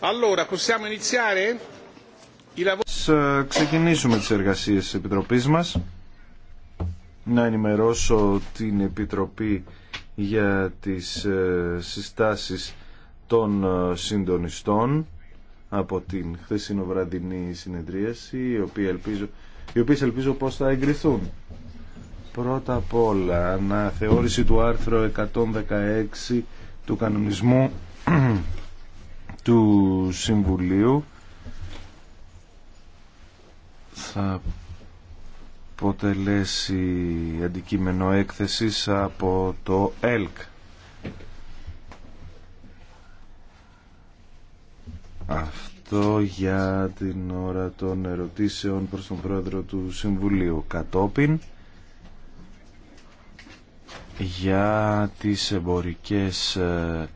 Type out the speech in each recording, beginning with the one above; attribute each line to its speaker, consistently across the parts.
Speaker 1: Allora, ε, Ξεκινήσουμε τις εργασίες της Επιτροπής μας. Να ενημερώσω την Επιτροπή για τις ε, συστάσεις των ε, συντονιστών από την χθεσινοβραδινή συνεδρίαση, οι οποίες ελπίζω, οι οποίες ελπίζω πως θα εγκριθούν. Πρώτα απ' όλα, αναθεώρηση του άρθρου 116 του κανονισμού του Συμβουλίου θα αποτελέσει αντικείμενο έκθεσης από το ΕΛΚ. Αυτό για την ώρα των ερωτήσεων προς τον Πρόεδρο του Συμβουλίου κατόπιν για τις εμπορικές ε,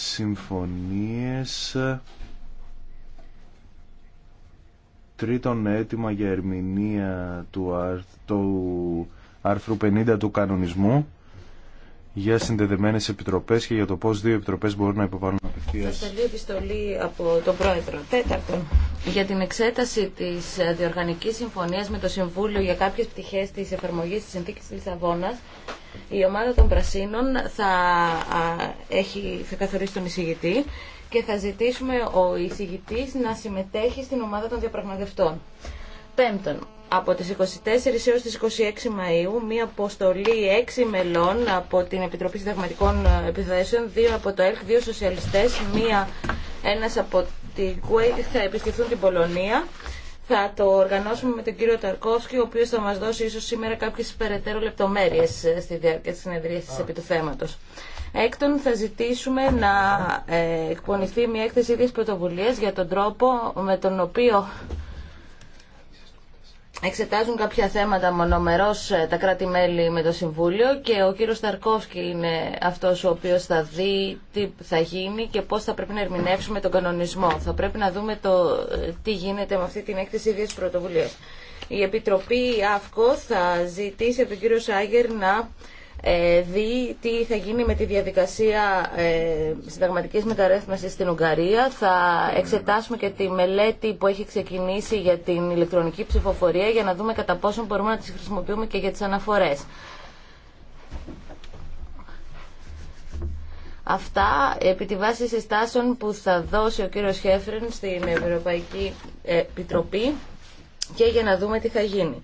Speaker 1: συμφωνίες τρίτον αίτημα για ερμηνεία του, άρθρου 50 του κανονισμού για συνδεδεμένες επιτροπές και για το πώς δύο επιτροπές μπορούν να υποβάλουν
Speaker 2: απευθείας. Σας σταλεί επιστολή από τον Πρόεδρο. Τέταρτο. για την εξέταση της διοργανικής συμφωνίας με το Συμβούλιο για κάποιες πτυχές της εφαρμογής της συνθήκης της Λισαβόνας, η ομάδα των Πρασίνων θα, έχει, θα καθορίσει τον εισηγητή και θα ζητήσουμε ο εισηγητής να συμμετέχει στην ομάδα των διαπραγματευτών. Πέμπτον, από τις 24 έως τις 26 Μαΐου μία αποστολή έξι μελών από την Επιτροπή Συνταγματικών Επιθέσεων, δύο από το ΕΛΚ, δύο σοσιαλιστές, μία, ένας από την ΚΟΕΚ θα επισκεφθούν την Πολωνία. Θα το οργανώσουμε με τον κύριο Ταρκόφσκι, ο οποίος θα μας δώσει ίσως σήμερα κάποιες περαιτέρω λεπτομέρειες ε, στη διάρκεια της συνεδρίας της επί του θέματος. Έκτον, θα ζητήσουμε να ε, εκπονηθεί μια έκθεση ίδιας πρωτοβουλίας για τον τρόπο με τον οποίο εξετάζουν κάποια θέματα μονομερώς ε, τα κράτη-μέλη με το Συμβούλιο και ο κύριος Σταρκόφσκι είναι αυτός ο οποίος θα δει τι θα γίνει και πώς θα πρέπει να ερμηνεύσουμε τον κανονισμό. Θα πρέπει να δούμε το, ε, τι γίνεται με αυτή την έκθεση ίδιας πρωτοβουλίας. Η Επιτροπή ΑΦΚΟ θα ζητήσει από τον κύριο Σάγερ να ε, δει τι θα γίνει με τη διαδικασία ε, συνταγματικής μεταρρύθμισης στην Ουγγαρία. Θα εξετάσουμε και τη μελέτη που έχει ξεκινήσει για την ηλεκτρονική ψηφοφορία για να δούμε κατά πόσο μπορούμε να τις χρησιμοποιούμε και για τις αναφορές. Αυτά επί τη βάση συστάσεων που θα δώσει ο κύριος Χέφρεν στην Ευρωπαϊκή ε, Επιτροπή και για να δούμε τι θα γίνει.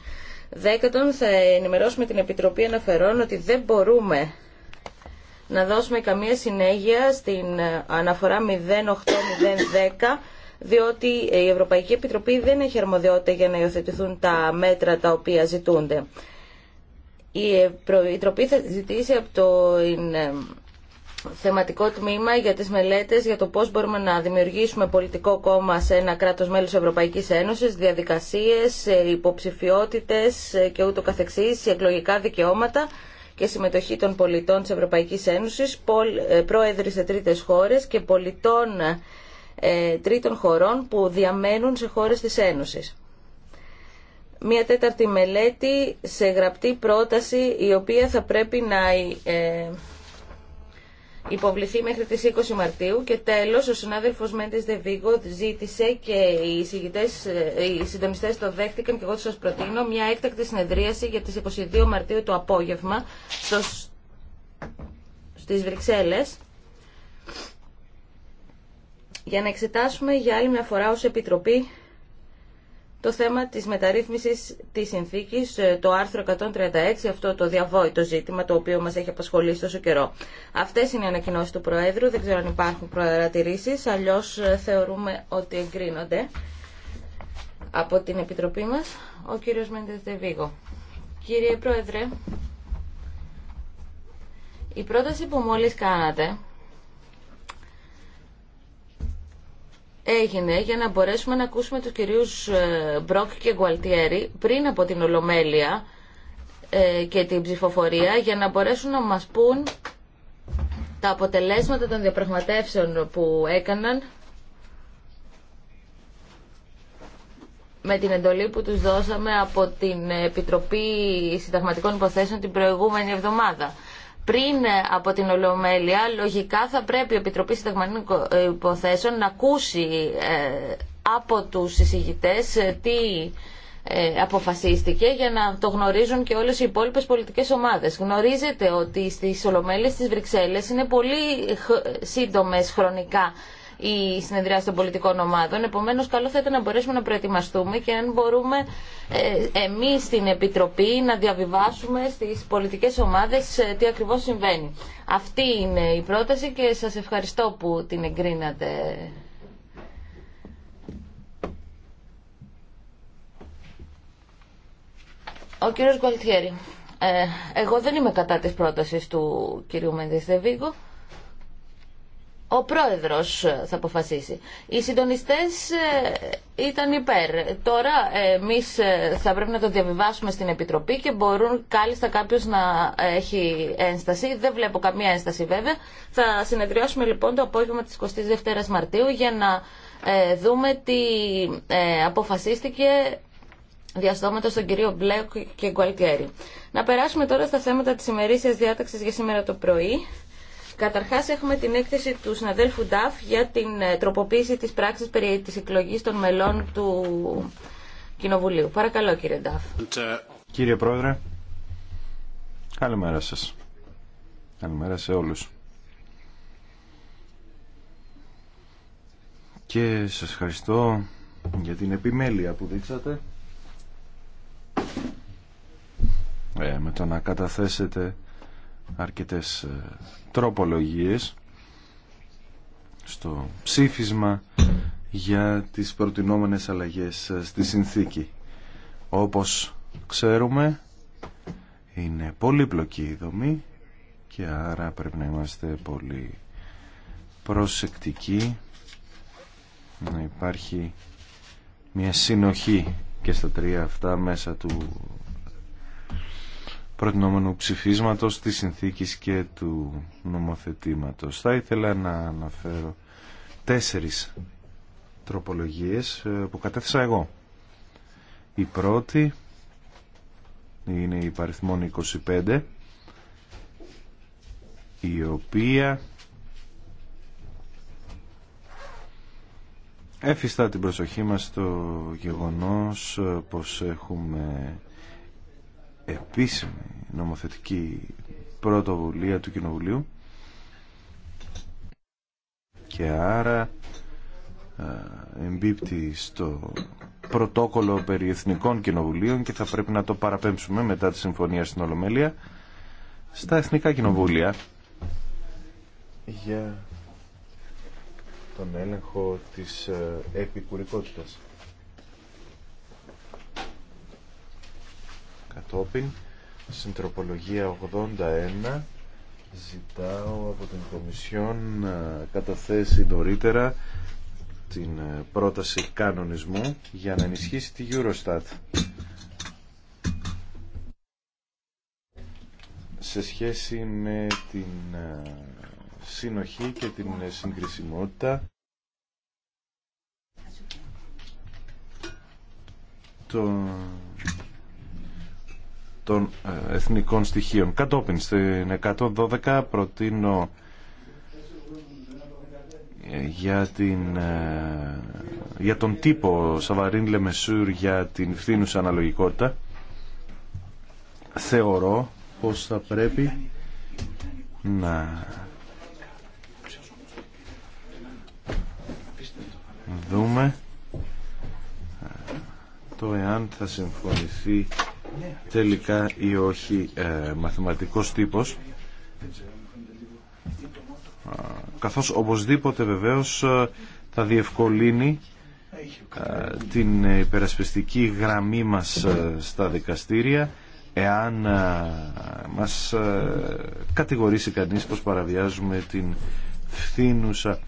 Speaker 2: Δέκατον, θα ενημερώσουμε την Επιτροπή Αναφερών ότι δεν μπορούμε να δώσουμε καμία συνέγεια στην ε, αναφορά 08010 διότι η Ευρωπαϊκή Επιτροπή δεν έχει αρμοδιότητα για να υιοθετηθούν τα μέτρα τα οποία ζητούνται. Η Επιτροπή θα ζητήσει από τον ε, θεματικό τμήμα για τις μελέτες για το πώς μπορούμε να δημιουργήσουμε πολιτικό κόμμα σε ένα κράτος μέλος Ευρωπαϊκής Ένωσης, διαδικασίες, ε, υποψηφιότητες ε, και ούτω καθεξής, εκλογικά δικαιώματα και συμμετοχή των πολιτών της Ευρωπαϊκής Ένωσης, ε, πρόεδροι σε τρίτες χώρες και πολιτών τρίτων χωρών που διαμένουν σε χώρες της Ένωσης. Μία τέταρτη μελέτη σε γραπτή πρόταση η οποία θα πρέπει να υποβληθεί μέχρι τις 20 Μαρτίου και τέλος ο συνάδελφος Μέντες Δεβίγκο ζήτησε και οι, συγητές, ε, οι το δέχτηκαν και εγώ σας προτείνω μια έκτακτη συνεδρίαση για τις 22 Μαρτίου το απόγευμα στο, στις Βρυξέλλες για να εξετάσουμε για άλλη μια φορά ως Επιτροπή το θέμα της μεταρρύθμισης της συνθήκης, ε, το άρθρο 136, αυτό το διαβόητο ζήτημα το οποίο μας έχει απασχολήσει τόσο καιρό. Αυτές είναι οι ανακοινώσεις του Προέδρου, δεν ξέρω αν υπάρχουν παρατηρήσεις, αλλιώς ε, θεωρούμε ότι εγκρίνονται από την Επιτροπή μας, ο κύριος Μέντε Δεβίγο. Κύριε Πρόεδρε, η πρόταση που μόλις κάνατε έγινε για να μπορέσουμε να ακούσουμε τους κυρίους ε, Μπρόκ και Γκουαλτιέρη πριν από την Ολομέλεια ε, και την ψηφοφορία για να μπορέσουν να μας πούν τα αποτελέσματα των διαπραγματεύσεων που έκαναν με την εντολή που τους δώσαμε από την Επιτροπή Συνταγματικών Υποθέσεων την προηγούμενη εβδομάδα πριν από την Ολομέλεια, λογικά θα πρέπει η Επιτροπή Συνταγματικών Υποθέσεων να ακούσει ε, από τους συζητητές ε, τι ε, αποφασίστηκε για να το γνωρίζουν και όλες οι υπόλοιπες πολιτικές ομάδες. Γνωρίζετε ότι στις Ολομέλειες της Βρυξέλλες είναι πολύ σύντομες χρονικά η συνεδρίαση των πολιτικών ομάδων. Επομένω, καλό θα ήταν να μπορέσουμε να προετοιμαστούμε και αν μπορούμε ε, εμεί στην Επιτροπή να διαβιβάσουμε στι πολιτικέ ομάδε ε, τι ακριβώ συμβαίνει. Αυτή είναι η πρόταση και σα ευχαριστώ που την εγκρίνατε. Ο κύριος Γκολτιέρη. Ε, εγώ δεν είμαι κατά της πρότασης του κυρίου Μέντες ο πρόεδρος ε, θα αποφασίσει. Οι συντονιστές ε, ήταν υπέρ. Τώρα ε, εμείς θα πρέπει να το διαβιβάσουμε στην Επιτροπή και μπορούν κάλλιστα κάποιος να έχει ένσταση. Δεν βλέπω καμία ένσταση βέβαια. Θα συνεδριάσουμε λοιπόν το απόγευμα της 22ης Μαρτίου για να δούμε τι αποφασίστηκε διαστόματος στον κύριο Μπλέκ και Γκουαλτιέρη. Να περάσουμε τώρα στα θέματα της ημερήσιας διάταξης για σήμερα το πρωί. Καταρχάς έχουμε την έκθεση του συναδέλφου Νταφ για την ε, τροποποίηση της πράξης περί της εκλογής των μελών του Κοινοβουλίου. Παρακαλώ κύριε Νταφ.
Speaker 1: Κύριε Πρόεδρε, καλημέρα σας. Καλημέρα σε όλους. Και σας ευχαριστώ για την επιμέλεια που δείξατε. Ε, με το να καταθέσετε αρκετές ε, τροπολογίες στο ψήφισμα για τις προτινόμενες αλλαγές ε, στη συνθήκη. Όπως ξέρουμε είναι πολύπλοκη η δομή και άρα πρέπει να είμαστε πολύ προσεκτικοί να υπάρχει μια συνοχή και στα τρία αυτά μέσα του προτινόμενου ψηφίσματος, της συνθήκης και του νομοθετήματος. Θα ήθελα να αναφέρω τέσσερις τροπολογίες ε, που κατέθεσα εγώ. Η πρώτη είναι η παριθμόν 25 η οποία έφιστα την προσοχή μας στο γεγονός ε, πως έχουμε επίσημη νομοθετική πρωτοβουλία του Κοινοβουλίου και άρα ε, εμπίπτει στο πρωτόκολλο περί εθνικών κοινοβουλίων και θα πρέπει να το παραπέμψουμε μετά τη συμφωνία στην Ολομέλεια στα εθνικά κοινοβούλια για τον έλεγχο της ε, επικουρικότητας. Κατόπιν, στην τροπολογία 81, ζητάω από την Κομισιόν να καταθέσει νωρίτερα την ε, πρόταση κανονισμού για να ενισχύσει τη Eurostat. σε σχέση με την ε, συνοχή και την συγκρισιμότητα των των ε, εθνικών στοιχείων. Κατόπιν στην 112 προτείνω ε, για, την, ε, για τον τύπο Σαβαρίν Λεμεσούρ για την φθήνουσα αναλογικότητα θεωρώ πως θα πρέπει να δούμε το εάν θα συμφωνηθεί τελικά ή όχι ε, μαθηματικός τύπος καθώς οπωσδήποτε βεβαίως ε, θα διευκολύνει ε, την υπερασπιστική γραμμή μας στα δικαστήρια εάν μας κατηγορήσει κανείς πως παραβιάζουμε την φθήνουσα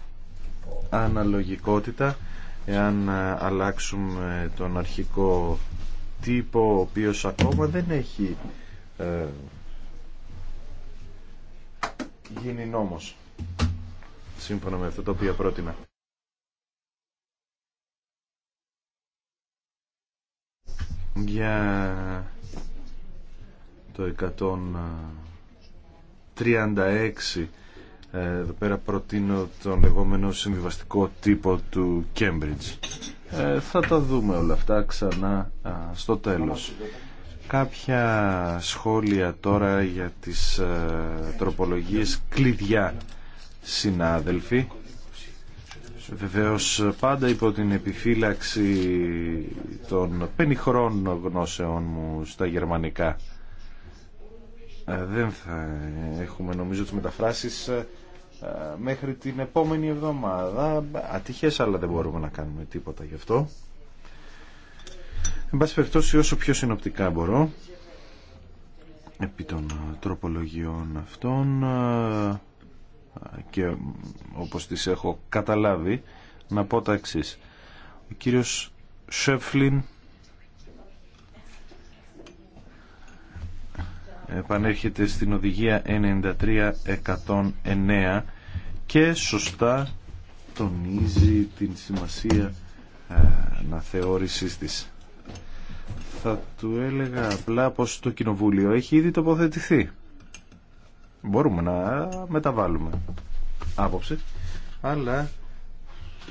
Speaker 1: αναλογικότητα εάν αλλάξουμε τον αρχικό τύπο ο οποίος ακόμα δεν έχει ε, γίνει νόμος σύμφωνα με αυτό το οποίο πρότεινα. Για το 136 ε, εδώ πέρα προτείνω τον λεγόμενο συμβιβαστικό τύπο του Cambridge. Ε, θα τα δούμε όλα αυτά ξανά στο τέλος. Κάποια σχόλια τώρα για τις α, ε, τροπολογίες κλειδιά, συνάδελφοι. Βεβαίως πάντα υπό την επιφύλαξη των πενιχρών γνώσεών μου στα γερμανικά. Ε, δεν θα έχουμε νομίζω τις μεταφράσεις ε, μέχρι την επόμενη εβδομάδα. Ατυχές αλλά δεν μπορούμε να κάνουμε τίποτα γι' αυτό. Εν πάση περιπτώσει όσο πιο συνοπτικά μπορώ επί των τροπολογιών αυτών ε, και όπως τις έχω καταλάβει να πω τα εξής. Ο κύριος Σέφλιν επανέρχεται στην οδηγία 93-109 και σωστά τονίζει την σημασία ε, αναθεώρησης της. Θα του έλεγα απλά πως το Κοινοβούλιο έχει ήδη τοποθετηθεί. Μπορούμε να μεταβάλουμε άποψη, αλλά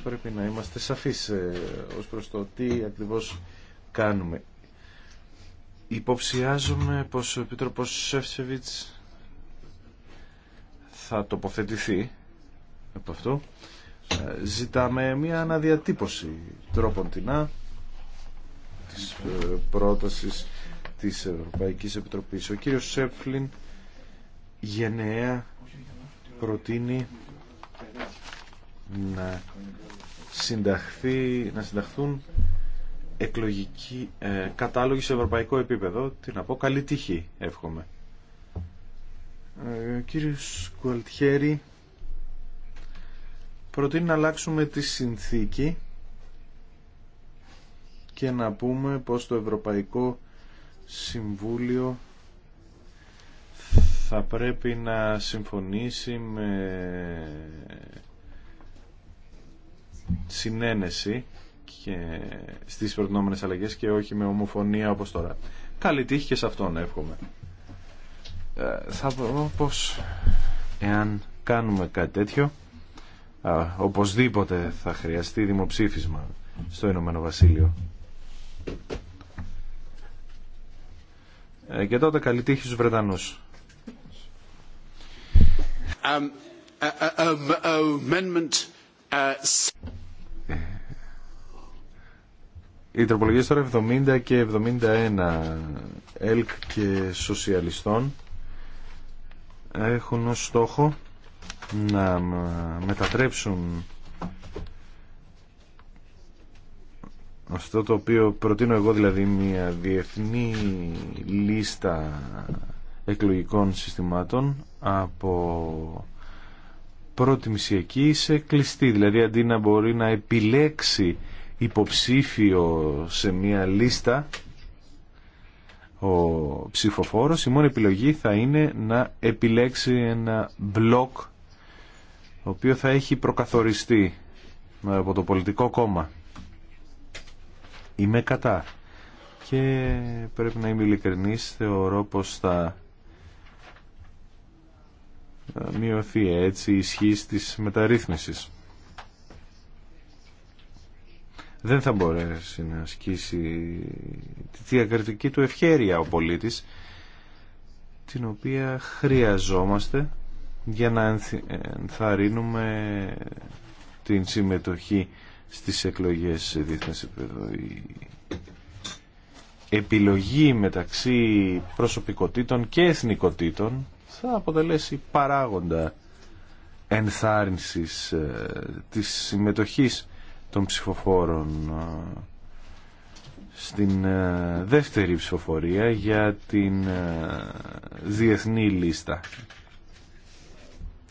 Speaker 1: πρέπει να είμαστε σαφείς ε, ως προς το τι ακριβώς κάνουμε. Υποψιάζομαι πως ο Επίτροπος Σεφτσεβιτς θα τοποθετηθεί από αυτό. Ε, ζητάμε μια αναδιατύπωση τρόπον Α της ε, πρότασης της Ευρωπαϊκής Επιτροπής. Ο κύριος Σέφλιν γενναία προτείνει να συνταχθεί, να συνταχθούν εκλογική ε, κατάλογη σε ευρωπαϊκό επίπεδο. Τι να πω, καλή τύχη εύχομαι. Ε, κύριος Κουαλτιέρη προτείνει να αλλάξουμε τη συνθήκη και να πούμε πως το Ευρωπαϊκό Συμβούλιο θα πρέπει να συμφωνήσει με συνένεση και στις προτινόμενες αλλαγές και όχι με ομοφωνία όπως τώρα. Καλή τύχη και σε αυτόν εύχομαι. Ε, θα πω πως εάν κάνουμε κάτι τέτοιο α, οπωσδήποτε θα χρειαστεί δημοψήφισμα στο Ηνωμένο Βασίλειο. Ε, και τότε καλή τύχη στους Βρετανούς.
Speaker 3: Um, uh, uh, um uh,
Speaker 1: Οι Τροπολογίε τώρα 70 και 71 ΕΛΚ και Σοσιαλιστών έχουν ως στόχο να μετατρέψουν αυτό το οποίο προτείνω εγώ δηλαδή μια διεθνή λίστα εκλογικών συστημάτων από πρώτη μισιακή σε κλειστή δηλαδή αντί να μπορεί να επιλέξει υποψήφιο σε μια λίστα ο ψηφοφόρος η μόνη επιλογή θα είναι να επιλέξει ένα μπλοκ το οποίο θα έχει προκαθοριστεί από το πολιτικό κόμμα είμαι κατά και πρέπει να είμαι ειλικρινής θεωρώ πως θα μειωθεί έτσι η ισχύ της μεταρρύθμισης δεν θα μπορέσει να ασκήσει τη διακριτική του ευχέρεια ο πολίτης την οποία χρειαζόμαστε για να ενθαρρύνουμε την συμμετοχή στις εκλογές σε δίθνες Η επιλογή μεταξύ προσωπικότητων και εθνικότητων θα αποτελέσει παράγοντα ενθάρρυνσης ε, της συμμετοχής ψηφοφόρων ε, στην ε, δεύτερη ψηφοφορία για την ε, διεθνή λίστα.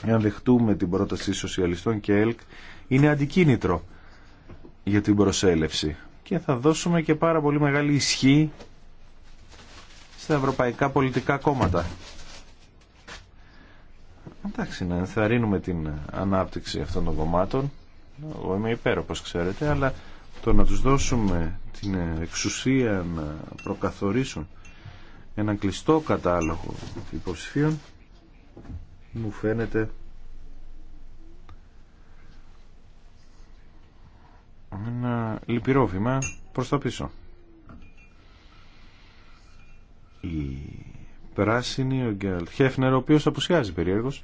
Speaker 1: Αν δεχτούμε την πρόταση σοσιαλιστών και ΕΛΚ είναι αντικίνητρο για την προσέλευση και θα δώσουμε και πάρα πολύ μεγάλη ισχύ στα ευρωπαϊκά πολιτικά κόμματα. Εντάξει, να ενθαρρύνουμε την ανάπτυξη αυτών των κομμάτων εγώ είμαι υπέρ ξέρετε, αλλά το να τους δώσουμε την εξουσία να προκαθορίσουν έναν κλειστό κατάλογο υποψηφίων μου φαίνεται ένα λυπηρό βήμα προς τα πίσω. Η πράσινη, ο Γκέλτ Χέφνερ, ο οποίος απουσιάζει περίεργος,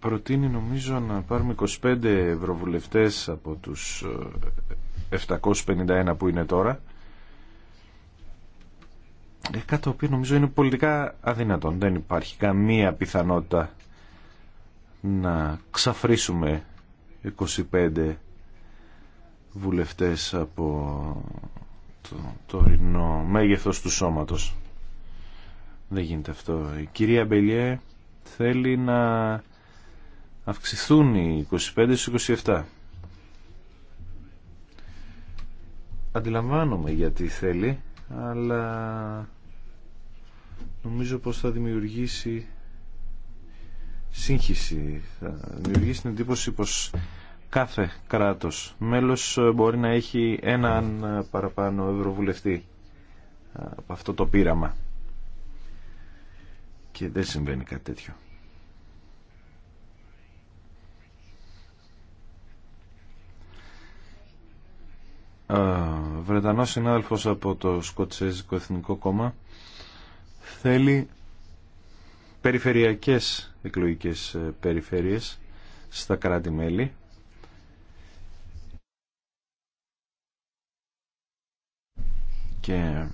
Speaker 1: προτείνει νομίζω να πάρουμε 25 ευρωβουλευτές από τους 751 ε, που είναι τώρα ε, κάτι το οποίο νομίζω είναι πολιτικά αδυνατόν δεν υπάρχει καμία πιθανότητα να ξαφρίσουμε 25 βουλευτές από το τωρινό μέγεθος του σώματος δεν γίνεται αυτό η κυρία Μπελιέ θέλει να αυξηθούν οι 25 στους 27. Αντιλαμβάνομαι γιατί θέλει, αλλά νομίζω πως θα δημιουργήσει σύγχυση, θα δημιουργήσει την εντύπωση πως κάθε κράτος μέλος μπορεί να έχει έναν παραπάνω ευρωβουλευτή από αυτό το πείραμα. Και δεν συμβαίνει κάτι τέτοιο. Βρετανός συνάδελφος από το Σκοτσέζικο Εθνικό Κόμμα θέλει περιφερειακές εκλογικές ε, περιφέρειες στα κράτη-μέλη και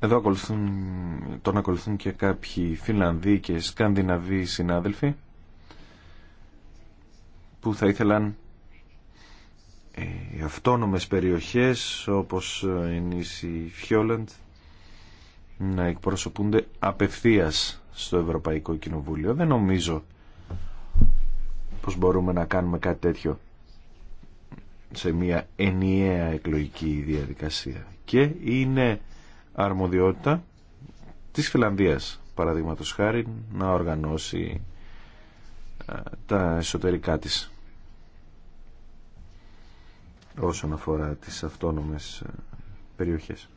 Speaker 1: εδώ ακολουθούν, τον ακολουθούν και κάποιοι Φιλανδοί και Σκανδιναβοί συνάδελφοι που θα ήθελαν οι αυτόνομες περιοχές όπως η νήσι Φιόλεντ να εκπροσωπούνται απευθείας στο Ευρωπαϊκό Κοινοβούλιο. Δεν νομίζω πως μπορούμε να κάνουμε κάτι τέτοιο σε μια ενιαία εκλογική διαδικασία. Και είναι αρμοδιότητα της Φιλανδίας, παραδείγματος χάρη, να οργανώσει τα εσωτερικά της όσον αφορά τις αυτόνομες ε, περιοχές.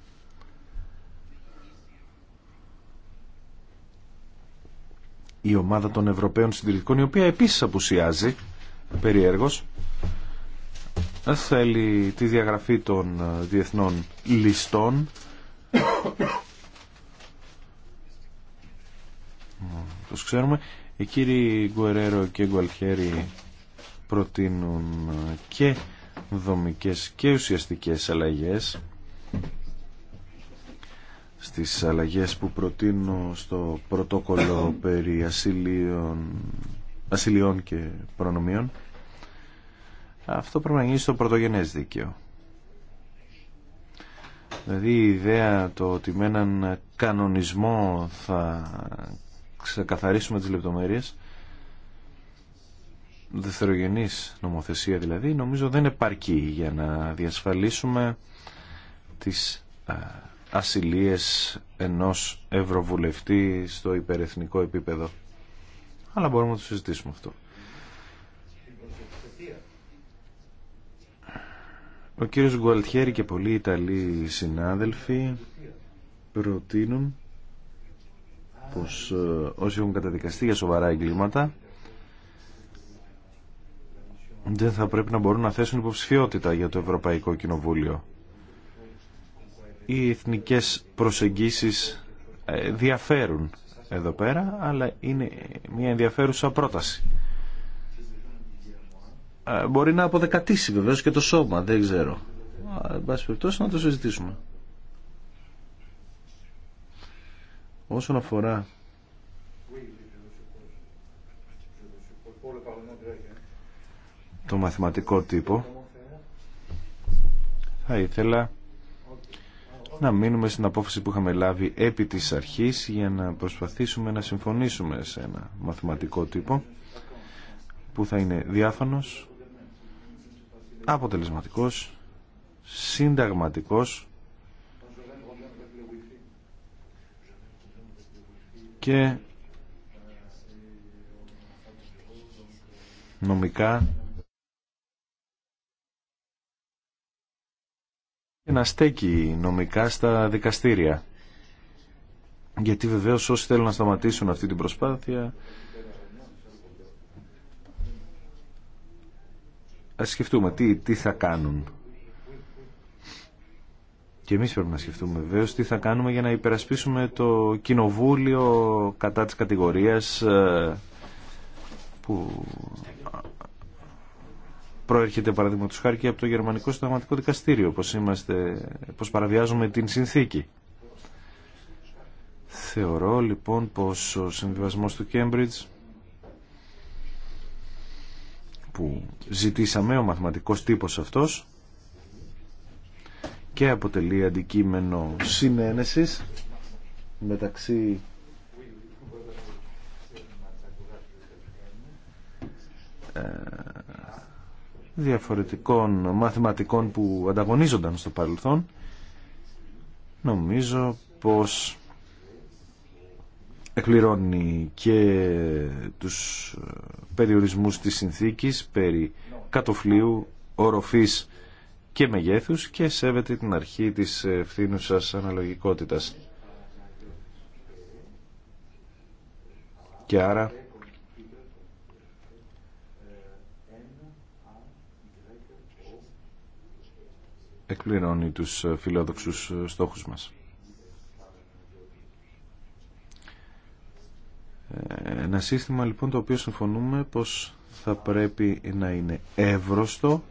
Speaker 1: Η ομάδα των Ευρωπαίων Συντηρητικών, η οποία επίσης απουσιάζει, περιέργως, θέλει τη διαγραφή των ε, διεθνών λιστών όπως ξέρουμε οι κύριοι Γκουερέρο και Γκουαλχέρη προτείνουν ε, και δομικές και ουσιαστικές αλλαγές στις αλλαγές που προτείνω στο πρωτόκολλο περί ασυλίων, και προνομίων αυτό πρέπει να γίνει στο πρωτογενές δίκαιο δηλαδή η ιδέα το ότι με έναν κανονισμό θα ξεκαθαρίσουμε τις λεπτομέρειες δευτερογενής νομοθεσία δηλαδή νομίζω δεν επαρκεί για να διασφαλίσουμε τις ασυλίες ενός ευρωβουλευτή στο υπερεθνικό επίπεδο. Αλλά μπορούμε να το συζητήσουμε αυτό. Ο κύριος Γκουαλτιέρη και πολλοί Ιταλοί συνάδελφοι προτείνουν πως ε, όσοι έχουν καταδικαστεί για σοβαρά εγκλήματα δεν θα πρέπει να μπορούν να θέσουν υποψηφιότητα για το Ευρωπαϊκό Κοινοβούλιο. Οι εθνικές προσεγγίσεις ε, διαφέρουν εδώ πέρα, αλλά είναι μια ενδιαφέρουσα πρόταση. Ε, μπορεί να αποδεκατήσει βεβαίω και το σώμα, δεν ξέρω. Ε, εν πάση περιπτώσει να το συζητήσουμε. Όσον αφορά το μαθηματικό τύπο θα ήθελα να μείνουμε στην απόφαση που είχαμε λάβει επί της αρχής για να προσπαθήσουμε να συμφωνήσουμε σε ένα μαθηματικό τύπο που θα είναι διάφανος, αποτελεσματικός, συνταγματικός και νομικά και να στέκει νομικά στα δικαστήρια. Γιατί βεβαίω όσοι θέλουν να σταματήσουν αυτή την προσπάθεια Α σκεφτούμε τι, τι θα κάνουν. Και εμείς πρέπει να σκεφτούμε βεβαίω τι θα κάνουμε για να υπερασπίσουμε το κοινοβούλιο κατά της κατηγορίας ε, που προέρχεται παραδείγματο χάρη και από το Γερμανικό Συνταγματικό Δικαστήριο, πως, είμαστε, πως παραβιάζουμε την συνθήκη. Θεωρώ λοιπόν πως ο συμβιβασμός του Κέμπριτζ που ζητήσαμε, ο μαθηματικός τύπος αυτός και αποτελεί αντικείμενο συνένεσης μεταξύ διαφορετικών μαθηματικών που ανταγωνίζονταν στο παρελθόν νομίζω πως εκπληρώνει και τους περιορισμούς της συνθήκης περί κατοφλίου, οροφής και μεγέθους και σέβεται την αρχή της ευθύνουσας αναλογικότητας. Και άρα εκπληρώνει τους ε, φιλόδοξους ε, στόχους μας. Ε, ένα σύστημα λοιπόν το οποίο συμφωνούμε πως θα πρέπει να είναι εύρωστο,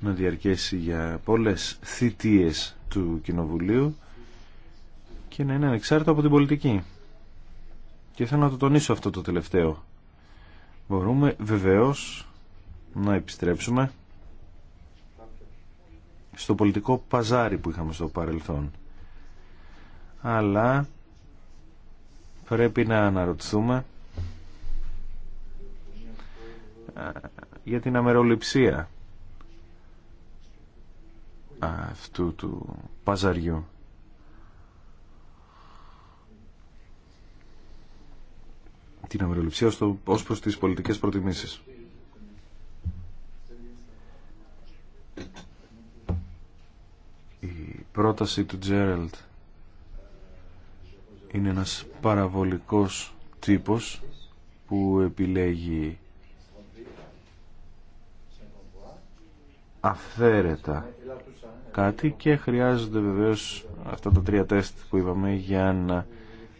Speaker 1: να διαρκέσει για πολλές θητείες του Κοινοβουλίου και να είναι ανεξάρτητο από την πολιτική. Και θέλω να το τονίσω αυτό το τελευταίο. Μπορούμε βεβαίως να επιστρέψουμε στο πολιτικό παζάρι που είχαμε στο παρελθόν. Αλλά πρέπει να αναρωτηθούμε για την αμεροληψία αυτού του παζαριού. Την αμεροληψία ως προς τις πολιτικές προτιμήσεις. πρόταση του Τζέρελτ είναι ένας παραβολικός τύπος που επιλέγει αυθαίρετα κάτι και χρειάζονται βεβαίως αυτά τα τρία τεστ που είπαμε για να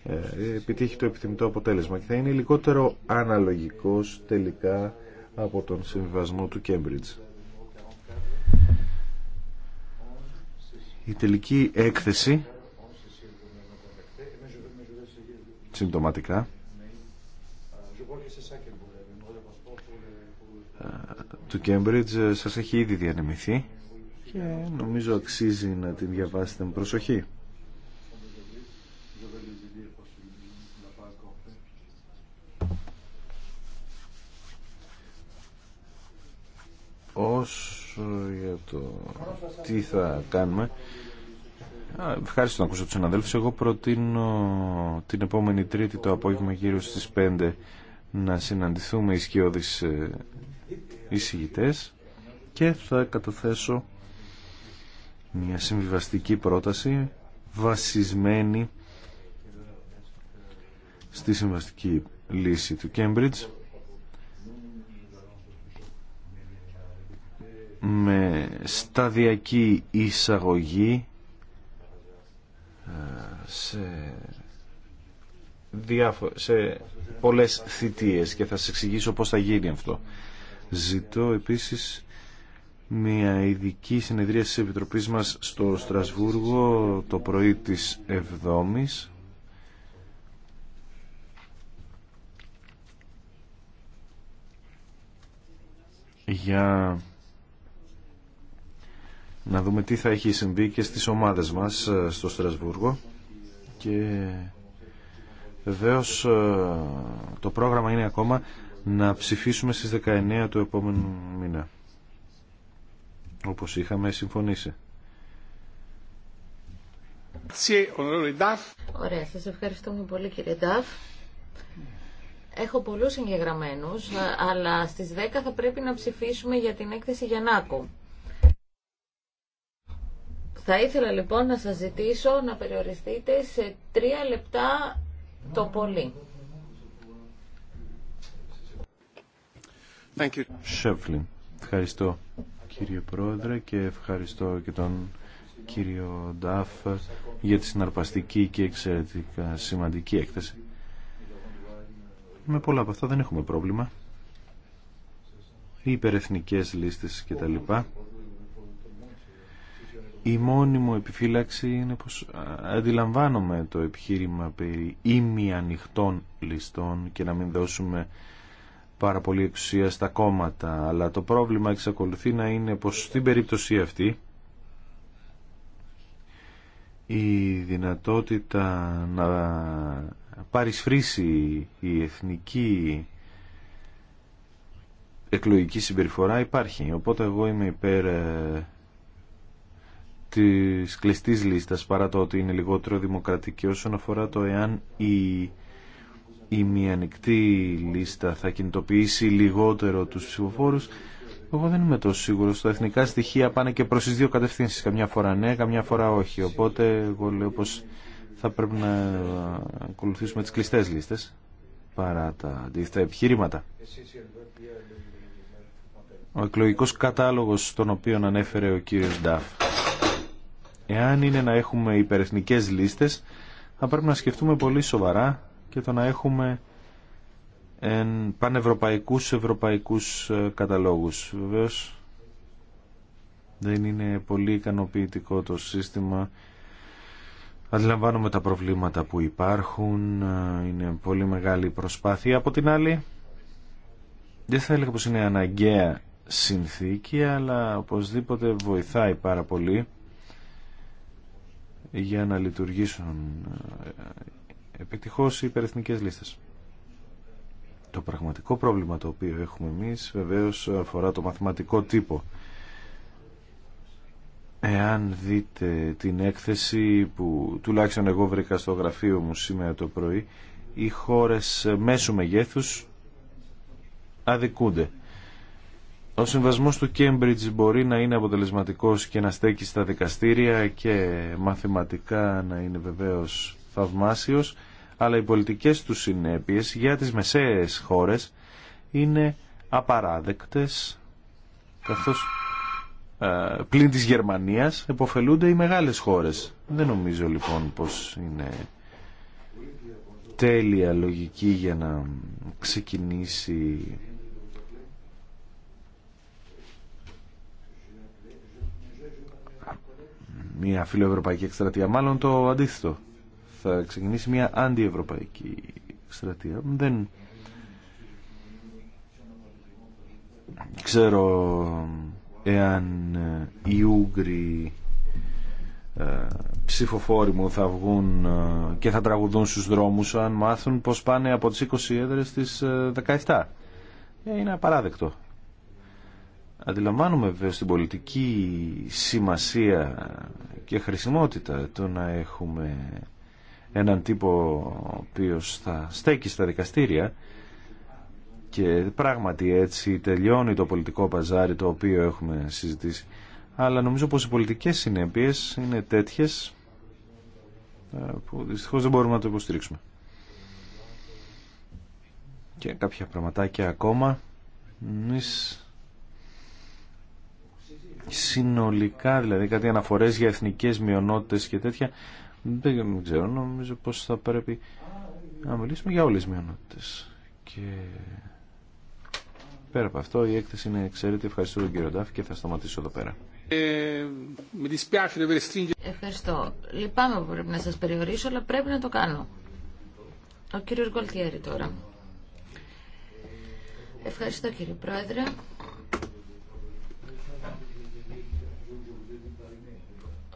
Speaker 1: ε, επιτύχει το επιθυμητό αποτέλεσμα και θα είναι λιγότερο αναλογικός τελικά από τον συμβασμό του Κέμπριτζ. Η τελική έκθεση συμπτωματικά ε, του Cambridge ε, σας έχει ήδη διανεμηθεί και νομίζω αξίζει να την διαβάσετε με προσοχή. Ως για το τι θα κάνουμε. Ευχαριστώ να ακούσω τους συναδέλφους. Εγώ προτείνω την επόμενη Τρίτη το απόγευμα γύρω στις 5 να συναντηθούμε οι σκιώδει ε, εισηγητές και θα καταθέσω μια συμβιβαστική πρόταση βασισμένη στη συμβαστική λύση του Κέμπριτζ με σταδιακή εισαγωγή ε, σε, διάφο... σε πολλές θητείες και θα σας εξηγήσω πώς θα γίνει αυτό. Ζητώ επίσης μια ειδική συνεδρία της Επιτροπής μας στο Στρασβούργο το πρωί της 7 για να δούμε τι θα έχει συμβεί και στις ομάδες μας ε, στο Στρασβούργο και βεβαίω ε, το πρόγραμμα είναι ακόμα να ψηφίσουμε στις 19 του επόμενου μήνα όπως είχαμε συμφωνήσει.
Speaker 2: Ωραία, σας ευχαριστούμε πολύ κύριε Νταφ. Έχω πολλούς εγγεγραμμένους, ε, αλλά στις 10 θα πρέπει να ψηφίσουμε για την έκθεση Γιαννάκου. Θα ήθελα λοιπόν να σας ζητήσω να περιοριστείτε σε τρία λεπτά το πολύ.
Speaker 1: Thank you. Ευχαριστώ κύριε Πρόεδρε και ευχαριστώ και τον κύριο Ντάφ για τη συναρπαστική και εξαιρετικά σημαντική έκθεση. Με πολλά από αυτά δεν έχουμε πρόβλημα. Οι υπερεθνικές λίστες και τα λοιπά η μόνη μου επιφύλαξη είναι πως αντιλαμβάνομαι το επιχείρημα περί ήμι ανοιχτών ληστών και να μην δώσουμε πάρα πολύ εξουσία στα κόμματα, αλλά το πρόβλημα εξακολουθεί να είναι πως στην περίπτωση αυτή η δυνατότητα να παρισφρήσει η εθνική εκλογική συμπεριφορά υπάρχει. Οπότε εγώ είμαι υπέρ ε, Τη κλειστή λίστα, παρά το ότι είναι λιγότερο δημοκρατική όσον αφορά το εάν η, η μη ανοιχτή λίστα θα κινητοποιήσει λιγότερο τους ψηφοφόρου, εγώ δεν είμαι τόσο σίγουρος. Τα εθνικά στοιχεία πάνε και προς τι δύο κατευθύνσεις. Καμιά φορά ναι, καμιά φορά όχι. Οπότε εγώ λέω πω θα πρέπει να ακολουθήσουμε τις κλειστέ λίστε παρά τα αντίθετα επιχειρήματα. Ο εκλογικό κατάλογο τον οποίο ανέφερε ο κύριο Ντάφ Εάν είναι να έχουμε υπερεθνικές λίστες, θα πρέπει να σκεφτούμε πολύ σοβαρά και το να έχουμε εν πανευρωπαϊκούς ευρωπαϊκούς ε, καταλόγους. Βεβαίως δεν είναι πολύ ικανοποιητικό το σύστημα. Αντιλαμβάνομαι τα προβλήματα που υπάρχουν, ε, είναι πολύ μεγάλη προσπάθεια. Από την άλλη, δεν θα έλεγα πως είναι αναγκαία συνθήκη, αλλά οπωσδήποτε βοηθάει πάρα πολύ για να λειτουργήσουν ε, επιτυχώς οι υπερεθνικές λίστες. Το πραγματικό πρόβλημα το οποίο έχουμε εμείς βεβαίως αφορά το μαθηματικό τύπο. Εάν δείτε την έκθεση που τουλάχιστον εγώ βρήκα στο γραφείο μου σήμερα το πρωί, οι χώρες μέσου μεγέθους αδικούνται. Ο συμβασμός του Cambridge μπορεί να είναι αποτελεσματικός και να στέκει στα δικαστήρια και μαθηματικά να είναι βεβαίως θαυμάσιος, αλλά οι πολιτικές του συνέπειες για τις μεσαίες χώρες είναι απαράδεκτες, καθώς πλην της Γερμανίας εποφελούνται οι μεγάλες χώρες. Δεν νομίζω λοιπόν πως είναι τέλεια λογική για να ξεκινήσει μια φιλοευρωπαϊκή εκστρατεία. Μάλλον το αντίθετο. Θα ξεκινήσει μια αντιευρωπαϊκή εκστρατεία. Δεν ξέρω εάν οι Ούγγροι ε, ψηφοφόροι μου θα βγουν ε, και θα τραγουδούν στους δρόμους αν μάθουν πως πάνε από τις 20 έδρες στις 17. Ε, είναι απαράδεκτο. Αντιλαμβάνουμε βέβαια στην πολιτική σημασία και χρησιμότητα το να έχουμε έναν τύπο ο οποίος θα στέκει στα δικαστήρια και πράγματι έτσι τελειώνει το πολιτικό παζάρι το οποίο έχουμε συζητήσει αλλά νομίζω πως οι πολιτικές συνέπειες είναι τέτοιες ε, που δυστυχώς δεν μπορούμε να το υποστηρίξουμε και κάποια πραγματάκια ακόμα συνολικά, δηλαδή κάτι αναφορές για εθνικές μειονότητες και τέτοια, δεν ξέρω, νομίζω πως θα πρέπει να μιλήσουμε για όλες τις μειονότητες. Και πέρα από αυτό η έκθεση είναι εξαιρετική. Ευχαριστώ τον κύριο Ντάφη και θα σταματήσω εδώ πέρα.
Speaker 2: Ευχαριστώ. Λυπάμαι που πρέπει να σας περιορίσω, αλλά πρέπει να το κάνω. Ο κύριος Γκολτιέρη τώρα. Ευχαριστώ κύριε Πρόεδρε.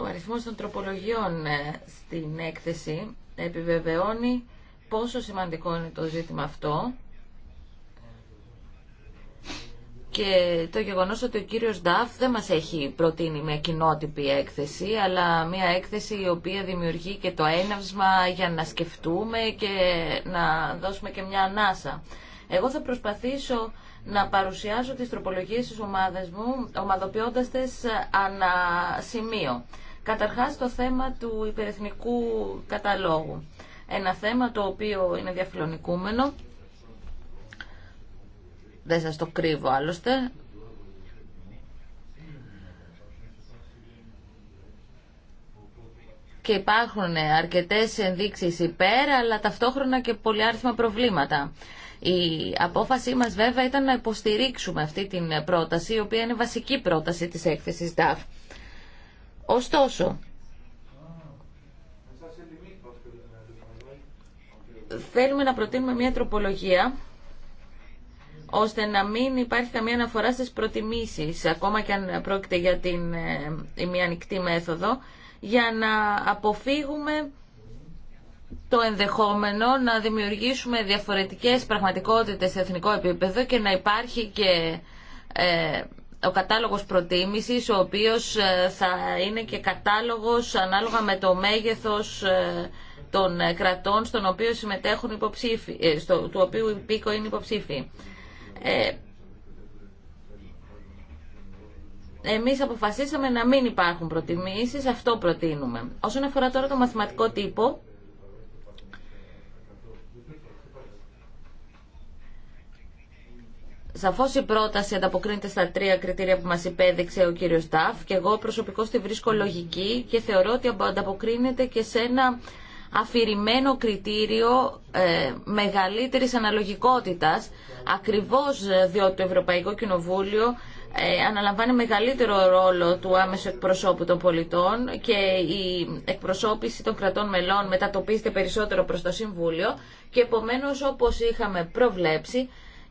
Speaker 2: Ο αριθμός των τροπολογιών ε, στην έκθεση επιβεβαιώνει πόσο σημαντικό είναι το ζήτημα αυτό και το γεγονός ότι ο κύριος Νταφ δεν μας έχει προτείνει μια κοινότυπη έκθεση, αλλά μια έκθεση η οποία δημιουργεί και το έναυσμα για να σκεφτούμε και να δώσουμε και μια ανάσα. Εγώ θα προσπαθήσω να παρουσιάσω τις τροπολογίες της ομάδας μου, ομαδοποιώντας τις ανά σημείο. Καταρχάς το θέμα του υπερεθνικού καταλόγου. Ένα θέμα το οποίο είναι διαφιλονικούμενο. Δεν σας το κρύβω άλλωστε. και υπάρχουν αρκετές ενδείξεις υπέρ, αλλά ταυτόχρονα και πολυάριθμα προβλήματα. Η απόφασή μας βέβαια ήταν να υποστηρίξουμε αυτή την πρόταση, η οποία είναι βασική πρόταση της έκθεσης DAF. Ωστόσο, θέλουμε να προτείνουμε μια τροπολογία ώστε να μην υπάρχει καμία αναφορά στις προτιμήσεις, ακόμα και αν πρόκειται για την ε, μια ανοιχτή μέθοδο, για να αποφύγουμε το ενδεχόμενο να δημιουργήσουμε διαφορετικές πραγματικότητες σε εθνικό επίπεδο και να υπάρχει και ε, ο κατάλογος προτίμησης, ο οποίος ε, θα είναι και κατάλογος ανάλογα με το μέγεθος ε, των ε, κρατών στον οποίο συμμετέχουν υποψήφοι, στο, του οποίου η πίκο είναι υποψήφοι. Ε, εμείς αποφασίσαμε να μην υπάρχουν προτιμήσεις, αυτό προτείνουμε. Όσον αφορά τώρα το μαθηματικό τύπο, Σαφώ η πρόταση ανταποκρίνεται στα τρία κριτήρια που μα υπέδειξε ο κύριο Σταφ και εγώ προσωπικώς τη βρίσκω λογική και θεωρώ ότι ανταποκρίνεται και σε ένα αφηρημένο κριτήριο ε, μεγαλύτερης αναλογικότητας ακριβώς διότι το Ευρωπαϊκό Κοινοβούλιο ε, αναλαμβάνει μεγαλύτερο ρόλο του άμεσου εκπροσώπου των πολιτών και η εκπροσώπηση των κρατών μελών μετατοπίζεται περισσότερο προς το Συμβούλιο και επομένως όπως είχαμε προβλέψει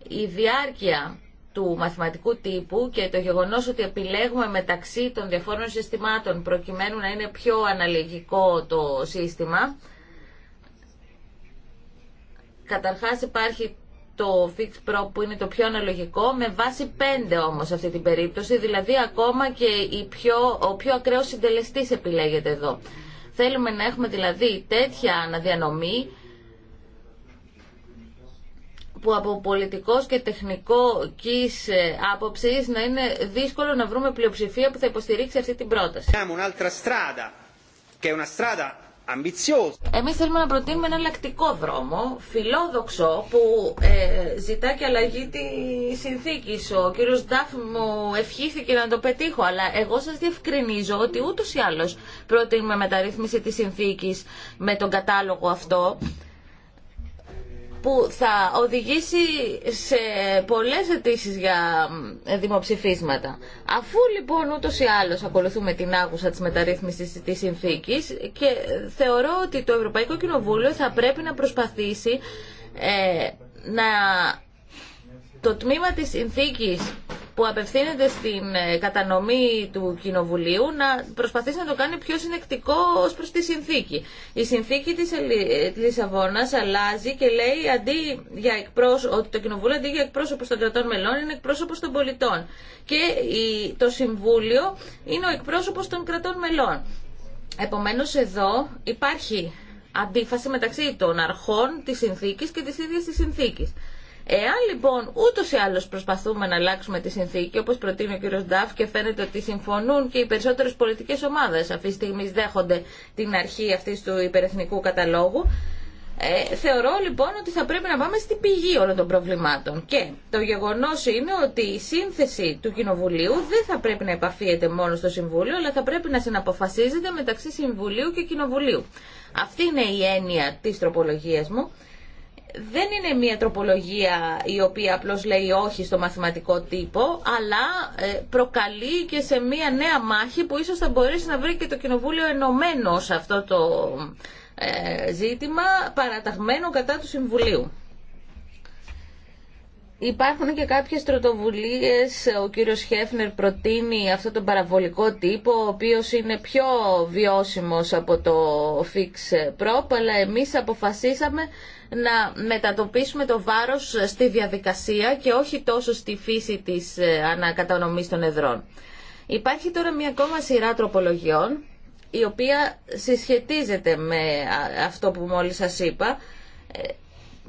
Speaker 2: η διάρκεια του μαθηματικού τύπου και το γεγονός ότι επιλέγουμε μεταξύ των διαφόρων συστημάτων προκειμένου να είναι πιο αναλογικό το σύστημα. Καταρχάς υπάρχει το Fix Pro που είναι το πιο αναλογικό με βάση 5 όμως αυτή την περίπτωση, δηλαδή ακόμα και πιο, ο πιο ακραίος συντελεστής επιλέγεται εδώ. Θέλουμε να έχουμε δηλαδή τέτοια αναδιανομή που από πολιτικός και τεχνικό κης ε, άποψης να είναι δύσκολο να βρούμε πλειοψηφία που θα υποστηρίξει αυτή την πρόταση. Εμείς θέλουμε να προτείνουμε ένα λακτικό δρόμο, φιλόδοξο, που ε, ζητά και αλλαγή τη συνθήκη. Ο κύριο Ντάφ μου ευχήθηκε να το πετύχω, αλλά εγώ σας διευκρινίζω ότι ούτως ή άλλως προτείνουμε μεταρρύθμιση τη συνθήκη με τον κατάλογο αυτό που θα οδηγήσει σε πολλές αιτήσει για ε, δημοψηφίσματα. Αφού λοιπόν ούτως ή άλλως ακολουθούμε την άγουσα της μεταρρύθμισης της συνθήκης και θεωρώ ότι το Ευρωπαϊκό Κοινοβούλιο θα πρέπει να προσπαθήσει ε, να το τμήμα της συνθήκης που απευθύνεται στην ε, κατανομή του Κοινοβουλίου να προσπαθήσει να το κάνει πιο συνεκτικό ω προς τη συνθήκη. Η συνθήκη της ε, Λισαβόνα αλλάζει και λέει αντί για εκπρόσωπο, ότι το Κοινοβούλιο αντί για εκπρόσωπο των κρατών μελών είναι εκπρόσωπο των πολιτών και το Συμβούλιο είναι ο εκπρόσωπος των κρατών μελών. Επομένω, εδώ υπάρχει αντίφαση μεταξύ των αρχών της συνθήκης και της ίδιας της συνθήκης. Εάν λοιπόν ούτω ή άλλω προσπαθούμε να αλλάξουμε τη συνθήκη, όπω προτείνει ο κ. Νταφ και φαίνεται ότι συμφωνούν και οι περισσότερε πολιτικέ ομάδε αυτή τη στιγμή δέχονται την αρχή αυτή του υπερεθνικού καταλόγου, ε, θεωρώ λοιπόν ότι θα πρέπει να πάμε στην πηγή όλων των προβλημάτων. Και το γεγονός είναι ότι η σύνθεση του Κοινοβουλίου δεν θα πρέπει να επαφίεται μόνο στο Συμβούλιο, αλλά θα πρέπει να συναποφασίζεται μεταξύ Συμβουλίου και Κοινοβουλίου. Αυτή είναι η έννοια τη τροπολογία μου δεν είναι μια τροπολογία η οποία απλώς λέει όχι στο μαθηματικό τύπο, αλλά ε, προκαλεί και σε μια νέα μάχη που ίσως θα μπορέσει να βρει και το Κοινοβούλιο ενωμένο σε αυτό το ε, ζήτημα, παραταγμένο κατά του Συμβουλίου. Υπάρχουν και κάποιες τροτοβουλίες, ο κύριος Χέφνερ προτείνει αυτό τον παραβολικό τύπο, ο οποίος είναι πιο βιώσιμος από το fix prop, αλλά εμείς αποφασίσαμε να μετατοπίσουμε το βάρος στη διαδικασία και όχι τόσο στη φύση της ε, ανακατανομής των εδρών. Υπάρχει τώρα μια ακόμα σειρά τροπολογιών η οποία συσχετίζεται με αυτό που μόλις σας είπα,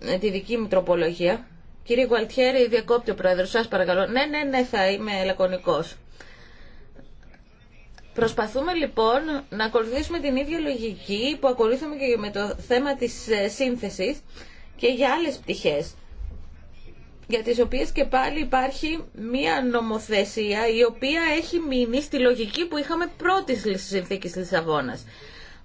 Speaker 2: ε, τη δική μου τροπολογία. Κύριε Γουαλτιέρη, διακόπτει ο Πρόεδρος, σας παρακαλώ. Ναι, ναι, ναι, θα είμαι λακωνικός. Προσπαθούμε λοιπόν να ακολουθήσουμε την ίδια λογική που ακολουθούμε και με το θέμα της ε, σύνθεσης και για άλλες πτυχές για τις οποίες και πάλι υπάρχει μία νομοθεσία η οποία έχει μείνει στη λογική που είχαμε πρώτης συνθήκης Λισαβόνας.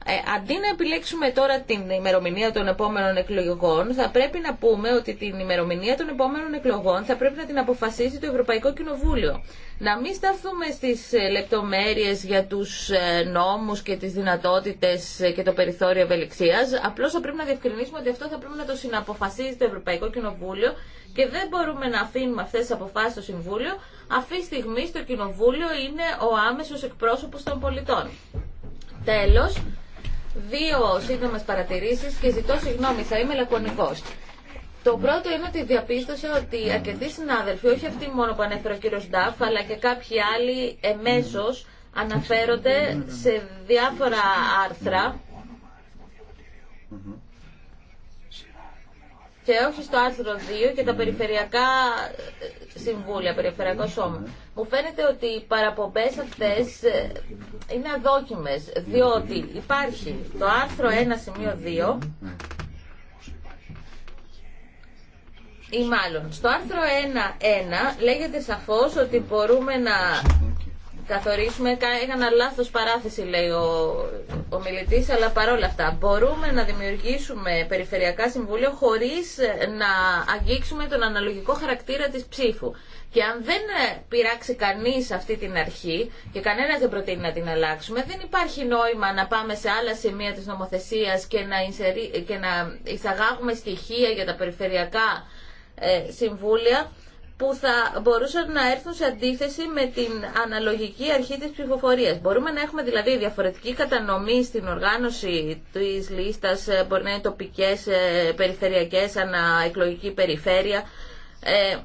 Speaker 2: Ε, αντί να επιλέξουμε τώρα την ημερομηνία των επόμενων εκλογών, θα πρέπει να πούμε ότι την ημερομηνία των επόμενων εκλογών θα πρέπει να την αποφασίσει το Ευρωπαϊκό Κοινοβούλιο. Να μην σταθούμε στις ε, λεπτομέρειες για τους ε, νόμους και τις δυνατότητες και το περιθώριο ευελιξίας. Απλώς θα πρέπει να διευκρινίσουμε ότι αυτό θα πρέπει να το συναποφασίζει το Ευρωπαϊκό Κοινοβούλιο και δεν μπορούμε να αφήνουμε αυτές τις αποφάσεις στο Συμβούλιο. Αυτή τη στιγμή στο Κοινοβούλιο είναι ο άμεσος εκπρόσωπος των πολιτών. Τέλος, δύο σύντομε παρατηρήσεις και ζητώ συγγνώμη, θα είμαι λακωνικός. Το πρώτο είναι ότι διαπίστωσε ότι αρκετοί συνάδελφοι, όχι αυτοί μόνο που ανέφερε ο κύριο Νταφ, αλλά και κάποιοι άλλοι εμέσω αναφέρονται σε διάφορα άρθρα και όχι στο άρθρο 2 και τα περιφερειακά ε, συμβούλια, περιφερειακό σώμα. Μου φαίνεται ότι οι παραπομπέ αυτέ ε, είναι αδόκιμε, διότι υπάρχει το άρθρο 1 σημείο 2 ή μάλλον, στο άρθρο 1.1 λέγεται σαφώς ότι μπορούμε να καθορίσουμε. Έκανα λάθο παράθεση, λέει ο, ο αλλά παρόλα αυτά μπορούμε να δημιουργήσουμε περιφερειακά συμβούλια χωρίς να αγγίξουμε τον αναλογικό χαρακτήρα της ψήφου. Και αν δεν ε, πειράξει κανεί αυτή την αρχή και κανένα δεν προτείνει να την αλλάξουμε, δεν υπάρχει νόημα να πάμε σε άλλα σημεία τη νομοθεσία και, να και να εισαγάγουμε στοιχεία για τα περιφερειακά ε, συμβούλια που θα μπορούσαν να έρθουν σε αντίθεση με την αναλογική αρχή της ψηφοφορίας. Μπορούμε να έχουμε δηλαδή διαφορετική κατανομή στην οργάνωση της λίστας, ε, μπορεί να είναι τοπικές, ε, περιφερειακές, αναεκλογική περιφέρεια. Ε,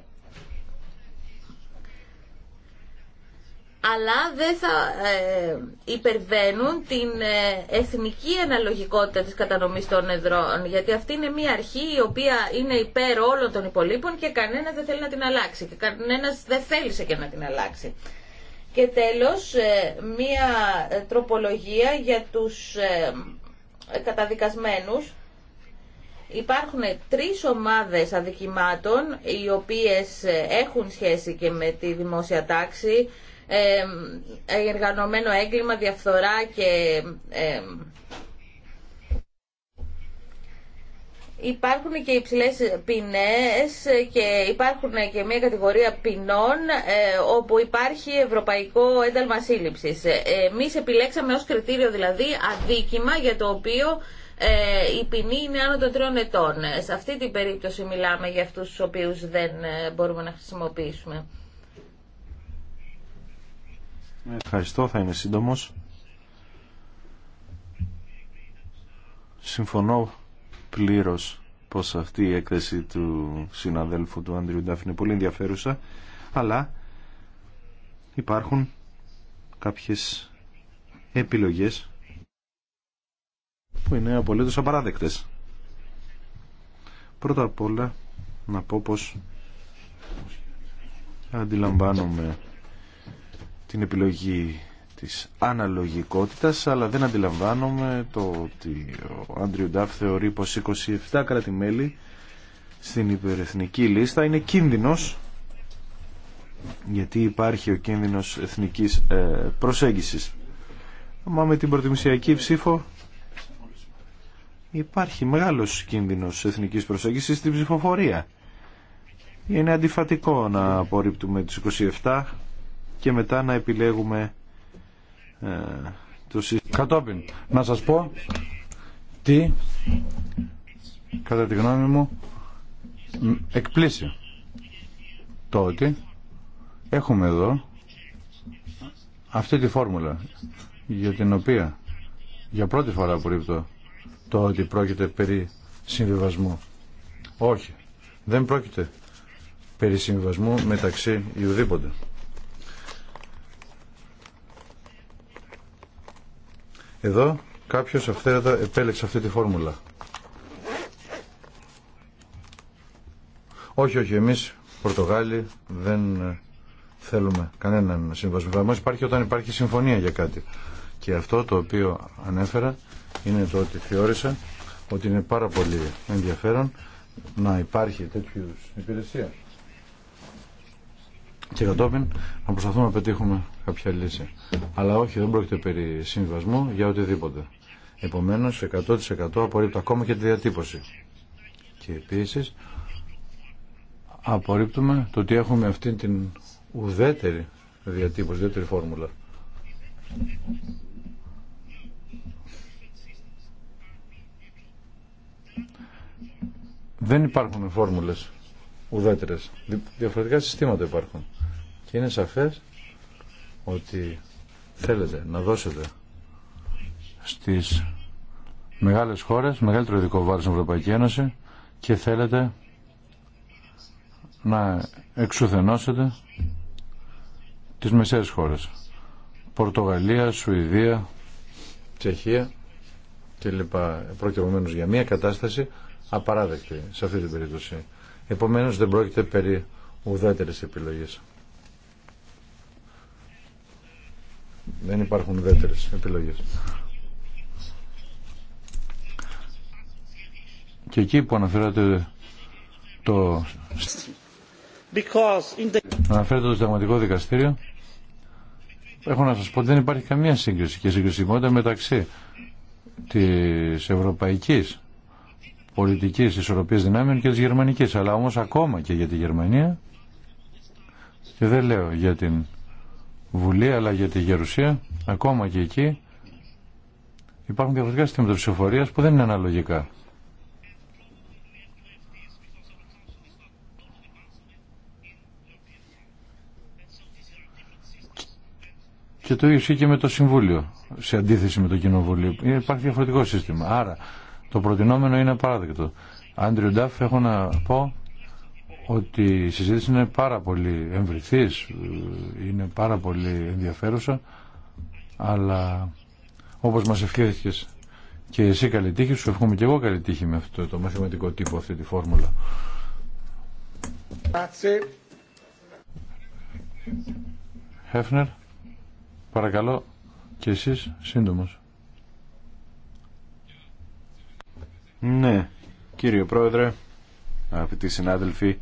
Speaker 2: αλλά δεν θα ε, υπερβαίνουν την ε, εθνική αναλογικότητα της κατανομής των εδρών, γιατί αυτή είναι μια αρχή η οποία είναι υπέρ όλων των υπολείπων και κανένας δεν θέλει να την αλλάξει και κανένας δεν θέλησε και να την αλλάξει. Και τέλος, ε, μια τροπολογία για τους καταδικασμένους. Υπάρχουν τρεις ομάδες αδικημάτων, οι οποίες έχουν σχέση και με τη δημόσια τάξη, εργανομένο έγκλημα, διαφθορά και υπάρχουν και υψηλέ ποινέ και υπάρχουν και μια κατηγορία ποινών ε, όπου υπάρχει ευρωπαϊκό ένταλμα σύλληψης. Ε, Εμεί επιλέξαμε ως κριτήριο δηλαδή αδίκημα για το οποίο ε, η ποινή είναι άνω των τριών ετών. Σε αυτή την περίπτωση μιλάμε για αυτούς του οποίους δεν μπορούμε να χρησιμοποιήσουμε.
Speaker 1: Ευχαριστώ, θα είμαι σύντομος. Συμφωνώ πλήρως πως αυτή η έκθεση του συναδέλφου του Άντριου Ντάφ είναι πολύ ενδιαφέρουσα, αλλά υπάρχουν κάποιες επιλογές που είναι απολύτως απαράδεκτες. Πρώτα απ' όλα να πω πως αντιλαμβάνομαι την επιλογή της αναλογικότητας, αλλά δεν αντιλαμβάνομαι το ότι ο Άντριου Νταφ θεωρεί πως 27 κρατη στην υπερεθνική λίστα είναι κίνδυνος γιατί υπάρχει ο κίνδυνος εθνικής ε, προσέγγισης. Μα με την προτιμησιακή ψήφο υπάρχει μεγάλος κίνδυνος εθνικής προσέγγισης στην ψηφοφορία. Είναι αντιφατικό να απορρίπτουμε τους 27 και μετά να επιλέγουμε ε, το σύστημα. Κατόπιν, να σας πω
Speaker 4: τι, κατά τη γνώμη μου, εκπλήσει το ότι έχουμε εδώ αυτή τη φόρμουλα για την οποία για πρώτη φορά απορρίπτω το ότι πρόκειται περί συμβιβασμού. Όχι, δεν πρόκειται περί συμβιβασμού μεταξύ ουδήποτε. Εδώ κάποιος αυθαίρετα επέλεξε αυτή τη φόρμουλα. Όχι, όχι, εμείς Πορτογάλοι δεν ε, θέλουμε κανέναν συμβασμό. υπάρχει όταν υπάρχει συμφωνία για κάτι. Και αυτό το οποίο ανέφερα είναι το ότι θεώρησα ότι είναι πάρα πολύ ενδιαφέρον να υπάρχει τέτοιου υπηρεσία και κατόπιν να προσπαθούμε να πετύχουμε κάποια λύση. Αλλά όχι, δεν πρόκειται περί συμβασμού για οτιδήποτε. Επομένω, 100% απορρίπτω ακόμα και τη διατύπωση. Και επίση, απορρίπτουμε το ότι έχουμε αυτή την ουδέτερη διατύπωση, ουδέτερη φόρμουλα. Δεν υπάρχουν φόρμουλες ουδέτερες. Διαφορετικά συστήματα υπάρχουν. Και είναι σαφές ότι θέλετε να δώσετε στις μεγάλες χώρες, μεγαλύτερο ειδικό βάρος στην Ευρωπαϊκή Ένωση και θέλετε να εξουθενώσετε τις μεσαίες χώρες. Πορτογαλία, Σουηδία, Τσεχία κλπ. Πρόκειται για μια κατάσταση απαράδεκτη σε αυτή την περίπτωση. Επομένως δεν πρόκειται περί ουδέτερης επιλογής. Δεν υπάρχουν δεύτερες επιλογές. Και εκεί που αναφέρατε το... The... Αναφέρετε το συνταγματικό δικαστήριο. Έχω να σας πω ότι δεν υπάρχει καμία σύγκριση και συγκρισιμότητα μεταξύ της ευρωπαϊκής πολιτικής ισορροπίας δυνάμεων και της γερμανικής. Αλλά όμως ακόμα και για τη Γερμανία και δεν λέω για την Βουλή αλλά για τη Γερουσία ακόμα και εκεί υπάρχουν διαφορετικά συστήματα ψηφοφορίας που δεν είναι αναλογικά. Και το ίδιο και με το Συμβούλιο, σε αντίθεση με το Κοινοβούλιο. Υπάρχει διαφορετικό σύστημα. Άρα, το προτινόμενο είναι απαράδεκτο. Άντριο Ντάφ, έχω να πω ότι η συζήτηση είναι πάρα πολύ εμβριθής, είναι πάρα πολύ ενδιαφέρουσα, αλλά όπως μας ευχαριστήκες και εσύ καλή τύχη, σου εύχομαι και εγώ καλή τύχη με αυτό το μαθηματικό τύπο, αυτή τη φόρμουλα. Χέφνερ,
Speaker 1: παρακαλώ και εσείς σύντομος. Ναι, κύριε Πρόεδρε, αγαπητοί συνάδελφοι,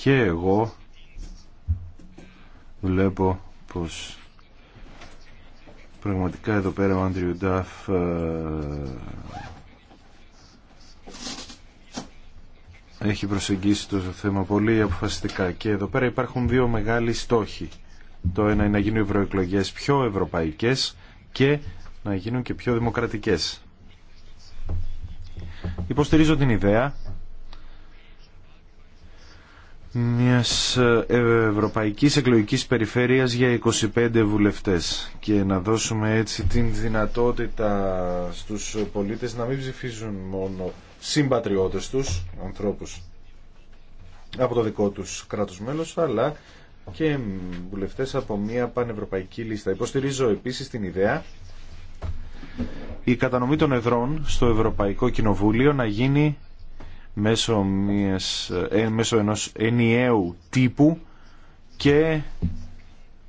Speaker 1: και εγώ βλέπω πως πραγματικά εδώ πέρα ο Άντριου Νταφ ε, έχει προσεγγίσει το θέμα πολύ αποφασιστικά και εδώ πέρα υπάρχουν δύο μεγάλοι στόχοι. Το ένα είναι να γίνουν ευρωεκλογέ πιο ευρωπαϊκές και να γίνουν και πιο δημοκρατικές. Υποστηρίζω την ιδέα μιας ε, ευρωπαϊκής εκλογικής περιφέρειας για 25 βουλευτές και να δώσουμε έτσι την δυνατότητα στους πολίτες να μην ψηφίζουν μόνο συμπατριώτες τους, ανθρώπους από το δικό τους κράτος μέλος, αλλά και βουλευτές από μια πανευρωπαϊκή λίστα. Υποστηρίζω επίσης την ιδέα η κατανομή των εδρών στο Ευρωπαϊκό Κοινοβούλιο να γίνει μέσω, μιας, ε, μέσω ενός ενιαίου τύπου και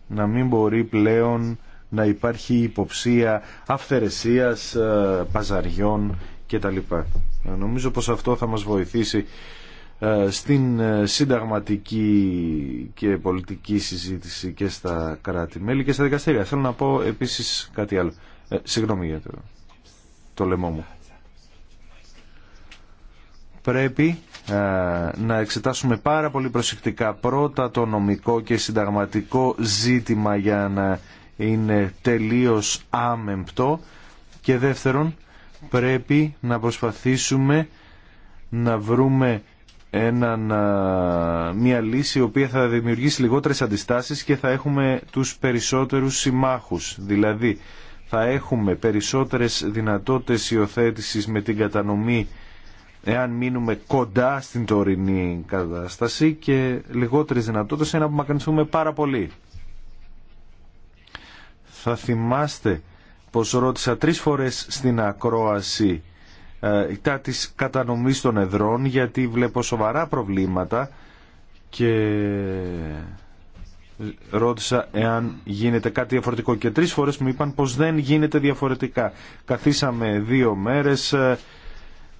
Speaker 1: να μην μπορεί πλέον να υπάρχει υποψία αυθαιρεσίας, ε, παζαριών κτλ. Ε, νομίζω πως αυτό θα μας βοηθήσει ε, στην συνταγματική και πολιτική συζήτηση και στα κράτη-μέλη και στα δικαστήρια. Θέλω να πω επίσης κάτι άλλο. συγγνώμη για το, το λαιμό μου πρέπει ε, να εξετάσουμε πάρα πολύ προσεκτικά πρώτα το νομικό και συνταγματικό ζήτημα για να είναι τελείως άμεμπτο και δεύτερον πρέπει να προσπαθήσουμε να βρούμε ε, μια λύση η οποία θα δημιουργήσει λιγότερες αντιστάσεις και θα έχουμε τους περισσότερους συμμάχους. Δηλαδή θα έχουμε περισσότερες δυνατότητες υιοθέτηση με την κατανομή εάν μείνουμε κοντά στην τωρινή κατάσταση και λιγότερες δυνατότητες να απομακρυνθούμε πάρα πολύ. Θα θυμάστε πως ρώτησα τρεις φορές στην ακρόαση ε, τα της κατανομής των εδρών γιατί βλέπω σοβαρά προβλήματα και ρώτησα εάν γίνεται κάτι διαφορετικό και τρεις φορές μου είπαν πως δεν γίνεται διαφορετικά. Καθίσαμε δύο μέρες ε,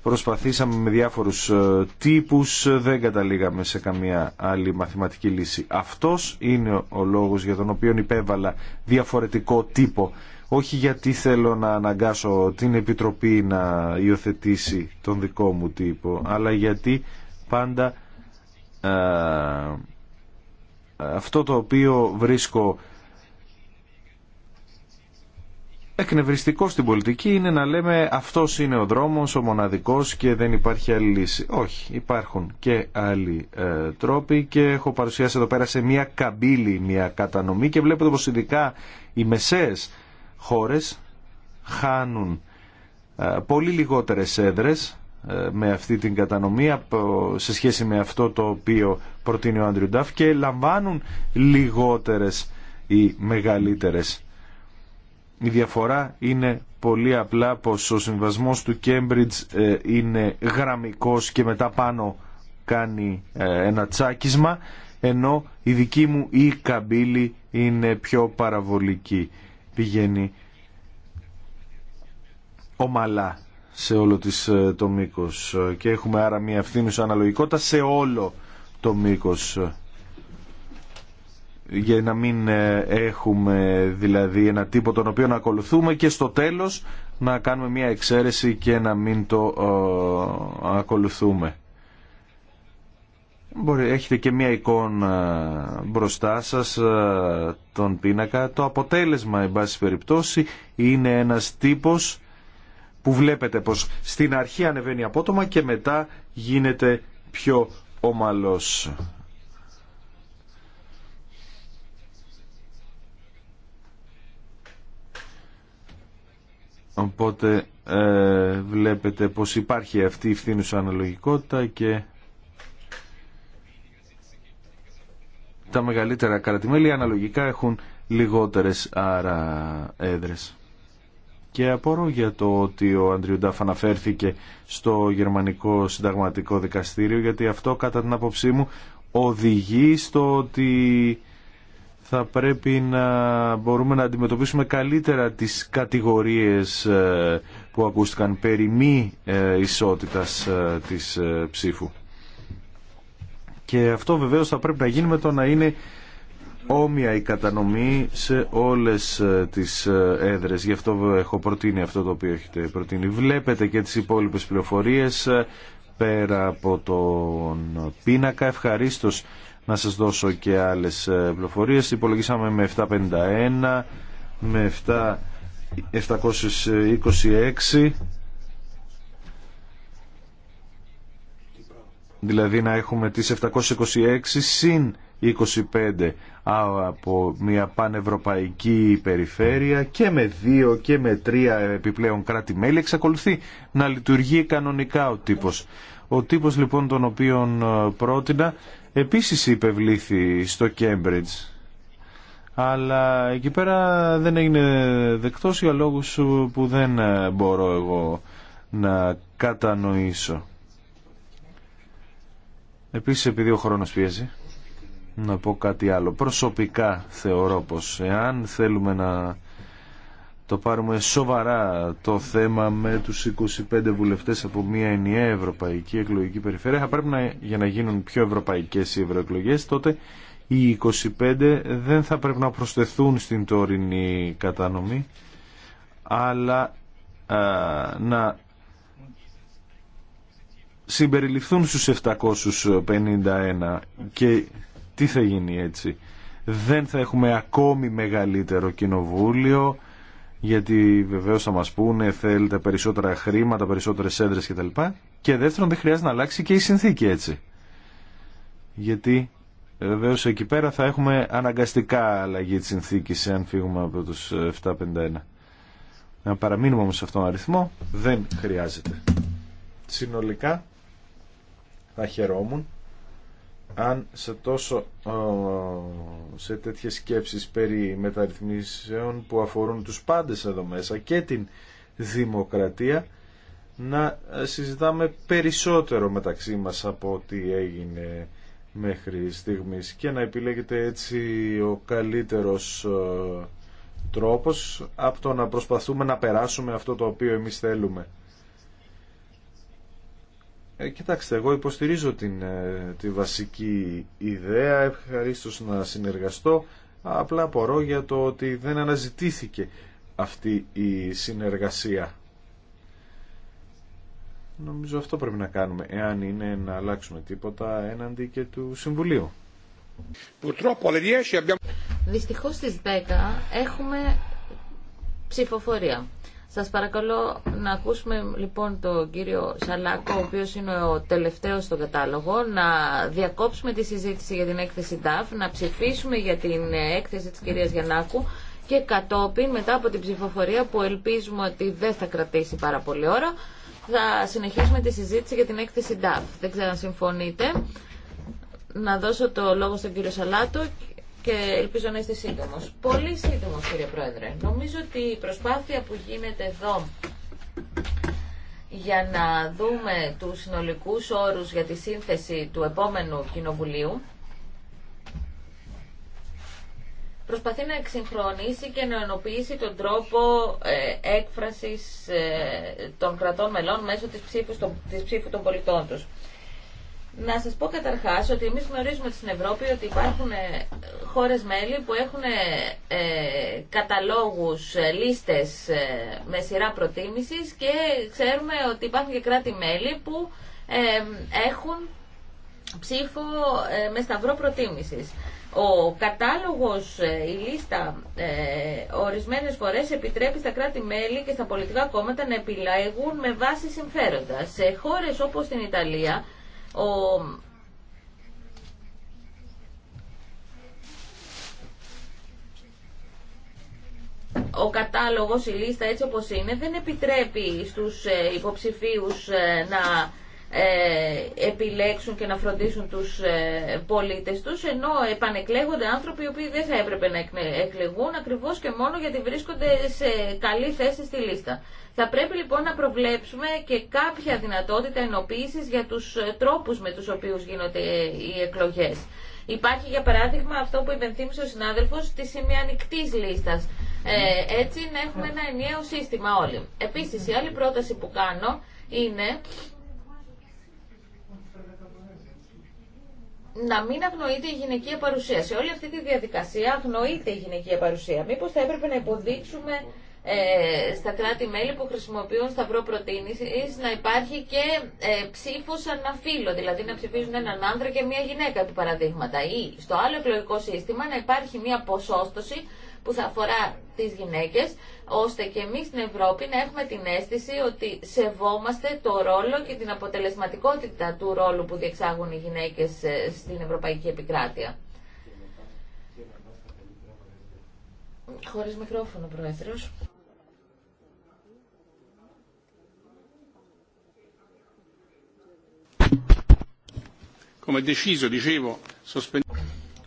Speaker 1: Προσπαθήσαμε με διάφορους ε, τύπους, ε, δεν καταλήγαμε σε καμία άλλη μαθηματική λύση. Αυτός είναι ο λόγος για τον οποίο υπέβαλα διαφορετικό τύπο. Όχι γιατί θέλω να αναγκάσω την Επιτροπή να υιοθετήσει τον δικό μου τύπο, αλλά γιατί πάντα ε, αυτό το οποίο βρίσκω εκνευριστικό στην πολιτική είναι να λέμε αυτός είναι ο δρόμος, ο μοναδικός και δεν υπάρχει άλλη λύση. Όχι, υπάρχουν και άλλοι ε, τρόποι και έχω παρουσιάσει εδώ πέρα σε μια καμπύλη, μια κατανομή και βλέπετε πως ειδικά οι μεσαίες χώρες χάνουν ε, πολύ λιγότερες έδρες ε, με αυτή την κατανομή σε σχέση με αυτό το οποίο προτείνει ο Άντριου Νταφ και λαμβάνουν λιγότερες ή μεγαλύτερες η διαφορά είναι πολύ απλά πως ο συμβασμός του Cambridge ε, είναι γραμμικός και μετά πάνω κάνει ε, ένα τσάκισμα ενώ η δική μου η καμπύλη είναι πιο παραβολική. Πηγαίνει ομαλά σε όλο της ε, το μήκος και έχουμε άρα μια ευθύνη αναλογικότητα σε όλο το μήκος για να μην ε, έχουμε δηλαδή ένα τύπο τον οποίο να ακολουθούμε και στο τέλος να κάνουμε μια εξαίρεση και να μην το ε, ακολουθούμε. Μπορεί, έχετε και μια εικόνα μπροστά σας ε, τον πίνακα. Το αποτέλεσμα, εν πάση περιπτώσει, είναι ένας τύπος που βλέπετε πως στην αρχή ανεβαίνει απότομα και μετά γίνεται πιο ομαλός. Οπότε ε, βλέπετε πως υπάρχει αυτή η φθήνουσα αναλογικότητα και τα μεγαλύτερα κρατημέλη αναλογικά έχουν λιγότερες άρα έδρες. Και απορώ για το ότι ο Αντριοντάφ αναφέρθηκε στο γερμανικό συνταγματικό δικαστήριο γιατί αυτό κατά την άποψή μου οδηγεί στο ότι θα πρέπει να μπορούμε να αντιμετωπίσουμε καλύτερα τις κατηγορίες ε, που ακούστηκαν περί μη ε, ισότητας ε, της ψήφου. Και αυτό βεβαίως θα πρέπει να γίνει με το να είναι όμοια η κατανομή σε όλες τις έδρες. Γι' αυτό έχω προτείνει αυτό το οποίο έχετε προτείνει. Βλέπετε και τις υπόλοιπες πληροφορίες πέρα από τον πίνακα. Ευχαρίστως να σας δώσω και άλλες ε, πληροφορίες. Υπολογίσαμε με 751, με 726, δηλαδή να έχουμε τις 726 συν 25 από μια πανευρωπαϊκή περιφέρεια και με δύο και με τρία επιπλέον κράτη-μέλη εξακολουθεί να λειτουργεί κανονικά ο τύπος. Ο τύπος λοιπόν τον οποίον ε, πρότεινα επίσης υπευλήθη στο Κέμπριτζ αλλά εκεί πέρα δεν έγινε δεκτός για λόγους που δεν μπορώ εγώ να κατανοήσω. Επίσης επειδή ο χρόνος πιέζει να πω κάτι άλλο. Προσωπικά θεωρώ πως εάν θέλουμε να το πάρουμε σοβαρά το θέμα με τους 25 βουλευτές από μια ενιαία ευρωπαϊκή εκλογική περιφέρεια θα πρέπει να, για να γίνουν πιο ευρωπαϊκές οι ευρωεκλογέ, τότε οι 25 δεν θα πρέπει να προσθεθούν στην τωρινή κατανομή αλλά να συμπεριληφθούν στους 751 και τι θα γίνει έτσι δεν θα έχουμε ακόμη μεγαλύτερο κοινοβούλιο γιατί βεβαίως θα μας πούνε θέλετε περισσότερα χρήματα, περισσότερες έντρες κτλ. Και δεύτερον δεν χρειάζεται να αλλάξει και η συνθήκη έτσι. Γιατί βεβαίω εκεί πέρα θα έχουμε αναγκαστικά αλλαγή της συνθήκης αν φύγουμε από τους 751. Να παραμείνουμε όμως σε αυτόν τον αριθμό δεν χρειάζεται. Συνολικά θα χαιρόμουν αν σε, τόσο, σε τέτοιες σκέψεις περί μεταρρυθμίσεων που αφορούν τους πάντες εδώ μέσα και την δημοκρατία να ε, συζητάμε περισσότερο μεταξύ μας από ό,τι έγινε μέχρι στιγμής και να επιλέγετε έτσι ο καλύτερος ε, τρόπος από το να προσπαθούμε να περάσουμε αυτό το οποίο εμείς θέλουμε. Ε, κοιτάξτε, εγώ υποστηρίζω την, ε, τη βασική ιδέα, ευχαρίστως να συνεργαστώ, απλά απορώ για το ότι δεν αναζητήθηκε αυτή η συνεργασία. Νομίζω αυτό πρέπει να κάνουμε, εάν είναι να αλλάξουμε τίποτα έναντι και του Συμβουλίου.
Speaker 2: Δυστυχώς στις 10 έχουμε ψηφοφορία. Σας παρακαλώ να ακούσουμε λοιπόν τον κύριο Σαλάκο, ο οποίος είναι ο τελευταίος στον κατάλογο, να διακόψουμε τη συζήτηση για την έκθεση DAF, να ψηφίσουμε για την ε, έκθεση της κυρίας Γιαννάκου και κατόπιν μετά από την ψηφοφορία που ελπίζουμε ότι δεν θα κρατήσει πάρα πολύ ώρα, θα συνεχίσουμε τη συζήτηση για την έκθεση DAF. Δεν ξέρω αν συμφωνείτε. Να δώσω το λόγο στον κύριο Σαλάτο και ελπίζω να είστε σύντομο. Πολύ σύντομο, κύριε Πρόεδρε. Νομίζω ότι η προσπάθεια που γίνεται εδώ για να δούμε του συνολικούς όρους για τη σύνθεση του επόμενου κοινοβουλίου προσπαθεί να εξυγχρονίσει και να ενοποιήσει τον τρόπο ε, έκφρασης ε, των κρατών μελών μέσω της ψήφου, των, της των πολιτών τους. Να σας πω καταρχάς ότι εμείς γνωρίζουμε στην Ευρώπη ότι υπάρχουν ε, χώρες μέλη που έχουν ε, ε καταλόγους, ε, λίστες με σειρά προτίμησης και ξέρουμε ότι υπάρχουν και κράτη-μέλη που ε, έχουν ψήφο με σταυρό προτίμησης. Ο κατάλογος, η λίστα, ε, ορισμένες φορές επιτρέπει στα κράτη-μέλη και στα πολιτικά κόμματα να επιλέγουν με βάση συμφέροντα. Σε χώρες όπως την Ιταλία, ο ο κατάλογος, η λίστα έτσι όπως είναι, δεν επιτρέπει στους ε, υποψηφίους ε, να ε, επιλέξουν και να φροντίσουν τους ε, πολίτες τους, ενώ επανεκλέγονται άνθρωποι οι οποίοι δεν θα έπρεπε να εκλεγούν ακριβώς και μόνο γιατί βρίσκονται σε καλή θέση στη λίστα. Θα πρέπει λοιπόν να προβλέψουμε και κάποια δυνατότητα ενοποίησης για τους ε, τρόπους με τους οποίους γίνονται οι εκλογές. Υπάρχει για παράδειγμα αυτό που υπενθύμισε ο συνάδελφος τη σημειανικτή λίστας. Ε, έτσι να έχουμε ένα ενιαίο σύστημα όλοι. Επίσης η άλλη πρόταση που κάνω είναι να μην αγνοείται η γυναικεία παρουσία. Σε όλη αυτή τη διαδικασία αγνοείται η γυναικεία παρουσία. Μήπως θα έπρεπε να υποδείξουμε ε, στα κράτη-μέλη που χρησιμοποιούν σταυρό προτείνησης να υπάρχει και ε, ψήφος αναφύλων, δηλαδή να ψηφίζουν έναν άνδρα και μία γυναίκα του παραδείγματα. Ή στο άλλο εκλογικό σύστημα να υπάρχει μία ποσόστοση που θα αφορά τι γυναίκε ώστε και εμείς στην Ευρώπη να έχουμε την αίσθηση ότι σεβόμαστε το ρόλο και την αποτελεσματικότητα του ρόλου που διεξάγουν οι γυναίκες ε, στην Ευρωπαϊκή Επικράτεια. Χωρίς μικρόφωνο, Πρόεδρος.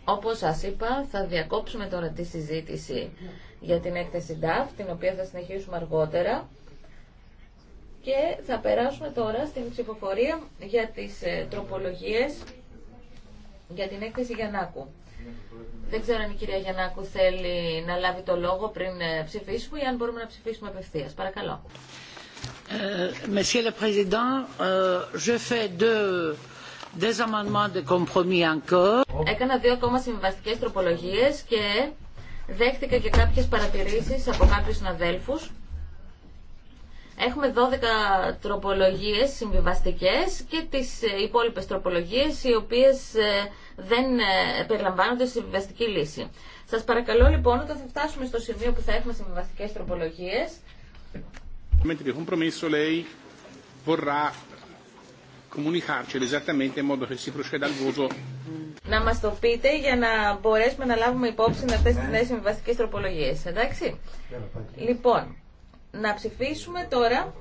Speaker 2: Όπως σας είπα, θα διακόψουμε τώρα τη συζήτηση για την έκθεση DAF, την οποία θα συνεχίσουμε αργότερα. Και θα περάσουμε τώρα στην ψηφοφορία για τις ε, τροπολογίες για την έκθεση Γιαννάκου. Δεν ξέρω αν η κυρία Γιαννάκου θέλει να λάβει το λόγο πριν ε, ψηφίσουμε ή αν μπορούμε να ψηφίσουμε απευθεία. Παρακαλώ.
Speaker 3: Ε, Monsieur
Speaker 2: le Président, je fais deux, amendements de compromis encore. Έκανα δύο ακόμα συμβαστικές τροπολογίες και δέχτηκα και κάποιες παρατηρήσεις από κάποιους συναδέλφους. Έχουμε 12 τροπολογίες συμβιβαστικές και τις υπόλοιπες τροπολογίες οι οποίες ε, δεν ε, περιλαμβάνονται στη συμβιβαστική λύση. Σας παρακαλώ λοιπόν όταν θα φτάσουμε στο σημείο που θα έχουμε συμβιβαστικές τροπολογίες. Με να μας το πείτε για να μπορέσουμε να λάβουμε υπόψη αυτές τις νέες συμβαστικές τροπολογίες, εντάξει. Λοιπόν, να ψηφίσουμε τώρα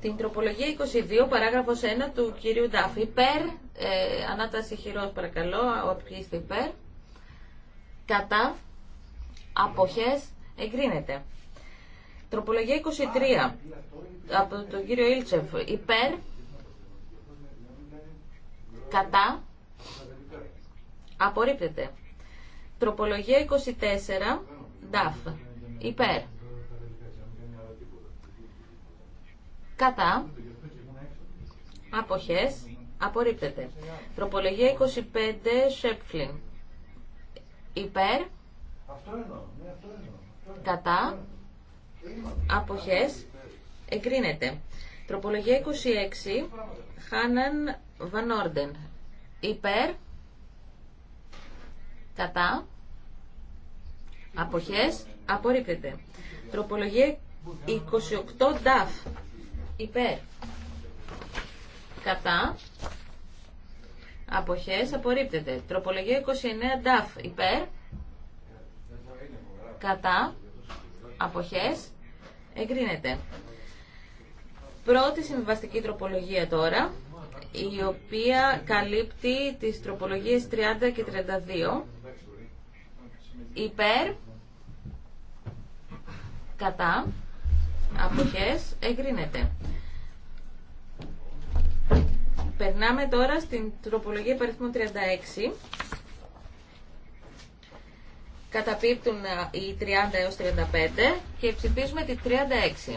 Speaker 2: την τροπολογία 22, παράγραφος 1 του κυρίου Ντάφη. Υπέρ, ε, ανάταση χειρός παρακαλώ, όποιοι είστε υπέρ. Κατά, αποχές, εγκρίνεται. Τροπολογία 23, από τον κύριο Ήλτσεφ. Υπέρ, Κατά. Απορρίπτεται. Τροπολογία 24. Νταφ. Υπέρ. Κατά. Αποχές. Απορρίπτεται. Τροπολογία 25. Σέπφλιν. Υπέρ. Κατά. Αποχές. Εγκρίνεται. Τροπολογία 26. Χάναν Van Υπέρ. Κατά. Αποχές. Απορρίπτεται. Τροπολογία 28 DAF. Υπέρ. Κατά. Αποχές. Απορρίπτεται. Τροπολογία 29 29Τ, Υπέρ. Κατά. Αποχές. Εγκρίνεται. Πρώτη συμβαστική τροπολογία τώρα η οποία καλύπτει τις τροπολογίες 30 και 32. Υπέρ, κατά, αποχές, εγκρίνεται. Περνάμε τώρα στην τροπολογία υπέρ 36. Καταπίπτουν ε, οι 30 έως 35 και ψηφίζουμε τη 36.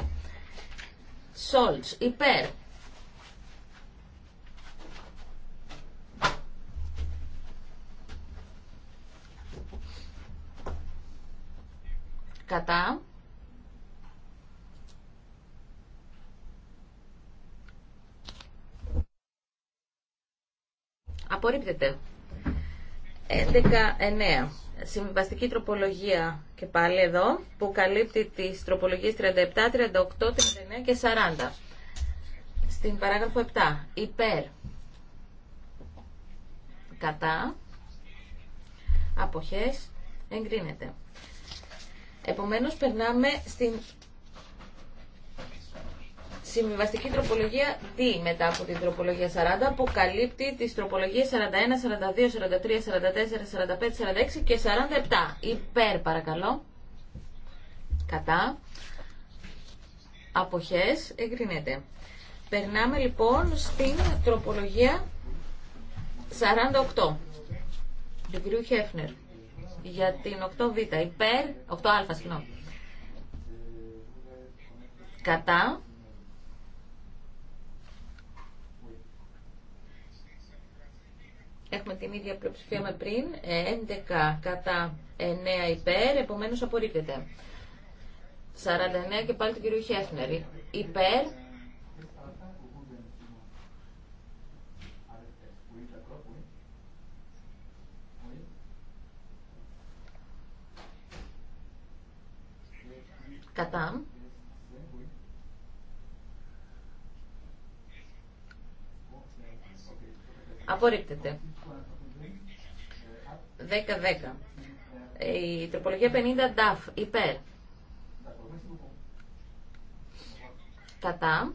Speaker 2: Σόλτς, υπέρ, Κατά. Απορρίπτεται. 11.9. Συμβαστική τροπολογία και πάλι εδώ που καλύπτει τις τροπολογίες 37, 38, 39 και 40. Στην παράγραφο 7. Υπέρ. Κατά. Αποχές. Εγκρίνεται. Επομένως, περνάμε στην συμβιβαστική τροπολογία D μετά από την τροπολογία 40 που καλύπτει τις τροπολογίες 41, 42, 43, 44, 45, 46 και 47. Υπέρ παρακαλώ. Κατά. Αποχές. Εγκρινέται. Περνάμε λοιπόν στην τροπολογία 48 του κ για την 8β υπέρ, 8α συγγνώμη. Κατά. Έχουμε την ίδια πλειοψηφία με πριν, 11 ε, κατά 9 ε, υπέρ, επομένως απορρίπτεται. 49 και πάλι του κυρίου Χέφνερη. Υπέρ, Κατά. Απορρίπτεται. 10-10. Η τροπολογία 50 DAF υπέρ. Κατά.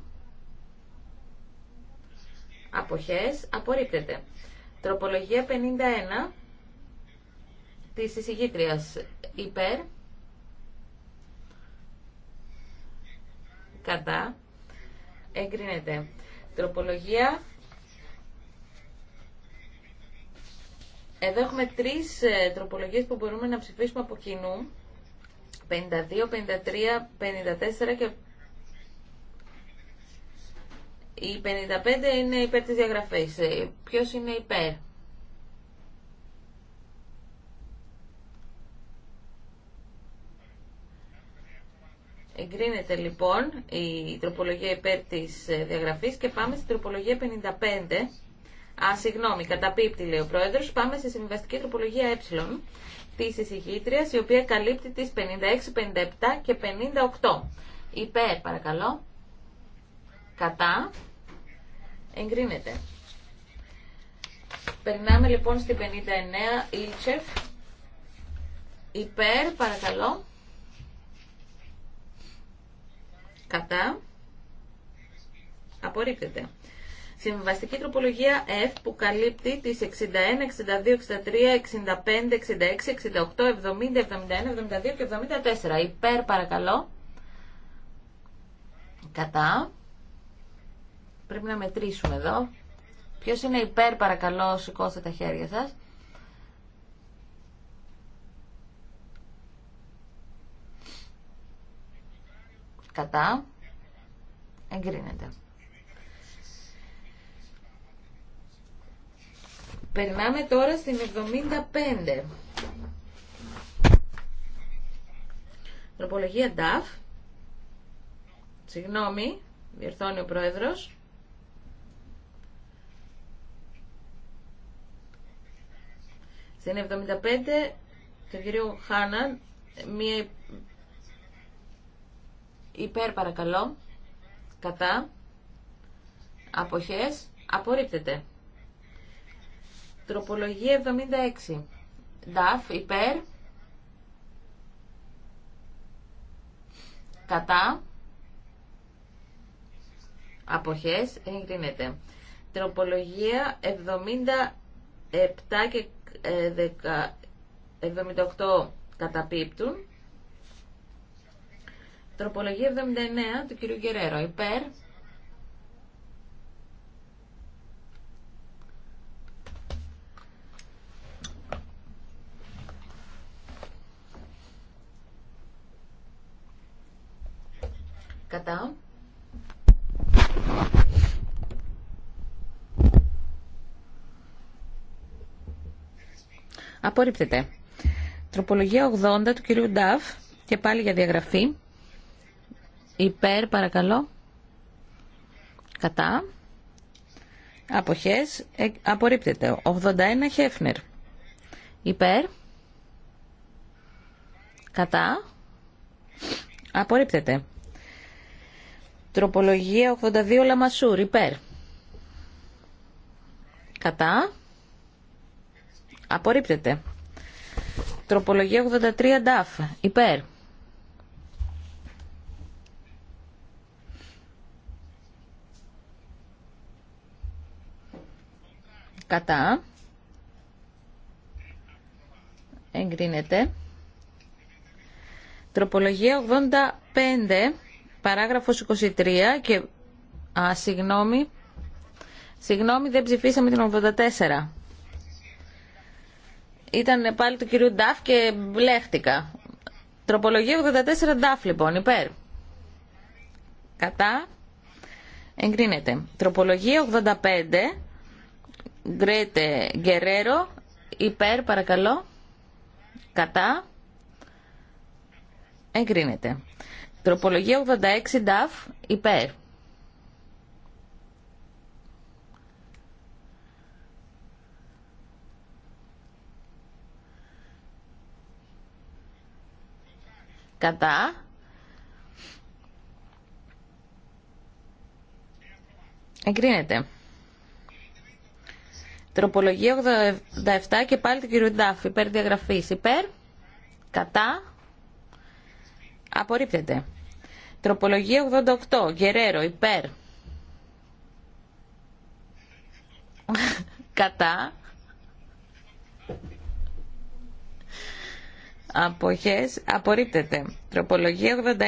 Speaker 2: Αποχές. Απορρίπτεται. Τροπολογία 51 της εισηγήτριας υπέρ. κατά, εγκρίνεται. Τροπολογία. Εδώ έχουμε τρεις ε, τροπολογίες που μπορούμε να ψηφίσουμε από κοινού. 52, 53, 54 και η 55 είναι υπέρ της διαγραφής. Ε, ποιος είναι υπέρ. Εγκρίνεται λοιπόν η τροπολογία υπέρ τη ε, διαγραφής και πάμε στην τροπολογία 55. Α, συγγνώμη, καταπίπτει λέει ο πρόεδρο. Πάμε στη συμβαστική τροπολογία ε τη εισηγήτρια, η οποία καλύπτει τι 56, 57 και 58. Υπέρ, παρακαλώ. Κατά. Εγκρίνεται. Περνάμε λοιπόν στην 59, Ήλτσεφ. Υπέρ, παρακαλώ. Κατά. Απορρίπτεται. Συμβαστική τροπολογία F που καλύπτει τις 61, 62, 63, 65, 66, 68, 70, 71, 72 και 74. Υπέρ παρακαλώ. Κατά. Πρέπει να μετρήσουμε εδώ. Ποιος είναι υπέρ παρακαλώ σηκώστε τα χέρια σας. Κατά. Εγκρίνεται. Περνάμε τώρα στην 75. Τροπολογία DAF. Συγγνώμη, διερθώνει ο Πρόεδρος. Στην 75, τον κύριο Χάναν, μία Υπέρ παρακαλώ. Κατά. Αποχές. Απορρίπτεται. Τροπολογία 76. Δαφ Υπέρ. Κατά. Αποχές. Εγκρίνεται. Τροπολογία 77 και 78 ε, καταπίπτουν. Τροπολογία 79 του κυρίου Γκερέρο. Υπέρ. Κατά. Απορρίπτεται. Τροπολογία 80 του κυρίου Νταφ και πάλι για διαγραφή. Υπέρ παρακαλώ. Κατά. Αποχές. Ε, απορρίπτεται. 81 Χέφνερ. Υπέρ. Κατά. Απορρίπτεται. Τροπολογία 82 Λαμασούρ. Υπέρ. Κατά. Απορρίπτεται. Τροπολογία 83 Νταφ. Υπέρ. κατά εγκρίνεται τροπολογία 85 παράγραφος 23 και α, συγγνώμη συγγνώμη δεν ψηφίσαμε την 84 ήταν πάλι του κυρίου Νταφ και μπλέχτηκα τροπολογία 84 Νταφ λοιπόν υπέρ κατά εγκρίνεται τροπολογία 85 Γκρέτε Γκερέρο, υπέρ παρακαλώ, κατά, εγκρίνεται. Τροπολογία 86 Νταφ, υπέρ. Κατά. Εγκρίνεται. Τροπολογία 87 και πάλι την κυρίου Ντάφ, υπέρ διαγραφής. Υπέρ, κατά, απορρίπτεται. Τροπολογία 88, Γερέρο, υπέρ, κατά, αποχές, απορρίπτεται. Τροπολογία 89,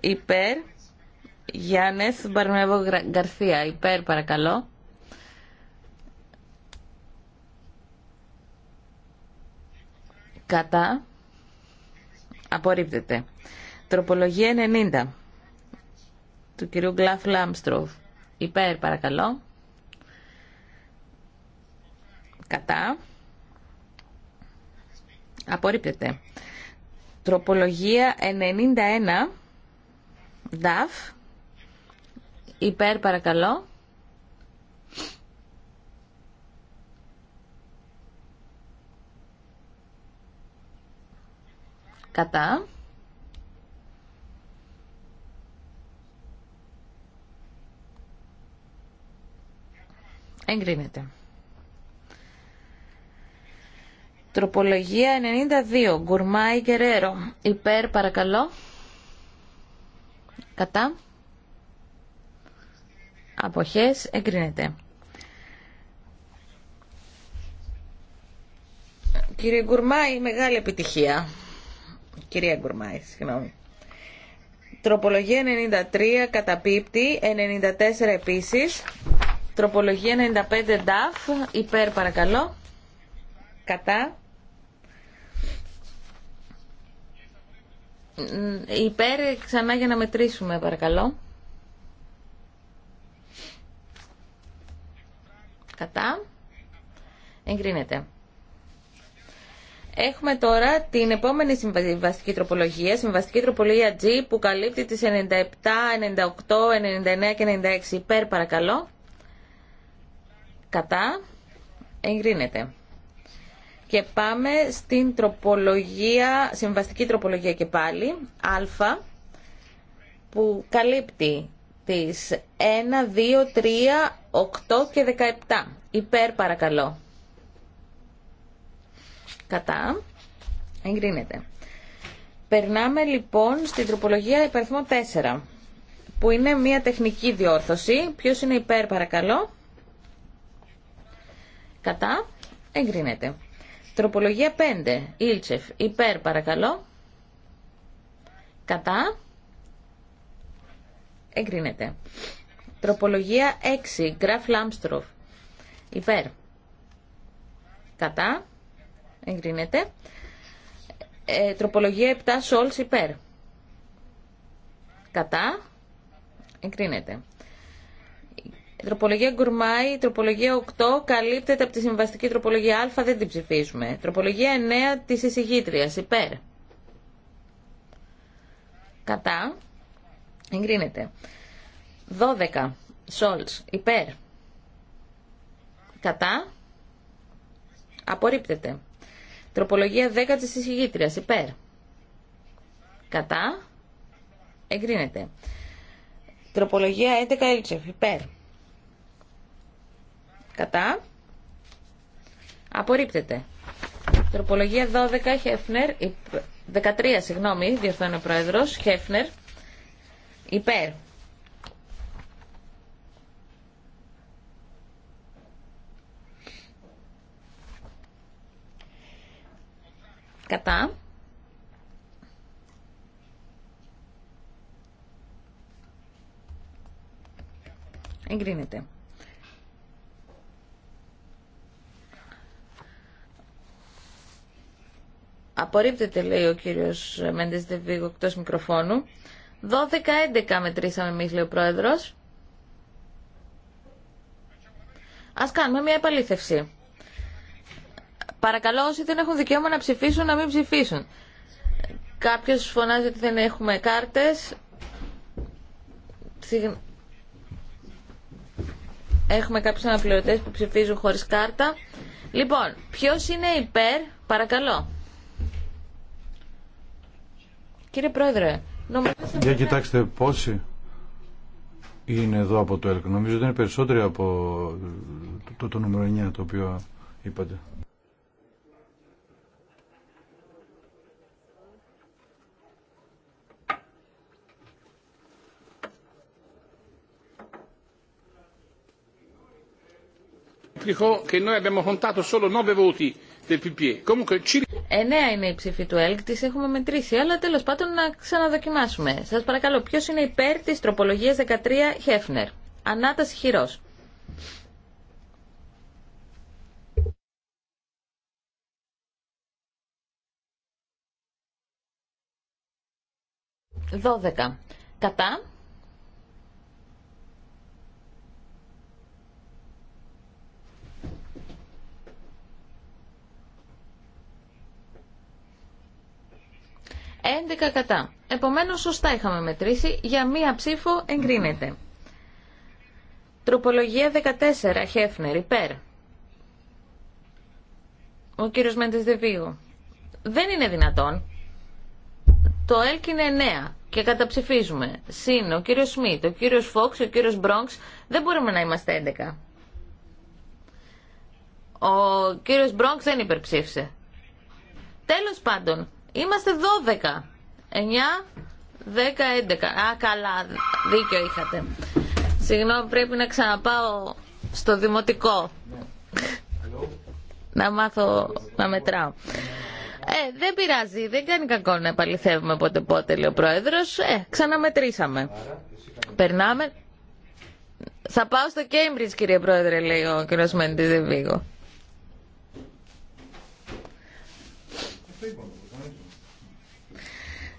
Speaker 2: υπέρ, Γιάννες Μπαρνεύο Γκαρθία, υπέρ παρακαλώ. Κατά. Απορρίπτεται. Τροπολογία 90 του κυρίου Γκλαφ Λάμστροφ. Υπέρ παρακαλώ. Κατά. Απορρίπτεται. Τροπολογία 91. Δαφ υπέρ παρακαλώ. Κατά. Εγκρίνεται. Τροπολογία 92. Γκουρμάι Γκερέρο. Υπέρ παρακαλώ. Κατά αποχές εγκρίνεται. Κύριε Γκουρμάη, μεγάλη επιτυχία. Κυρία Γκουρμάη, συγγνώμη. Τροπολογία 93 καταπίπτει, 94 επίσης. Τροπολογία 95 δάφ, υπέρ παρακαλώ. Κατά. Υπέρ, ξανά για να μετρήσουμε παρακαλώ. Κατά. Εγκρίνεται. Έχουμε τώρα την επόμενη συμβαστική τροπολογία, συμβαστική τροπολογία G, που καλύπτει τις 97, 98, 99 και 96 υπέρ, παρακαλώ. Κατά. Εγκρίνεται. Και πάμε στην τροπολογία, συμβαστική τροπολογία και πάλι, α, που καλύπτει τις 1, 2, 3 8 και 17. Υπέρ παρακαλώ. Κατά. Εγκρίνεται. Περνάμε λοιπόν στην τροπολογία υπερθμό 4 που είναι μια τεχνική διόρθωση. Ποιος είναι υπέρ παρακαλώ. Κατά. Εγκρίνεται. Τροπολογία 5. Ήλτσεφ. Υπέρ παρακαλώ. Κατά. Εγκρίνεται. Τροπολογία 6. Γκραφ Λάμστροφ. Υπέρ. Κατά. Εγκρίνεται. Ε, τροπολογία 7. Σόλς υπέρ. Κατά. Εγκρίνεται. Τροπολογία Γκουρμάη, τροπολογία 8 καλύπτεται από τη συμβαστική τροπολογία Α, δεν την ψηφίζουμε. Τροπολογία 9 τη εισηγήτρια, υπέρ. Κατά. Εγκρίνεται. 12. Σόλτς. Υπέρ. Κατά. Απορρίπτεται. Τροπολογία 10 της εισηγήτριας. Υπέρ. Κατά. Εγκρίνεται. Τροπολογία 11 Έλτσεφ. Υπέρ. Κατά. Απορρίπτεται. Τροπολογία 12 Χέφνερ. 13, συγγνώμη, διορθώνει ο πρόεδρος. Χέφνερ. Υπέρ. Κατά. Εγκρίνεται. Απορρίπτεται, λέει ο κύριος Μέντες Δεβίγο, εκτός μικροφώνου. 12-11 μετρήσαμε εμείς, λέει ο πρόεδρος. Ας κάνουμε μια επαλήθευση. Παρακαλώ όσοι δεν έχουν δικαίωμα να ψηφίσουν να μην ψηφίσουν. Κάποιος φωνάζει ότι δεν έχουμε κάρτες. Έχουμε κάποιους αναπληρωτές που ψηφίζουν χωρίς κάρτα. Λοιπόν, ποιος είναι υπέρ, παρακαλώ. Κύριε Πρόεδρε, νομίζω... Για κοιτάξτε
Speaker 4: πόσοι είναι εδώ από το ΕΛΚ. Νομίζω ότι είναι περισσότεροι από το, το, το νούμερο 9 το οποίο είπατε.
Speaker 2: Εννέα είναι η ψήφη του ΕΛΚ, τις έχουμε μετρήσει, αλλά τέλος πάντων να ξαναδοκιμάσουμε. Σας παρακαλώ, ποιος είναι υπέρ της τροπολογίας 13 Χέφνερ. Ανάταση χειρός. Δώδεκα. Κατά. 11 κατά. Επομένως, σωστά είχαμε μετρήσει. Για μία ψήφο εγκρίνεται. Τροπολογία 14, Χέφνερ, υπέρ. Ο κύριος Μέντες Δεβίου. Δεν είναι δυνατόν. Το ΕΛΚ είναι 9 και καταψηφίζουμε. Συν ο κύριος Σμιτ, ο κύριος Φόξ, ο κύριος Μπρόγκς. Δεν μπορούμε να είμαστε 11. Ο κύριος Μπρόγκς δεν υπερψήφισε. Τέλος πάντων, Είμαστε 12. 9, 10, 11. Α, καλά, δίκιο είχατε. Συγγνώμη, πρέπει να ξαναπάω στο δημοτικό. να μάθω να μετράω. Ε, δεν πειράζει, δεν κάνει κακό να επαληθεύουμε πότε πότε, λέει ο πρόεδρος. Ε, ξαναμετρήσαμε. Περνάμε. Θα πάω στο Cambridge, κύριε πρόεδρε, λέει ο κ. Μέντης Δεβίγο.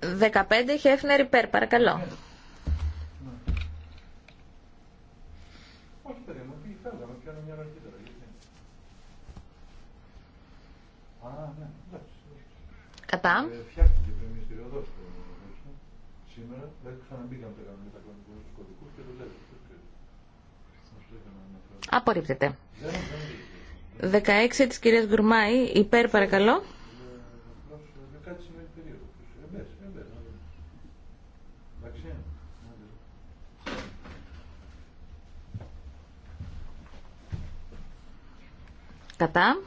Speaker 2: 15 Χέφνερ υπέρ, παρακαλώ.
Speaker 4: Κατά. Ε, Σήμερα, δηλαδή ξαναμπήκαμε τα
Speaker 3: κανονικά κωδικούς και το λέγαμε.
Speaker 2: Απορρίπτεται. 16 της κυρίας Γκουρμάη, υπέρ παρακαλώ. Κατά.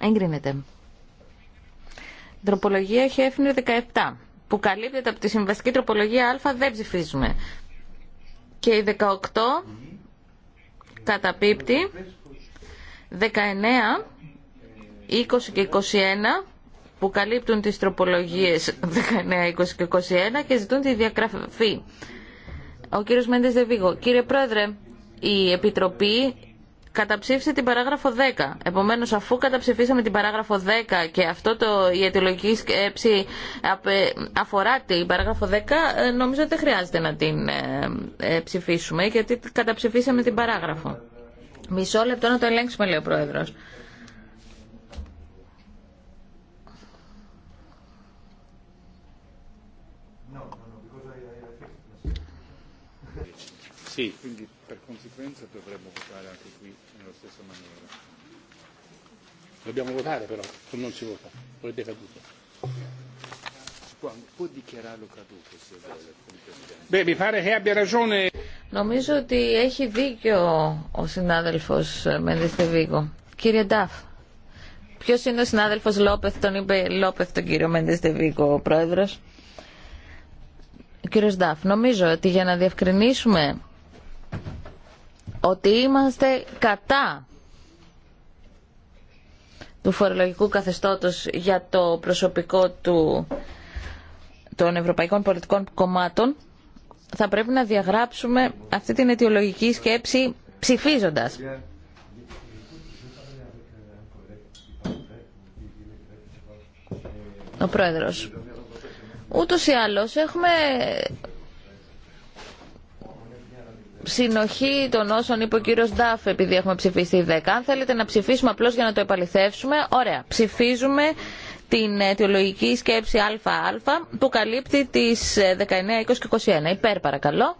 Speaker 2: Εγκρίνεται. Τροπολογία Χέφνερ 17, που καλύπτεται από τη συμβαστική τροπολογία Α, δεν ψηφίζουμε. Και η 18 καταπίπτει. 19, 20 και 21 που καλύπτουν τις τροπολογίες 19, 20 και 21 και ζητούν τη διαγραφή. Ο κύριος Μέντες Δεβίγο. Κύριε Πρόεδρε, η Επιτροπή καταψήφισε την παράγραφο 10. Επομένως, αφού καταψηφίσαμε την παράγραφο 10 και αυτό το, η αιτιολογική σκέψη αφορά την παράγραφο 10, ε, νομίζω ότι δεν χρειάζεται να την ε, ε, ψηφίσουμε, γιατί καταψηφίσαμε την παράγραφο. Μισό λεπτό να το ελέγξουμε, λέει ο Πρόεδρος.
Speaker 3: Sí
Speaker 4: sequenza dovremmo votare anche qui nella stessa maniera.
Speaker 2: Dobbiamo votare però, o non si vota, o è decaduto.
Speaker 3: Si può, può dichiararlo caduto se vuole.
Speaker 2: Beh, mi pare che abbia ragione. Νομίζω ότι έχει δίκιο ο συνάδελφος Μεντεστεβίγκο. Κύριε Ντάφ, ποιος είναι ο συνάδελφος Λόπεθ, τον είπε Λόπεθ τον κύριο Μεντεστεβίγκο, ο πρόεδρος. Κύριος Ντάφ, νομίζω ότι για να διευκρινίσουμε ότι είμαστε κατά του φορολογικού καθεστώτος για το προσωπικό του, των Ευρωπαϊκών Πολιτικών Κομμάτων θα πρέπει να διαγράψουμε αυτή την αιτιολογική σκέψη ψηφίζοντας. Ο Πρόεδρος. Ούτως ή άλλως έχουμε συνοχή των όσων είπε ο κύριο Ντάφ, επειδή έχουμε ψηφίσει 10. Αν θέλετε να ψηφίσουμε απλώ για να το επαληθεύσουμε, ωραία. Ψηφίζουμε την αιτιολογική σκέψη ΑΑ που καλύπτει τι 19, 20 και 21. Υπέρ, παρακαλώ.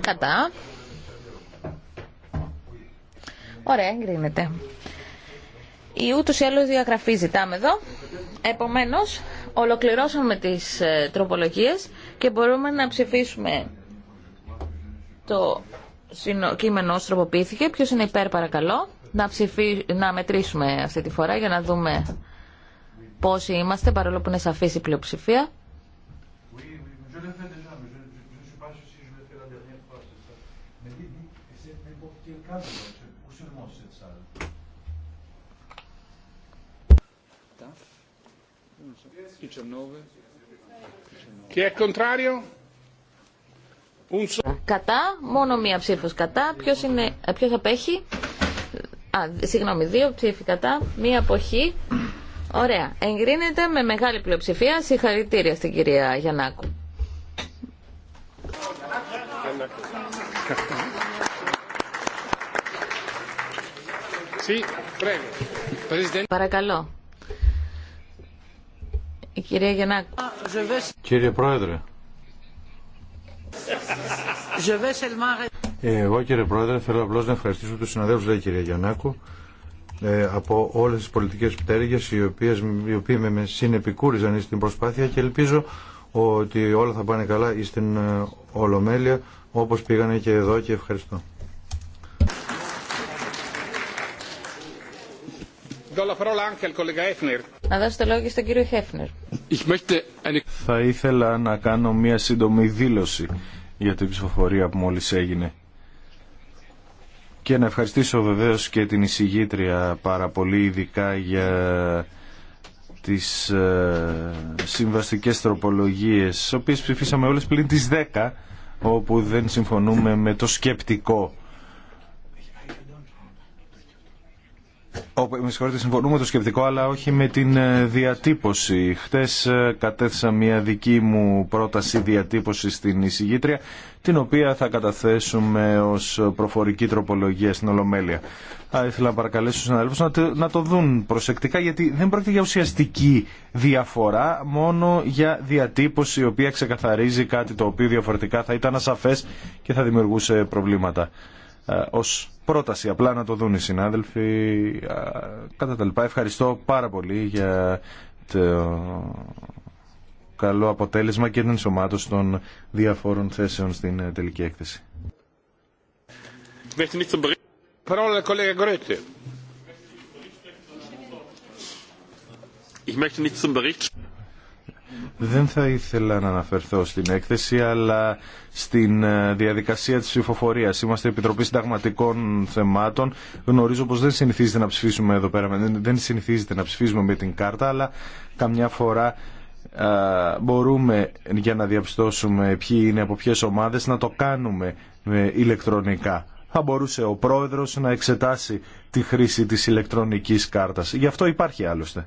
Speaker 2: Κατά. Ωραία, εγκρίνεται. Η ούτω ή άλλω διαγραφή ζητάμε εδώ. Επομένω, ολοκληρώσαμε τι ε, τροπολογίε και μπορούμε να ψηφίσουμε το κείμενο όσο τροποποιήθηκε. Ποιο είναι υπέρ, παρακαλώ. Να, ψηφί... να μετρήσουμε αυτή τη φορά για να δούμε πόσοι είμαστε, παρόλο που είναι σαφή η πλειοψηφία. Κατά, μόνο μία ψήφος κατά. Ποιος, είναι, ε, ποιος απέχει? Α, συγγνώμη, δύο ψήφοι κατά, μία αποχή. Ωραία. Εγκρίνεται με μεγάλη πλειοψηφία. Συγχαρητήρια στην κυρία Γιαννάκου. Παρακαλώ. Η κυρία
Speaker 4: Κύριε Πρόεδρε. Ε, εγώ κύριε Πρόεδρε θέλω απλώς να ευχαριστήσω τους συναδέλφους, λέει κυρία Γιαννάκου, ε, από όλες τις πολιτικές πτέρυγες οι, οποίες, οι οποίοι με συνεπικούριζαν στην προσπάθεια και ελπίζω ότι όλα θα πάνε καλά στην ε, Ολομέλεια όπως πήγανε και εδώ και ευχαριστώ. Να
Speaker 1: Θα ήθελα να κάνω μια σύντομη δήλωση για την ψηφοφορία που μόλις έγινε. Και να ευχαριστήσω βεβαίως και την εισηγήτρια πάρα πολύ, ειδικά για τις ε, συμβαστικές τροπολογίες, τις οποίες ψηφίσαμε όλες πλην τις 10, όπου δεν συμφωνούμε με το σκεπτικό με συγχωρείτε, συμφωνούμε με το σκεπτικό, αλλά όχι με την ε, διατύπωση. Χτε ε, κατέθεσα μια δική μου πρόταση διατύπωση στην εισηγήτρια, την οποία θα καταθέσουμε ω προφορική τροπολογία στην Ολομέλεια. Θα ήθελα να παρακαλέσω του συναδέλφου να το δουν προσεκτικά, γιατί δεν πρόκειται για ουσιαστική διαφορά, μόνο για διατύπωση, η οποία ξεκαθαρίζει κάτι το οποίο διαφορετικά θα ήταν ασαφέ και θα δημιουργούσε προβλήματα. Ε, ως πρόταση. Απλά να το δουν οι συνάδελφοι. Κατά τα λοιπά, ευχαριστώ πάρα πολύ για το καλό αποτέλεσμα και την ενσωμάτωση των διαφόρων θέσεων στην ε, τελική έκθεση. Δεν θα ήθελα να αναφερθώ στην έκθεση, αλλά στην ε, διαδικασία της ψηφοφορία. Είμαστε Επιτροπή Συνταγματικών Θεμάτων. Γνωρίζω πως δεν συνηθίζεται να ψηφίσουμε εδώ πέρα, δεν συνηθίζεται να ψηφίζουμε με την κάρτα, αλλά καμιά φορά ε, μπορούμε για να διαπιστώσουμε ποιοι είναι από ποιες ομάδες να το κάνουμε ε, ηλεκτρονικά. Θα μπορούσε ο πρόεδρος να εξετάσει τη χρήση της ηλεκτρονικής κάρτας. Γι' αυτό υπάρχει άλλωστε.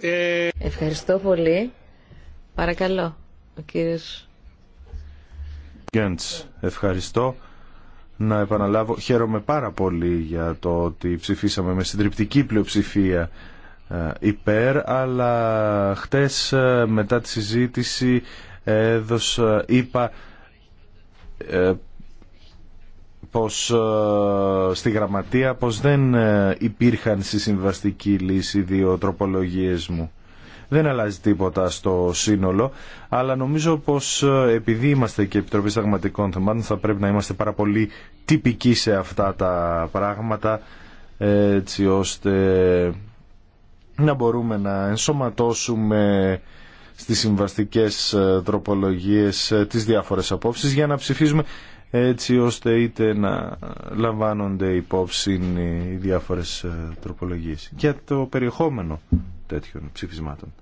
Speaker 2: Ε, ευχαριστώ πολύ. Παρακαλώ, ο κύριος
Speaker 1: Γκέντς. Ευχαριστώ. Να επαναλάβω, χαίρομαι πάρα πολύ για το ότι ψηφίσαμε με συντριπτική πλειοψηφία ε, υπέρ, αλλά χτες ε, μετά τη συζήτηση έδωσα, είπα πως ε, στη γραμματεία πως δεν ε, υπήρχαν στη συμβαστική λύση δύο τροπολογίες μου. Δεν αλλάζει τίποτα στο σύνολο, αλλά νομίζω πως ε, επειδή είμαστε και Επιτροπή Σταγματικών Θεμάτων θα πρέπει να είμαστε πάρα πολύ τυπικοί σε αυτά τα πράγματα, έτσι ώστε να μπορούμε να ενσωματώσουμε στις συμβαστικές τροπολογίες τις διάφορες απόψεις για να ψηφίζουμε έτσι ώστε είτε να λαμβάνονται υπόψη οι διάφορες ε, τροπολογίες για το περιεχόμενο τέτοιων ψηφισμάτων.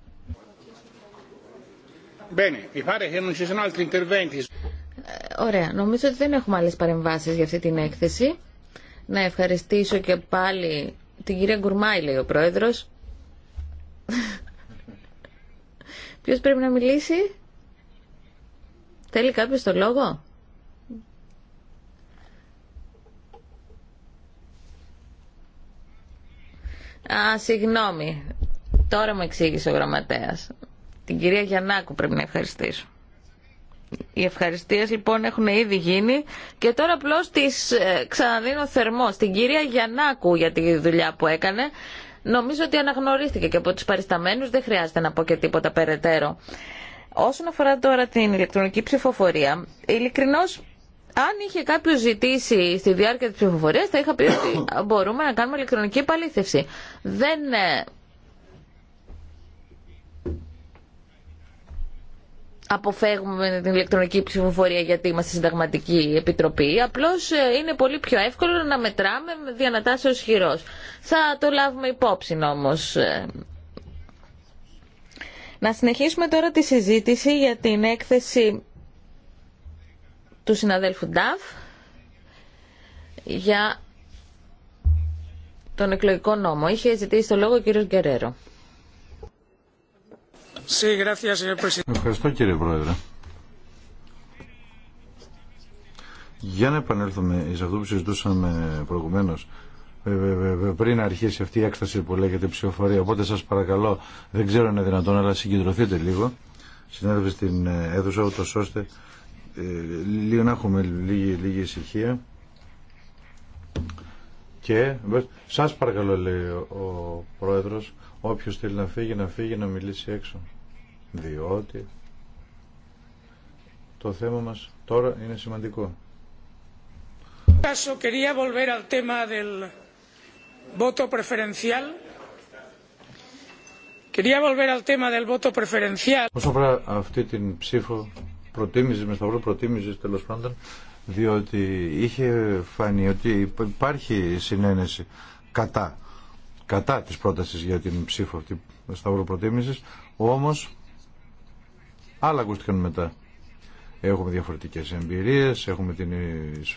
Speaker 2: Ωραία. Νομίζω ότι δεν έχουμε άλλες παρεμβάσεις για αυτή την έκθεση. Να ευχαριστήσω και πάλι την κυρία Γκουρμάη, λέει ο πρόεδρος. Ποιος πρέπει να μιλήσει? Θέλει κάποιος το λόγο? Α, συγγνώμη. Τώρα μου εξήγησε ο γραμματέα. Την κυρία Γιαννάκου πρέπει να ευχαριστήσω. Οι ευχαριστίες λοιπόν έχουν ήδη γίνει και τώρα απλώ τις ε, ξαναδίνω θερμό στην κυρία Γιαννάκου για τη δουλειά που έκανε. Νομίζω ότι αναγνωρίστηκε και από του παρισταμένου, δεν χρειάζεται να πω και τίποτα περαιτέρω. Όσον αφορά τώρα την ηλεκτρονική ψηφοφορία, ειλικρινώ αν είχε κάποιο ζητήσει στη διάρκεια της ψηφοφορίας θα είχα πει ότι μπορούμε να κάνουμε ηλεκτρονική επαλήθευση. Δεν ε, αποφεύγουμε την ηλεκτρονική ψηφοφορία γιατί είμαστε συνταγματική επιτροπή. Απλώς ε, είναι πολύ πιο εύκολο να μετράμε με διανατάσσεω χειρός. Θα το λάβουμε υπόψη όμως. Ε. Να συνεχίσουμε τώρα τη συζήτηση για την έκθεση του συναδέλφου Νταφ για τον εκλογικό νόμο. Είχε ζητήσει το λόγο ο κύριος Γκερέρο.
Speaker 4: Ευχαριστώ κύριε Πρόεδρε. Για να επανέλθουμε σε αυτό που συζητούσαμε προηγουμένω ε, ε, ε, πριν αρχίσει αυτή η έκσταση που λέγεται ψηφοφορία. Οπότε σας παρακαλώ, δεν ξέρω αν είναι δυνατόν, αλλά συγκεντρωθείτε λίγο. Συνέδευε στην αίθουσα, ούτως ώστε ε, λίγο να έχουμε λίγη, λίγη ησυχία. Και σας παρακαλώ λέει ο πρόεδρος όποιος θέλει να φύγει να φύγει να μιλήσει έξω. Διότι το θέμα μας τώρα είναι σημαντικό.
Speaker 2: Caso quería volver al tema del voto preferencial. Quería volver al tema del voto preferencial.
Speaker 4: Όσον αφορά αυτή την ψήφο προτίμηση, με σταυρό προτίμηση τέλο πάντων, διότι είχε φανεί ότι υπάρχει συνένεση κατά, κατά της πρότασης για την ψήφο αυτή σταυρό προτίμησης, όμως άλλα ακούστηκαν μετά. Έχουμε διαφορετικές εμπειρίες, έχουμε την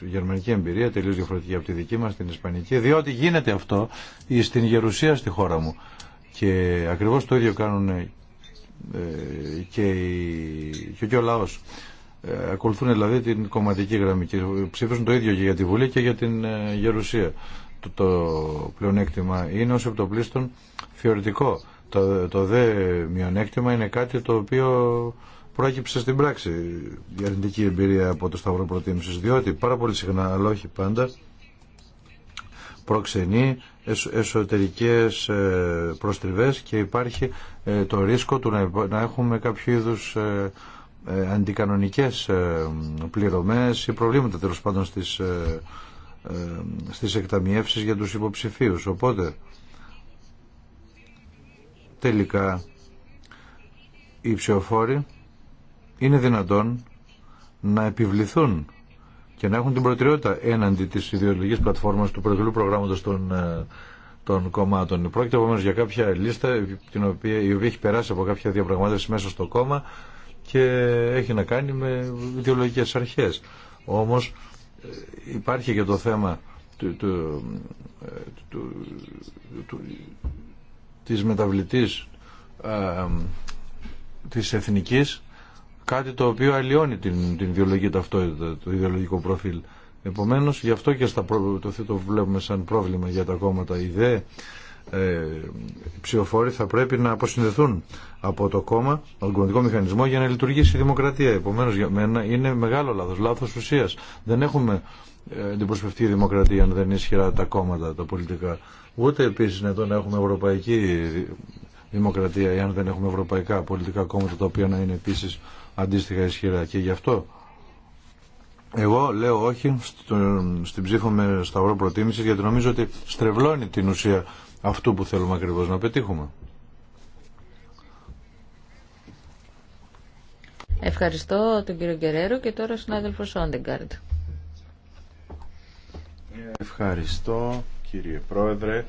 Speaker 4: γερμανική εμπειρία, τελείως διαφορετική από τη δική μας, την ισπανική, διότι γίνεται αυτό στην γερουσία στη χώρα μου. Και ακριβώς το ίδιο κάνουν ε, και, και, ο λαός ε, ακολουθούν δηλαδή την κομματική γραμμή και ψήφισαν το ίδιο και για τη Βουλή και για την ε, Γερουσία. Το, πλεονέκτημα είναι ως επιτοπλίστων θεωρητικό. Το, το δε μειονέκτημα είναι κάτι το οποίο πρόκειψε στην πράξη η αρνητική εμπειρία από το Σταυρό Προτίμησης διότι πάρα πολύ συχνά αλλά όχι πάντα προξενεί εσωτερικές ε, προστριβές και υπάρχει ε, το ρίσκο του να έχουμε κάποιο είδους ε, αντικανονικές πληρωμές ή προβλήματα τέλο πάντων στις, στις εκταμιεύσεις για τους υποψηφίους. Οπότε τελικά οι ψηφοφόροι είναι δυνατόν να επιβληθούν και να έχουν την προτεραιότητα έναντι τη ιδεολογική πλατφόρμα του προηγούμενου προγράμματος των, ε, των κομμάτων. Πρόκειται επομένω για κάποια λίστα την οποία, η οποία έχει περάσει από κάποια διαπραγμάτευση μέσα στο κόμμα και έχει να κάνει με ιδεολογικέ αρχές. Όμως ε, υπάρχει και το θέμα του, του, του, του της μεταβλητής ε, της εθνικής κάτι το οποίο αλλοιώνει την, την βιολογική ταυτότητα, το ιδεολογικό προφίλ. Επομένως, γι' αυτό και στα το, βλέπουμε σαν πρόβλημα για τα κόμματα. Οι δε ε, οι ψηφοφόροι θα πρέπει να αποσυνδεθούν από το κόμμα, τον κομματικό μηχανισμό για να λειτουργήσει η δημοκρατία. Επομένως, για μένα είναι μεγάλο λάθος, λάθος ουσίας. Δεν έχουμε ε, την η δημοκρατία αν δεν είναι ισχυρά τα κόμματα, τα πολιτικά. Ούτε επίσης εδώ να έχουμε ευρωπαϊκή δημοκρατία αν δεν έχουμε ευρωπαϊκά πολιτικά κόμματα τα οποία να είναι επίσης αντίστοιχα ισχυρά. Και γι' αυτό εγώ λέω όχι στο, στην ψήφο με σταυρό προτίμηση γιατί νομίζω ότι στρεβλώνει την ουσία αυτού που θέλουμε ακριβώς να πετύχουμε.
Speaker 2: Ευχαριστώ τον κύριο Γκερέρο και τώρα ο συνάδελφος Όντεγκαρντ.
Speaker 1: Ευχαριστώ κύριε Πρόεδρε.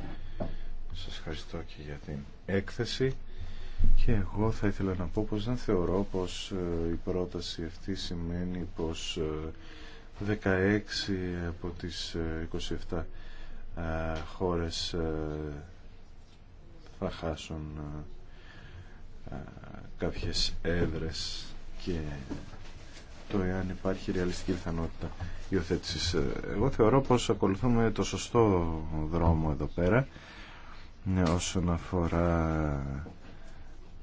Speaker 1: Σας ευχαριστώ και για την έκθεση. Και εγώ θα ήθελα να πω πως δεν θεωρώ πως ε, η πρόταση αυτή σημαίνει πως 16 ε, από τις 27 ε, χώρες θα χάσουν κάποιες έδρες και το εάν υπάρχει ρεαλιστική πιθανότητα υιοθέτηση. Εγώ θεωρώ πως ακολουθούμε το σωστό δρόμο εδώ πέρα όσον αφορά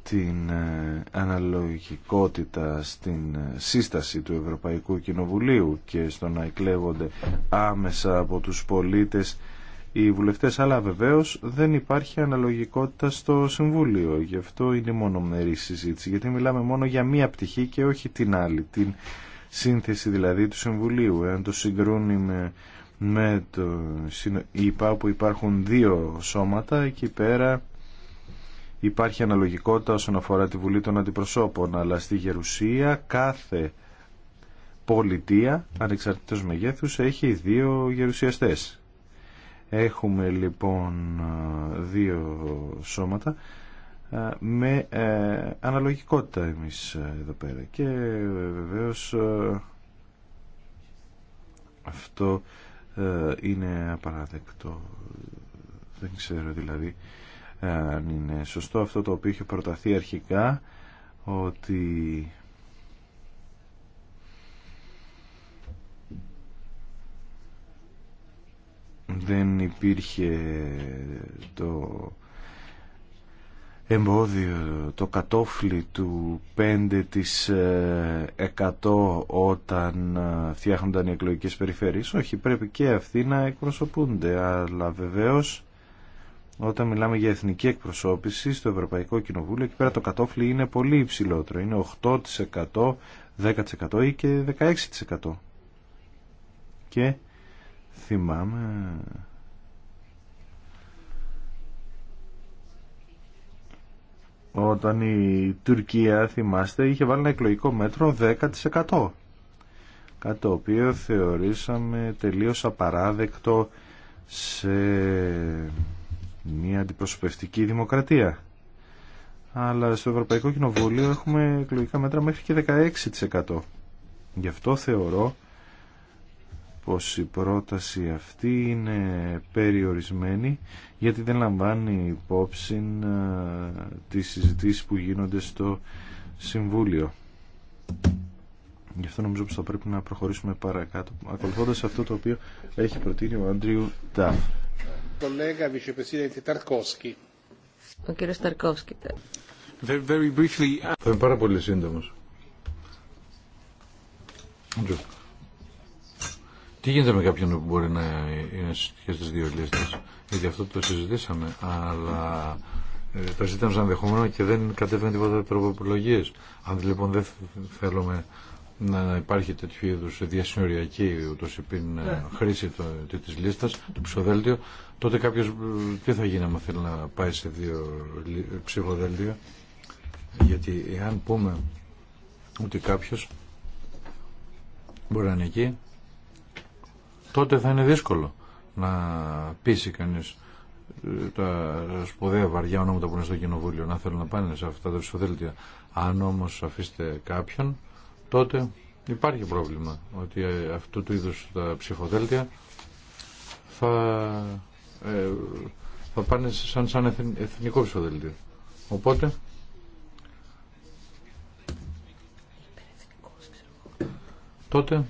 Speaker 1: την ε, αναλογικότητα στην ε, σύσταση του Ευρωπαϊκού Κοινοβουλίου και στο να εκλέγονται άμεσα από τους πολίτες οι βουλευτές, αλλά βεβαίως δεν υπάρχει αναλογικότητα στο Συμβούλιο. Γι' αυτό είναι μονομερή συζήτηση, γιατί μιλάμε μόνο για μία πτυχή και όχι την άλλη, την σύνθεση δηλαδή του Συμβουλίου. Εάν το συγκρούν με, το ΙΠΑ που υπάρχουν δύο σώματα, εκεί πέρα υπάρχει αναλογικότητα όσον αφορά τη Βουλή των Αντιπροσώπων, αλλά στη Γερουσία κάθε πολιτεία, ανεξαρτήτως μεγέθους, έχει δύο γερουσιαστές. Έχουμε λοιπόν δύο σώματα ε, με ε, αναλογικότητα εμείς ε, εδώ πέρα και βεβαίως αυτό είναι απαραδεκτό δεν ξέρω δηλαδή αν είναι σωστό αυτό το οποίο είχε προταθεί αρχικά ότι δεν υπήρχε το εμπόδιο το κατόφλι του 5% όταν ε, φτιάχνονταν οι εκλογικές περιφέρειες. Όχι, πρέπει και αυτοί να εκπροσωπούνται, αλλά βεβαίως όταν μιλάμε για εθνική εκπροσώπηση στο Ευρωπαϊκό Κοινοβούλιο, εκεί πέρα το κατόφλι είναι πολύ υψηλότερο. Είναι 8%, 10% ή και 16%. Και θυμάμαι... Όταν η Τουρκία, θυμάστε, είχε βάλει ένα εκλογικό μέτρο 10%. Κάτι το οποίο θεωρήσαμε τελείως απαράδεκτο σε μια αντιπροσωπευτική δημοκρατία. Αλλά στο Ευρωπαϊκό Κοινοβούλιο έχουμε εκλογικά μέτρα μέχρι και 16%. Γι' αυτό θεωρώ πως η πρόταση αυτή είναι περιορισμένη γιατί δεν λαμβάνει υπόψη ε, τις συζητήσεις που γίνονται στο Συμβούλιο. Γι' αυτό νομίζω πως θα πρέπει να προχωρήσουμε παρακάτω ακολουθώντας αυτό το οποίο έχει προτείνει ο Άντριου Ταφ.
Speaker 4: Ο
Speaker 2: κύριο Ταρκόφσκι.
Speaker 4: Very briefly... Uh, Θα είμαι πάρα πολύ σύντομο. Τι γίνεται με κάποιον που μπορεί να είναι και δύο λίστε. Γιατί αυτό το συζητήσαμε, αλλά ε, το ζήταμε σαν δεχόμενο και δεν κατέβαινε τίποτα τροποπολογίες. Αν λοιπόν δεν θέλουμε να υπάρχει τέτοιου είδου διασυνοριακή ούτως ε, ναι. χρήση τη λίστα, του ψηφοδέλτιο, τότε κάποιο τι θα γίνει αν θέλει να πάει σε δύο ψυχοδέλτια. Γιατί εάν πούμε ότι κάποιο μπορεί να είναι εκεί, τότε θα είναι δύσκολο να πείσει κανεί ε, τα σπουδαία βαριά ονόματα που είναι στο κοινοβούλιο να θέλουν να πάνε σε αυτά τα ψηφοδέλτια. Αν όμω αφήσετε κάποιον, τότε υπάρχει πρόβλημα ότι ε, αυτού του είδου τα ψηφοδέλτια θα ε, θα πάνε σαν, σαν εθνικό ψηφοδελτίο. Οπότε... Τότε...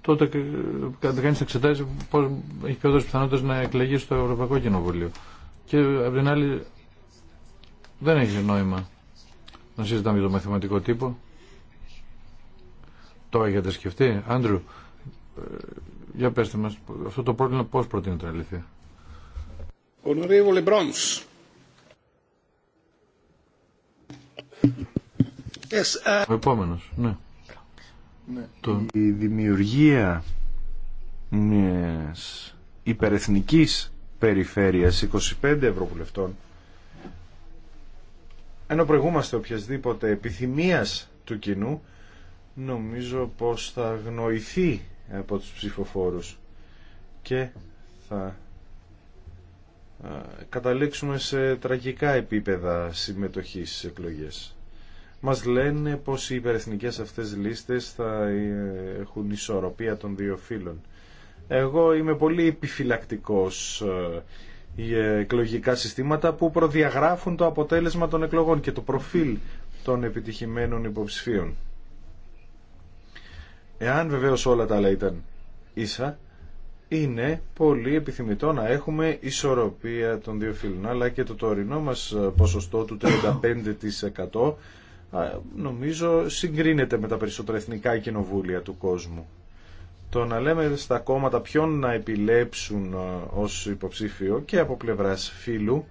Speaker 4: Τότε κανεί εξετάζει πώ έχει πιο πιθανότητε να εκλεγεί στο Ευρωπαϊκό Κοινοβούλιο. Και απ' την άλλη, δεν έχει νόημα να συζητάμε για το μαθηματικό τύπο. Το έχετε σκεφτεί, Άντρου, ε, για πέστε μας, αυτό το πρόβλημα πώς προτείνεται να λυθεί.
Speaker 1: Yes, uh... Ο επόμενος, ναι. ναι. Η δημιουργία μιας υπερεθνικής περιφέρειας 25 ευρωβουλευτών ενώ προηγούμαστε οποιασδήποτε επιθυμίας του κοινού νομίζω πως θα γνωηθεί από τους ψηφοφόρους και θα καταλήξουμε σε τραγικά επίπεδα συμμετοχής στις εκλογές. Μας λένε πως οι υπερεθνικές αυτές λίστες θα ε, έχουν ισορροπία των δύο φύλων. Εγώ είμαι πολύ επιφυλακτικός ε, για εκλογικά συστήματα που προδιαγράφουν το αποτέλεσμα των εκλογών και το προφίλ των επιτυχημένων υποψηφίων. Εάν βεβαίως όλα τα άλλα ήταν ίσα, είναι πολύ επιθυμητό να έχουμε ισορροπία των δύο φύλων, αλλά και το τωρινό μας ποσοστό του 35% νομίζω συγκρίνεται με τα περισσότερα εθνικά κοινοβούλια του κόσμου. Το να λέμε στα κόμματα ποιον να επιλέψουν ως υποψήφιο και από πλευράς φίλου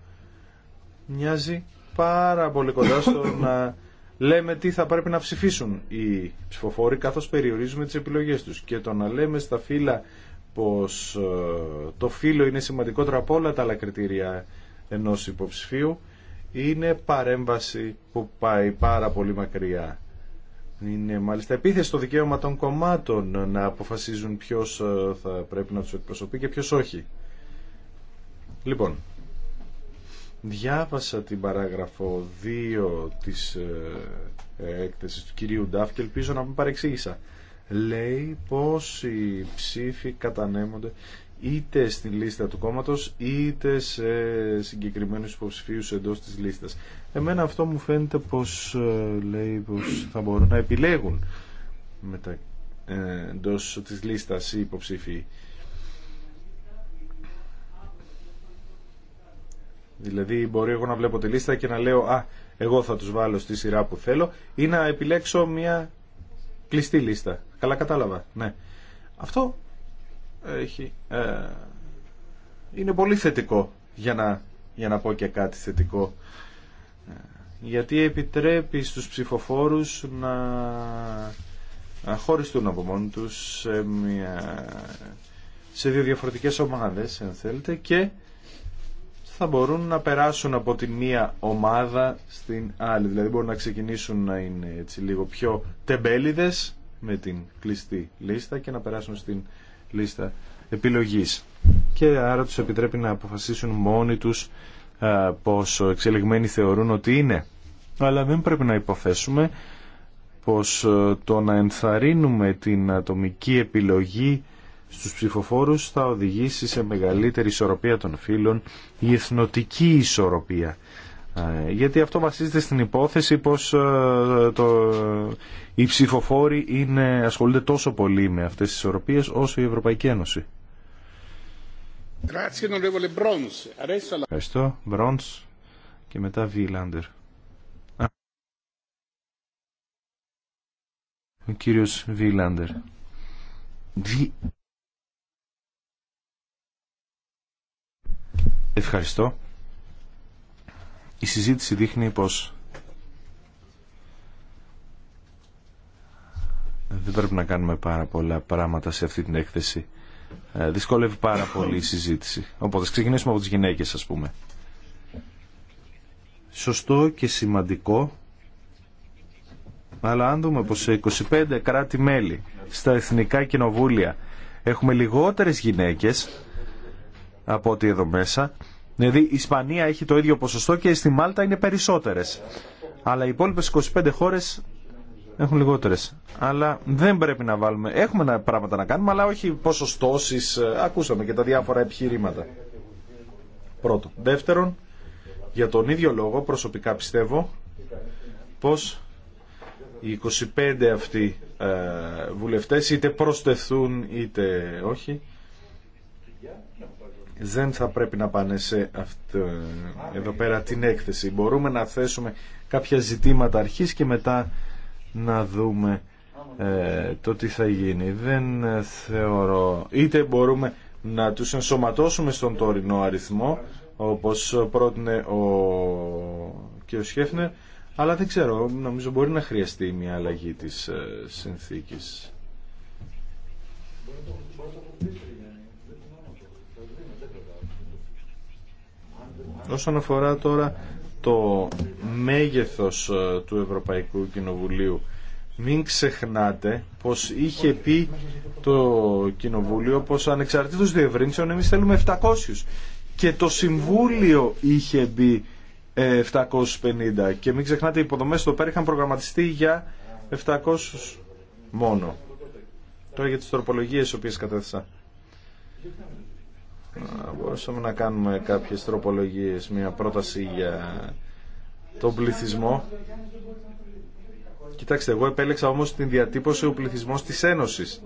Speaker 1: μοιάζει πάρα πολύ κοντά στο να λέμε τι θα πρέπει να ψηφίσουν οι ψηφοφόροι καθώς περιορίζουμε τις επιλογές τους. Και το να λέμε στα φύλλα πως ε, το φύλλο είναι σημαντικότερο από όλα τα άλλα κριτήρια ενός υποψηφίου είναι παρέμβαση που πάει πάρα πολύ μακριά. Είναι μάλιστα επίθεση στο δικαίωμα των κομμάτων να αποφασίζουν ποιος ε, θα πρέπει να τους εκπροσωπεί και ποιος όχι. Λοιπόν, διάβασα την παράγραφο 2 της ε, έκθεσης του κυρίου Ντάφ και ελπίζω να μην παρεξήγησα. Λέει πως οι ψήφοι κατανέμονται είτε στην λίστα του κόμματος είτε σε συγκεκριμένους υποψηφίους εντός της λίστας. Εμένα αυτό μου φαίνεται πως ε, λέει πως θα μπορούν να επιλέγουν μετα, ε, εντός της λίστας οι υποψήφοι Δηλαδή μπορεί εγώ να βλέπω τη λίστα και να λέω «Α, εγώ θα τους βάλω στη σειρά που θέλω» ή να επιλέξω μια κλειστή λίστα. Καλά κατάλαβα, ναι. Αυτό έχει, ε, είναι πολύ θετικό για να, για να πω και κάτι θετικό. Ε, γιατί επιτρέπει στους ψηφοφόρους να, χωριστούν από μόνοι τους σε, μια, σε δύο διαφορετικές ομάδες, αν θέλετε, και θα μπορούν να περάσουν από τη μία ομάδα στην άλλη. Δηλαδή μπορούν να ξεκινήσουν να είναι έτσι λίγο πιο τεμπέληδες με την κλειστή λίστα και να περάσουν στην λίστα επιλογής. Και άρα τους επιτρέπει να αποφασίσουν μόνοι τους πόσο εξελιγμένοι θεωρούν ότι είναι. Αλλά δεν πρέπει να υποθέσουμε πως το να ενθαρρύνουμε την ατομική επιλογή στους ψηφοφόρους θα οδηγήσει σε μεγαλύτερη ισορροπία των φύλων η εθνοτική ισορροπία. Ε, γιατί αυτό βασίζεται στην υπόθεση πως ε, το, οι ψηφοφόροι είναι, ασχολούνται τόσο πολύ με αυτές τις ισορροπίες όσο η Ευρωπαϊκή Ένωση. Ευχαριστώ. Μπρόντς και μετά Βιλάντερ. Ο κύριος Βιλάντερ. Ευχαριστώ. Η συζήτηση δείχνει πως δεν πρέπει να κάνουμε πάρα πολλά πράγματα σε αυτή την έκθεση. Ε, δυσκολεύει πάρα πολύ η συζήτηση. Οπότε, ξεκινήσουμε από τις γυναίκες, ας πούμε. Σωστό και σημαντικό, αλλά αν δούμε πως σε 25 κράτη-μέλη στα εθνικά κοινοβούλια έχουμε λιγότερες γυναίκες, από ό,τι εδώ μέσα. Δηλαδή η Ισπανία έχει το ίδιο ποσοστό και στη Μάλτα είναι περισσότερες. Αλλά οι υπόλοιπες 25 χώρες έχουν λιγότερες. Αλλά δεν πρέπει να βάλουμε. Έχουμε πράγματα να κάνουμε, αλλά όχι ποσοστώσεις. Ε, ακούσαμε και τα διάφορα επιχειρήματα. Πρώτο. Δεύτερον, για τον ίδιο λόγο προσωπικά πιστεύω πως οι 25 αυτοί ε, βουλευτές είτε προστεθούν είτε όχι δεν θα πρέπει να πάνε σε εδώ πέρα την έκθεση. Μπορούμε να θέσουμε κάποια ζητήματα αρχής και μετά να δούμε ε, το τι θα γίνει. Δεν ε, θεωρώ... Είτε μπορούμε να τους ενσωματώσουμε στον τωρινό αριθμό, όπως πρότεινε ο κ. Σχέφνερ, αλλά δεν ξέρω, νομίζω μπορεί να χρειαστεί μια αλλαγή της ε, συνθήκης. Όσον αφορά τώρα το μέγεθος ε, του Ευρωπαϊκού Κοινοβουλίου μην ξεχνάτε πως είχε πει το Κοινοβούλιο πως ανεξαρτήτως διευρύνσεων εμείς θέλουμε 700 και το Συμβούλιο είχε μπει 750 ε, και μην ξεχνάτε οι υποδομές στο πέρα είχαν προγραμματιστεί για 700 μόνο τώρα για τις τροπολογίες οι οποίες κατέθεσα μπορούσαμε να κάνουμε κάποιες τροπολογίες, μια πρόταση για τον πληθυσμό. Κοιτάξτε, εγώ επέλεξα όμως την διατύπωση ο πληθυσμός της Ένωσης,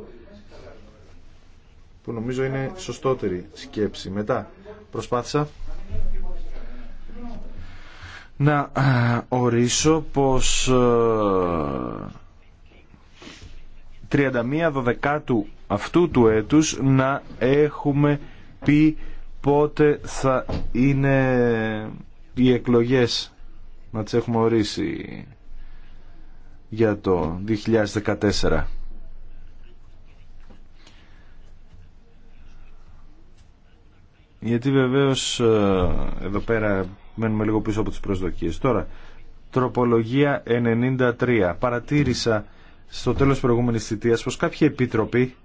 Speaker 1: που νομίζω είναι σωστότερη σκέψη. Μετά προσπάθησα να ορίσω πως 31 Δεκάτου αυτού του έτους να έχουμε πει πότε θα είναι οι εκλογές να τις έχουμε ορίσει για το 2014. Γιατί βεβαίως ε, εδώ πέρα μένουμε λίγο πίσω από τις προσδοκίες. Τώρα, τροπολογία 93. Παρατήρησα στο τέλος προηγούμενης θητείας πως κάποιοι επίτροποι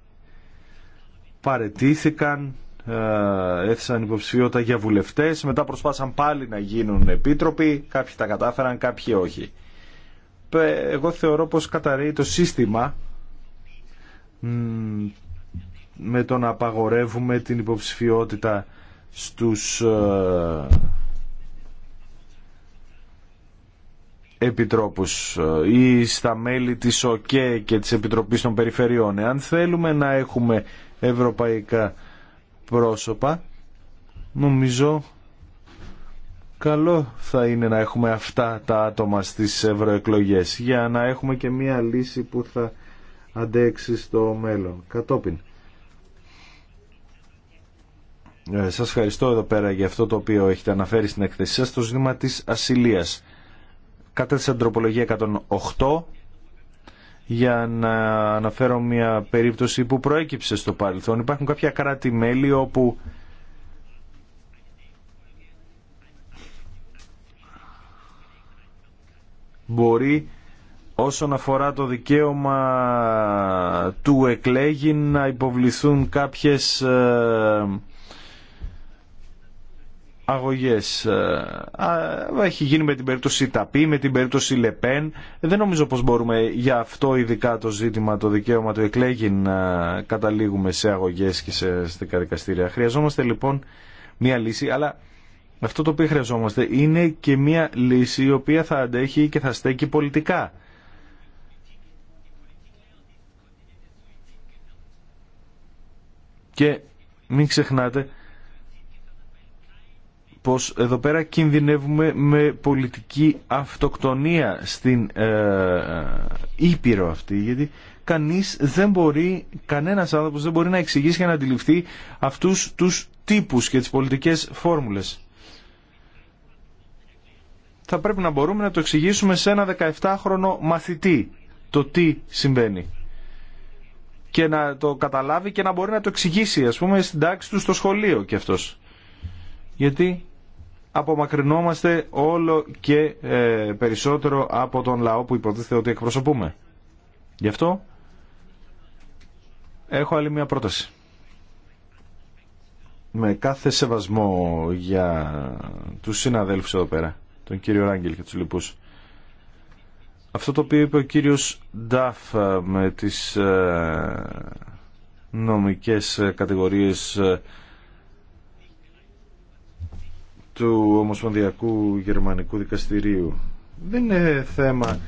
Speaker 1: παρετήθηκαν ε, έθεσαν υποψηφιότητα για βουλευτές, μετά προσπάσαν πάλι να γίνουν επίτροποι, κάποιοι τα κατάφεραν, κάποιοι όχι. Εγώ θεωρώ πως καταραίει το σύστημα με το να απαγορεύουμε την υποψηφιότητα στους ε, επιτρόπους ε, ή στα μέλη της ΟΚΕ και της Επιτροπής των Περιφερειών. Εάν θέλουμε να έχουμε ευρωπαϊκά πρόσωπα νομίζω καλό θα είναι να έχουμε αυτά τα άτομα στις ευρωεκλογέ για να έχουμε και μία λύση που θα αντέξει στο μέλλον κατόπιν ε, σας ευχαριστώ εδώ πέρα για αυτό το οποίο έχετε αναφέρει στην εκθεσή σας το ζήτημα της ασυλίας κατέθεσα αντροπολογία 108 για να αναφέρω μια περίπτωση που προέκυψε στο παρελθόν. Υπάρχουν κάποια κράτη-μέλη όπου μπορεί όσον αφορά το δικαίωμα του εκλέγει να υποβληθούν κάποιες ε, αγωγές. Ε, έχει γίνει με την περίπτωση Ταπή, με την περίπτωση Λεπέν. Δεν νομίζω πως μπορούμε για αυτό ειδικά το ζήτημα, το δικαίωμα του εκλέγει να καταλήγουμε σε αγωγές και σε στικά δικαστήρια. Χρειαζόμαστε λοιπόν μια λύση, αλλά αυτό το οποίο χρειαζόμαστε είναι και μια λύση η οποία θα αντέχει και θα στέκει πολιτικά. Και μην ξεχνάτε πως εδώ πέρα κινδυνεύουμε με πολιτική αυτοκτονία στην ε, ε, Ήπειρο αυτή, γιατί κανείς δεν μπορεί, κανένας άνθρωπος δεν μπορεί να εξηγήσει και να αντιληφθεί αυτούς τους τύπους και τις πολιτικές φόρμουλες. Θα πρέπει να μπορούμε να το εξηγήσουμε σε ένα 17χρονο μαθητή το τι συμβαίνει και να το καταλάβει και να μπορεί να το εξηγήσει ας πούμε στην τάξη του στο σχολείο και αυτός. Γιατί απομακρυνόμαστε όλο και ε, περισσότερο από τον λαό που υποτίθεται ότι εκπροσωπούμε. Γι' αυτό έχω άλλη μια πρόταση. Με κάθε σεβασμό για τους συναδέλφους εδώ πέρα, τον κύριο Ράγγελ και τους λοιπούς, αυτό το οποίο είπε ο κύριος Νταφ ε, με τις ε, νομικές κατηγορίες του Ομοσπονδιακού Γερμανικού Δικαστηρίου. Δεν είναι θέμα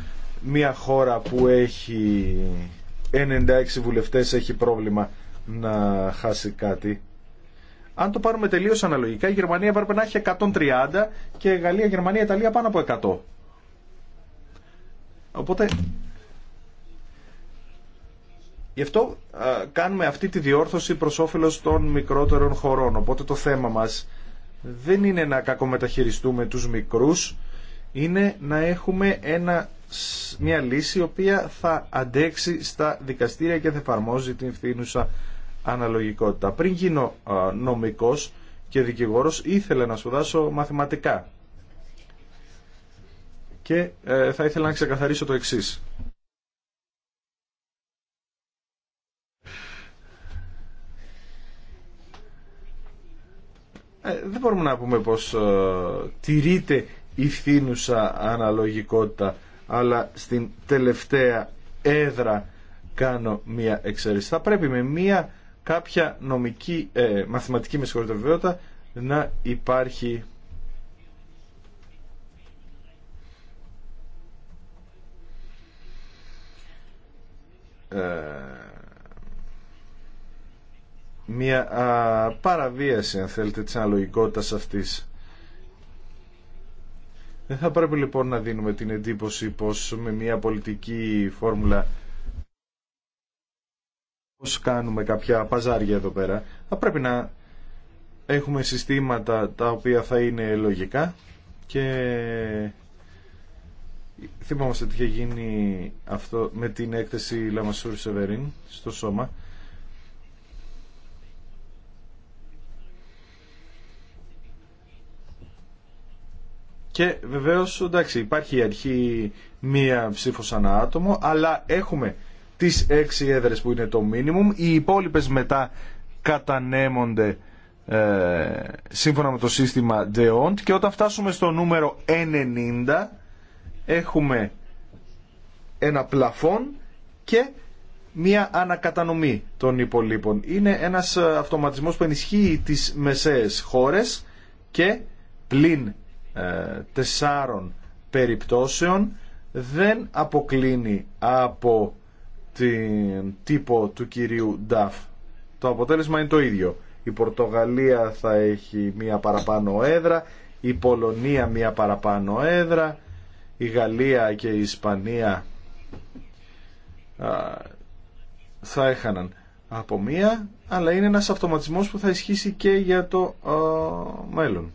Speaker 1: μια χώρα που έχει 96 βουλευτές έχει πρόβλημα να χάσει κάτι. Αν το πάρουμε τελείως αναλογικά, η Γερμανία έπρεπε να έχει 130 και η Γαλλία, η Γερμανία, η Ιταλία πάνω από 100. Οπότε, γι' αυτό κάνουμε αυτή τη διόρθωση προς όφελος των μικρότερων χωρών. Οπότε το θέμα μας δεν είναι να κακομεταχειριστούμε τους μικρούς, είναι να έχουμε ένα, μια λύση η οποία θα αντέξει στα δικαστήρια και θα εφαρμόζει την ευθύνουσα αναλογικότητα. Πριν γίνω νομικός και δικηγόρος ήθελα να σπουδάσω μαθηματικά και ε, θα ήθελα να ξεκαθαρίσω το εξής. Ε, δεν μπορούμε να πούμε πως ε, τηρείται η φθήνουσα αναλογικότητα αλλά στην τελευταία έδρα κάνω μία εξαίρεση. Θα πρέπει με μία κάποια νομική, ε, μαθηματική με να υπάρχει μια α, παραβίαση αν θέλετε της αναλογικότητας αυτής δεν θα πρέπει λοιπόν να δίνουμε την εντύπωση πως με μια πολιτική φόρμουλα πως κάνουμε κάποια παζάρια εδώ πέρα θα πρέπει να έχουμε συστήματα τα οποία θα είναι λογικά και θυμάμαστε τι είχε γίνει αυτό με την έκθεση Λαμασούρ Σεβερίν στο σώμα Και βεβαίως, εντάξει, υπάρχει η αρχή μία ψήφο ανά άτομο, αλλά έχουμε τις έξι έδρες που είναι το μίνιμουμ. Οι υπόλοιπε μετά κατανέμονται ε, σύμφωνα με το σύστημα DEONT και όταν φτάσουμε στο νούμερο 90 έχουμε ένα πλαφόν και μία ανακατανομή των υπολείπων. Είναι ένας ε, αυτοματισμός που ενισχύει τις μεσαίες χώρες και πλην ε, τεσσάρων περιπτώσεων δεν αποκλίνει από την τύπο του κυρίου Νταφ. Το αποτέλεσμα είναι το ίδιο. Η Πορτογαλία θα έχει μία παραπάνω έδρα, η Πολωνία μία παραπάνω έδρα, η Γαλλία και η Ισπανία θα έχαναν από μία, αλλά είναι ένας αυτοματισμός που θα ισχύσει και για το μέλλον.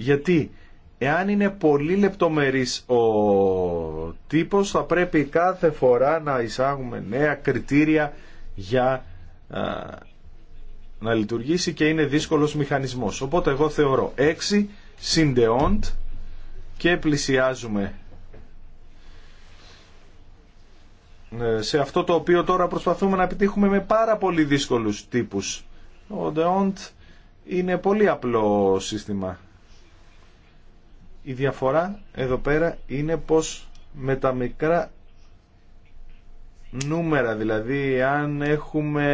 Speaker 1: Γιατί εάν είναι πολύ λεπτομερής ο τύπος θα πρέπει κάθε φορά να εισάγουμε νέα κριτήρια για να λειτουργήσει και είναι δύσκολος μηχανισμός. Οπότε εγώ θεωρώ 6 συντεόντ και πλησιάζουμε ε, σε αυτό το οποίο τώρα προσπαθούμε να επιτύχουμε με πάρα πολύ δύσκολους τύπους. Ο Deont είναι πολύ απλό σύστημα η διαφορά εδώ πέρα είναι πως με τα μικρά νούμερα, δηλαδή αν έχουμε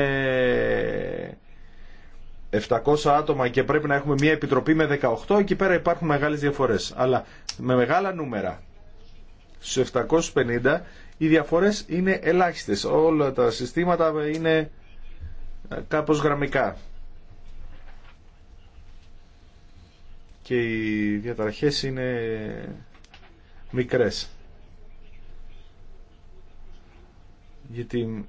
Speaker 1: 700 άτομα και πρέπει να έχουμε μια επιτροπή με 18, εκεί πέρα υπάρχουν μεγάλες διαφορές. Αλλά με μεγάλα νούμερα, στους 750, οι διαφορές είναι ελάχιστες. Όλα τα συστήματα είναι κάπως γραμμικά. και οι διαταραχές είναι μικρές. Γιατί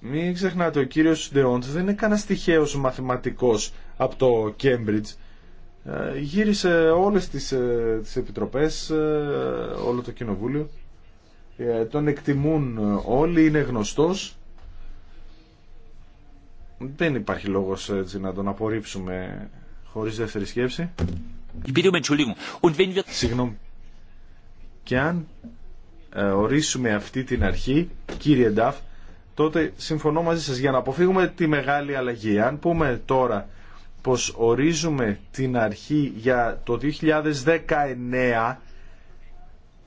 Speaker 1: μην ξεχνάτε, ο κύριος Ντεόντ δεν είναι κανένας τυχαίος μαθηματικός από το Κέμπριτζ. Ε, γύρισε όλες τις, ε, τις επιτροπές, ε, όλο το κοινοβούλιο. Τον εκτιμούν όλοι, είναι γνωστός. Δεν υπάρχει λόγος έτσι να τον απορρίψουμε Χωρίς δεύτερη σκέψη.
Speaker 2: Um Συγγνώμη.
Speaker 1: Και αν ε, ορίσουμε αυτή την αρχή, κύριε Νταφ, τότε συμφωνώ μαζί σας για να αποφύγουμε τη μεγάλη αλλαγή. Αν πούμε τώρα πως ορίζουμε την αρχή για το 2019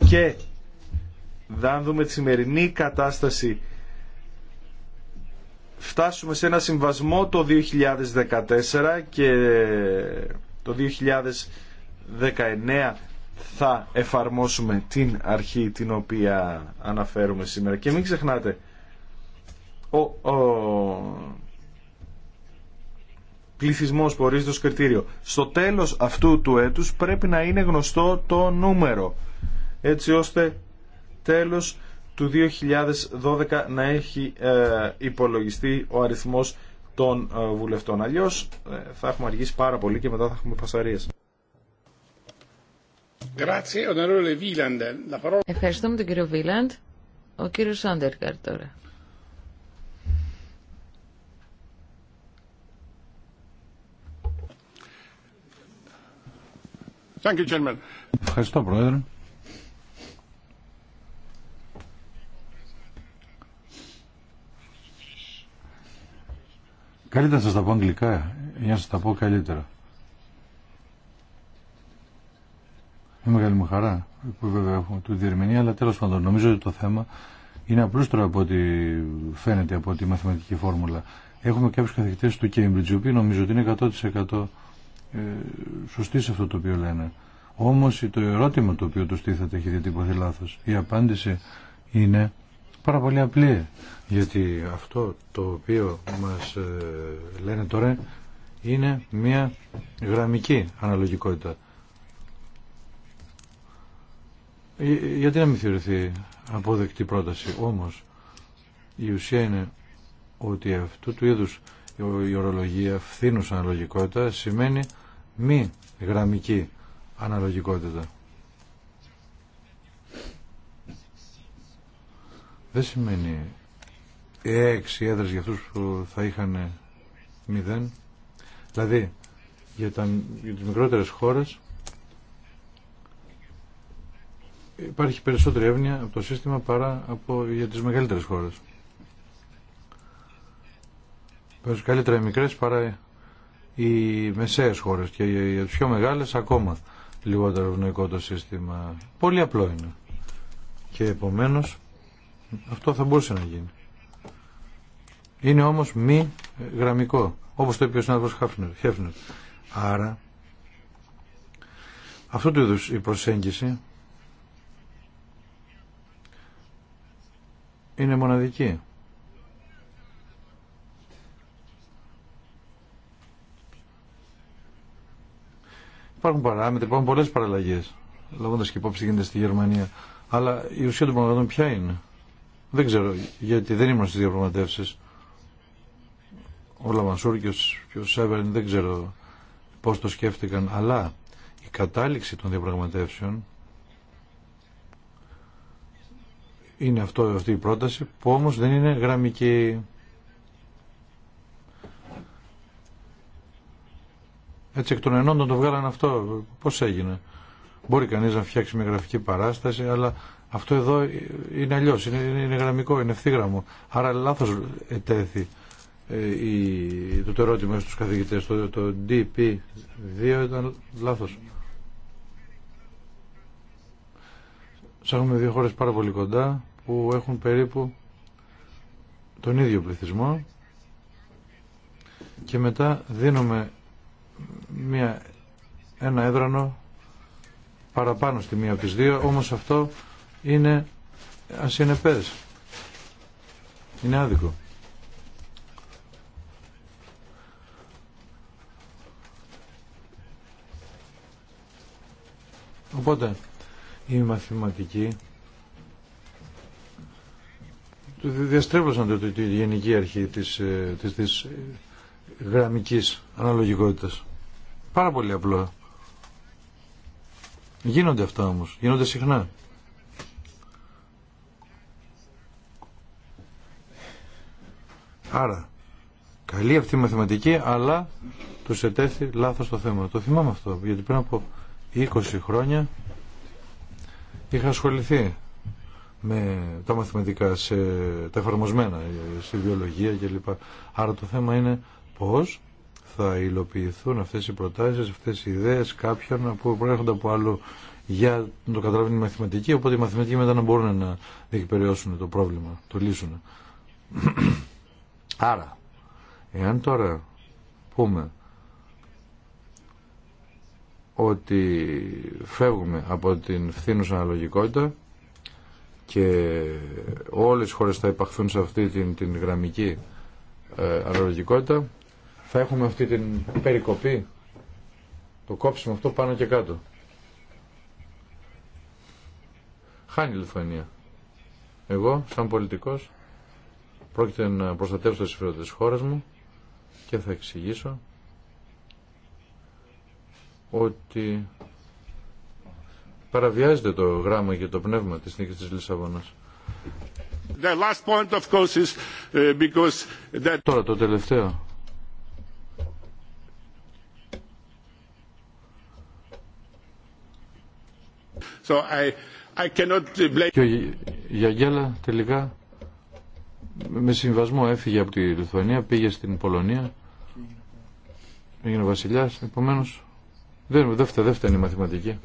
Speaker 1: και δάνουμε τη σημερινή κατάσταση φτάσουμε σε ένα συμβασμό το 2014 και το 2019 θα εφαρμόσουμε την αρχή την οποία αναφέρουμε σήμερα. Και μην ξεχνάτε, ο, ο πληθυσμός που ορίζεται ως κριτήριο. Στο τέλος αυτού του έτους πρέπει να είναι γνωστό το νούμερο, έτσι ώστε τέλος του 2012 να έχει ε, υπολογιστεί ο αριθμός των ε, βουλευτών. Αλλιώς ε, θα έχουμε αργήσει πάρα πολύ και μετά θα έχουμε
Speaker 4: Ευχαριστώ
Speaker 2: Ευχαριστούμε τον κύριο Βίλαντ. Ο κύριο Σάντερκαρ τώρα.
Speaker 4: Thank you, Ευχαριστώ, Πρόεδρε. Καλύτερα να σας τα πω αγγλικά για να σας τα πω καλύτερα. Είναι μεγάλη μου χαρά που βέβαια έχουμε του διερμηνία, αλλά τέλος πάντων νομίζω ότι το θέμα είναι απλούστερο από ό,τι φαίνεται από τη μαθηματική φόρμουλα. Έχουμε κάποιους καθηγητές του Cambridge, οι οποίοι νομίζω ότι είναι 100% ε, σωστοί σε αυτό το οποίο λένε. Όμως το ερώτημα το οποίο τους τίθεται έχει διατυπωθεί λάθος. Η απάντηση είναι πάρα πολύ απλή. Γιατί αυτό το οποίο μας ε, λένε τώρα είναι μια γραμμική αναλογικότητα. Ε, γιατί να μην θεωρηθεί απόδεκτη πρόταση. Όμως η ουσία είναι ότι αυτού του είδους η ορολογία φθήνους αναλογικότητα σημαίνει μη γραμμική αναλογικότητα. δεν σημαίνει έξι έδρες για αυτούς που θα είχαν μηδέν. Δηλαδή, για, τα, για τις μικρότερες χώρες υπάρχει περισσότερη εύνοια από το σύστημα παρά από, για τις μεγαλύτερες χώρες. καλύτερα οι μικρές παρά οι μεσαίες χώρες και για τις πιο μεγάλες ακόμα λιγότερο ευνοϊκό το σύστημα. Πολύ απλό είναι. Και επομένως αυτό θα μπορούσε να γίνει. Είναι όμως μη γραμμικό, όπως το είπε ο συνάδελφο Χέφνερ. Άρα, αυτού του είδου η προσέγγιση είναι μοναδική. Υπάρχουν παράμετροι, υπάρχουν πολλέ παραλλαγέ λαμβάνοντας και υπόψη γίνεται στη Γερμανία. Αλλά η ουσία των πραγματών ποια είναι. Δεν ξέρω, γιατί δεν ήμουν στις διαπραγματεύσεις. Ο Λαμασούρ και ο Σέβερν δεν ξέρω πώς το σκέφτηκαν, αλλά η κατάληξη των διαπραγματεύσεων είναι αυτό, αυτή η πρόταση που όμως δεν είναι γραμμική. Έτσι εκ των τον το βγάλαν αυτό. Πώς έγινε. Μπορεί κανείς να φτιάξει μια γραφική παράσταση, αλλά αυτό εδώ είναι αλλιώ, είναι, είναι γραμμικό, είναι ευθύγραμμο. Άρα λάθο ετέθη ε, η, το, ερώτημα στου καθηγητέ. Το, το DP2 ήταν λάθο. έχουμε δύο χώρε πάρα πολύ κοντά που έχουν περίπου τον ίδιο πληθυσμό και μετά δίνουμε μια, ένα έδρανο παραπάνω στη μία από τις δύο, όμως αυτό είναι ασυνεπές. Είναι άδικο. Οπότε οι μαθηματικοί διαστρέβλωσαν το, τη γενική αρχή της, ε, της, της γραμμικής αναλογικότητας. Πάρα πολύ απλό. Γίνονται αυτά όμως. Γίνονται συχνά. Άρα, καλή αυτή η μαθηματική, αλλά του ετέθη λάθος το θέμα. Το θυμάμαι αυτό, γιατί πριν από 20 χρόνια είχα ασχοληθεί με τα μαθηματικά, σε, τα εφαρμοσμένα, στη βιολογία κλπ. Άρα το θέμα είναι πώς θα υλοποιηθούν αυτές οι προτάσεις, αυτές οι ιδέες κάποιων που προέρχονται από άλλο για να το καταλάβουν οι μαθηματικοί, οπότε οι μαθηματικοί μετά να μπορούν να διεκπεριώσουν το πρόβλημα, το λύσουν. Άρα, εάν τώρα πούμε ότι φεύγουμε από την φθήνουσα αναλογικότητα και όλες οι χώρες θα υπαχθούν σε αυτή την, την γραμμική ε, αναλογικότητα θα έχουμε αυτή την περικοπή το κόψιμο αυτό πάνω και κάτω χάνει η Λιθουανία εγώ σαν πολιτικός Πρόκειται να προστατεύσω τα συμφέροντα της χώρας μου και θα εξηγήσω ότι παραβιάζεται το γράμμα και το πνεύμα της νίκης της Λισαβόνας. The last point, of course, is uh, because that... Τώρα το τελευταίο. So I, I cannot... Και ο Γιαγέλα τελικά με συμβασμό έφυγε από τη Λιθουανία, πήγε στην Πολωνία, έγινε Βασιλιά, επομένω, δεν, δεν, φταίει, δεν η μαθηματική.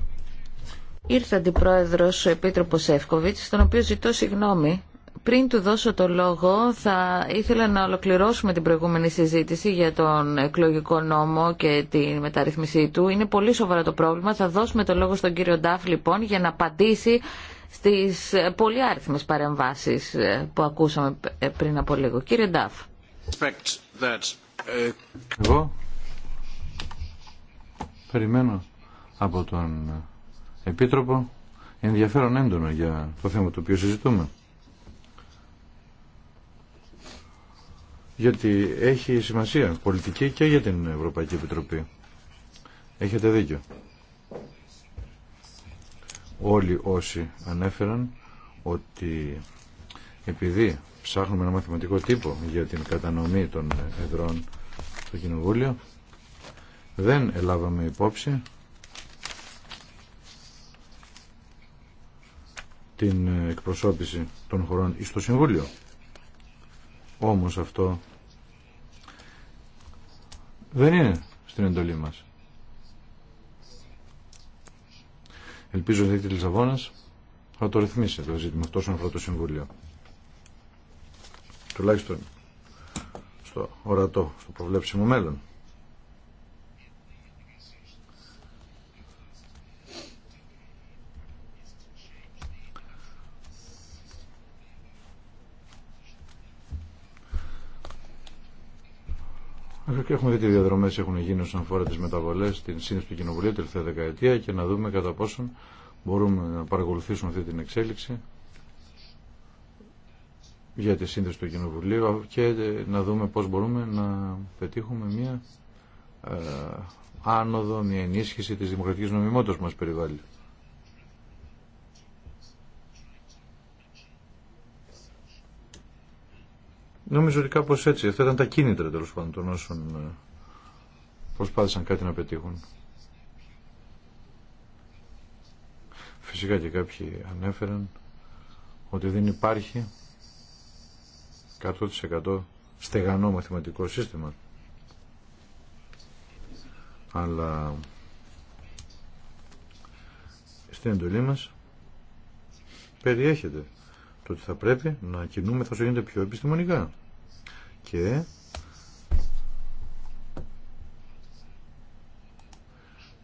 Speaker 2: Ήρθε αντιπρόεδρο ο Επίτροπο Εύκοβιτ, τον οποίο ζητώ συγγνώμη πριν του δώσω το λόγο, θα ήθελα να ολοκληρώσουμε την προηγούμενη συζήτηση για τον εκλογικό νόμο και τη μεταρρύθμιση του. Είναι πολύ σοβαρό το πρόβλημα. Θα δώσουμε το λόγο στον κύριο Ντάφ, λοιπόν, για να απαντήσει στις πολύ άριθμες παρεμβάσεις ε, που ακούσαμε ε, πριν από λίγο. Κύριε Ντάφ.
Speaker 4: Ε, Εγώ περιμένω από τον Επίτροπο ενδιαφέρον έντονο για το θέμα το οποίο συζητούμε. Γιατί έχει σημασία πολιτική και για την Ευρωπαϊκή Επιτροπή. Έχετε δίκιο όλοι όσοι ανέφεραν ότι επειδή ψάχνουμε ένα μαθηματικό τύπο για την κατανομή των εδρών στο Κοινοβούλιο δεν ελάβαμε υπόψη την εκπροσώπηση των χωρών στο Συμβούλιο. Όμως αυτό δεν είναι στην εντολή μας. Ελπίζω ότι η Λισαβόνα θα το ρυθμίσει το ζήτημα αυτό όσον αφορά το Συμβούλιο. Τουλάχιστον στο ορατό, στο προβλέψιμο μέλλον. Έχουμε δει τι διαδρομέ έχουν γίνει όσον αφορά τι μεταβολέ στην σύνδεση του Κοινοβουλίου τελευταία δεκαετία και να δούμε κατά πόσον μπορούμε να παρακολουθήσουμε αυτή την εξέλιξη για τη σύνδεση του Κοινοβουλίου και να δούμε πώς μπορούμε να πετύχουμε μια ε, άνοδο, μια ενίσχυση της δημοκρατικής νομιμότητας που μας περιβάλλει. Νομίζω ότι κάπω έτσι. Αυτά ήταν τα κίνητρα τέλο πάντων των όσων ε, προσπάθησαν κάτι να πετύχουν. Φυσικά και κάποιοι ανέφεραν ότι δεν υπάρχει 100% στεγανό μαθηματικό σύστημα. Αλλά στην εντολή μας περιέχεται το ότι θα πρέπει να κινούμε θα γίνεται πιο επιστημονικά και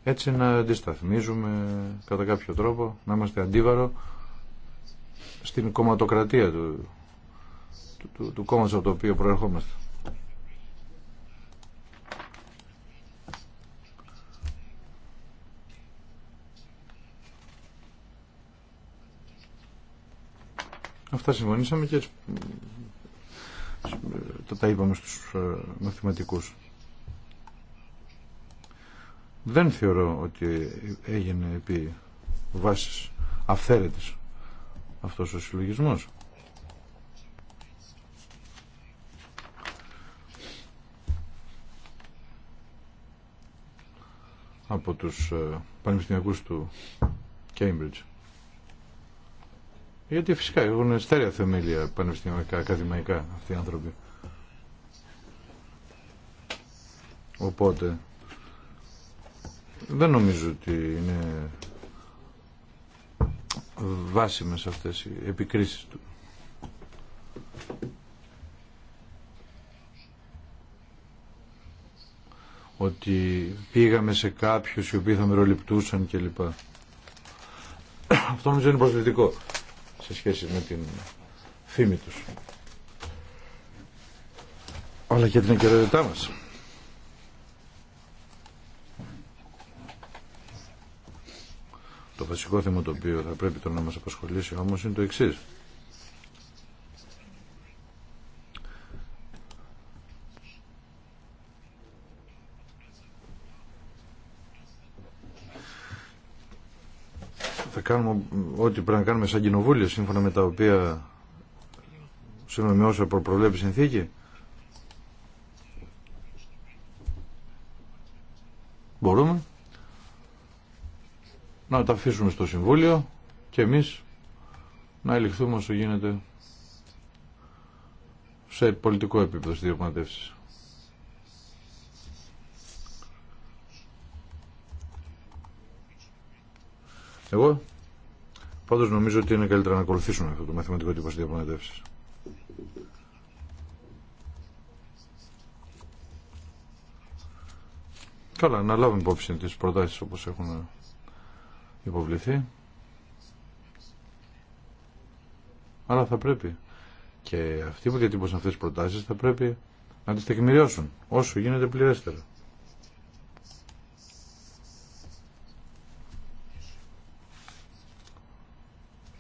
Speaker 4: έτσι να αντισταθμίζουμε κατά κάποιο τρόπο να είμαστε αντίβαρο στην κομματοκρατία του, του, του, του κόμματος από το οποίο προερχόμαστε. αυτά συμφωνήσαμε και τα είπαμε στους ε, μαθηματικούς. Δεν θεωρώ ότι έγινε επί βάσης αυθαίρετης αυτός ο συλλογισμός. από τους ε, πανεπιστημιακούς του Cambridge. Γιατί φυσικά έχουν στέρεα θεμέλια πανεπιστημιακά, ακαδημαϊκά αυτοί οι άνθρωποι. Οπότε δεν νομίζω ότι είναι βάσιμες αυτές οι επικρίσεις του. Ότι πήγαμε σε κάποιους οι οποίοι θα μεροληπτούσαν κλπ. Αυτό νομίζω είναι προσβλητικό σε σχέση με την φήμη τους αλλά και την εγκαιρότητά μας. Το βασικό θέμα το οποίο θα πρέπει τώρα να μας απασχολήσει όμως είναι το εξής. κάνουμε ό,τι πρέπει να κάνουμε σαν κοινοβούλιο σύμφωνα με τα οποία σύμφωνα με όσα προβλέπει συνθήκη. Μπορούμε να τα αφήσουμε στο Συμβούλιο και εμείς να ελιχθούμε όσο γίνεται σε πολιτικό επίπεδο στις διαπραγματεύσεις. Εγώ Πάντω νομίζω ότι είναι καλύτερα να ακολουθήσουμε αυτό το μαθηματικό τύπο στι διαπραγματεύσει. Καλά, να λάβουμε υπόψη τι προτάσεις όπως έχουν υποβληθεί. Αλλά θα πρέπει και αυτοί που διατύπωσαν αυτέ τι προτάσεις θα πρέπει να τις τεκμηριώσουν όσο γίνεται πληρέστερα.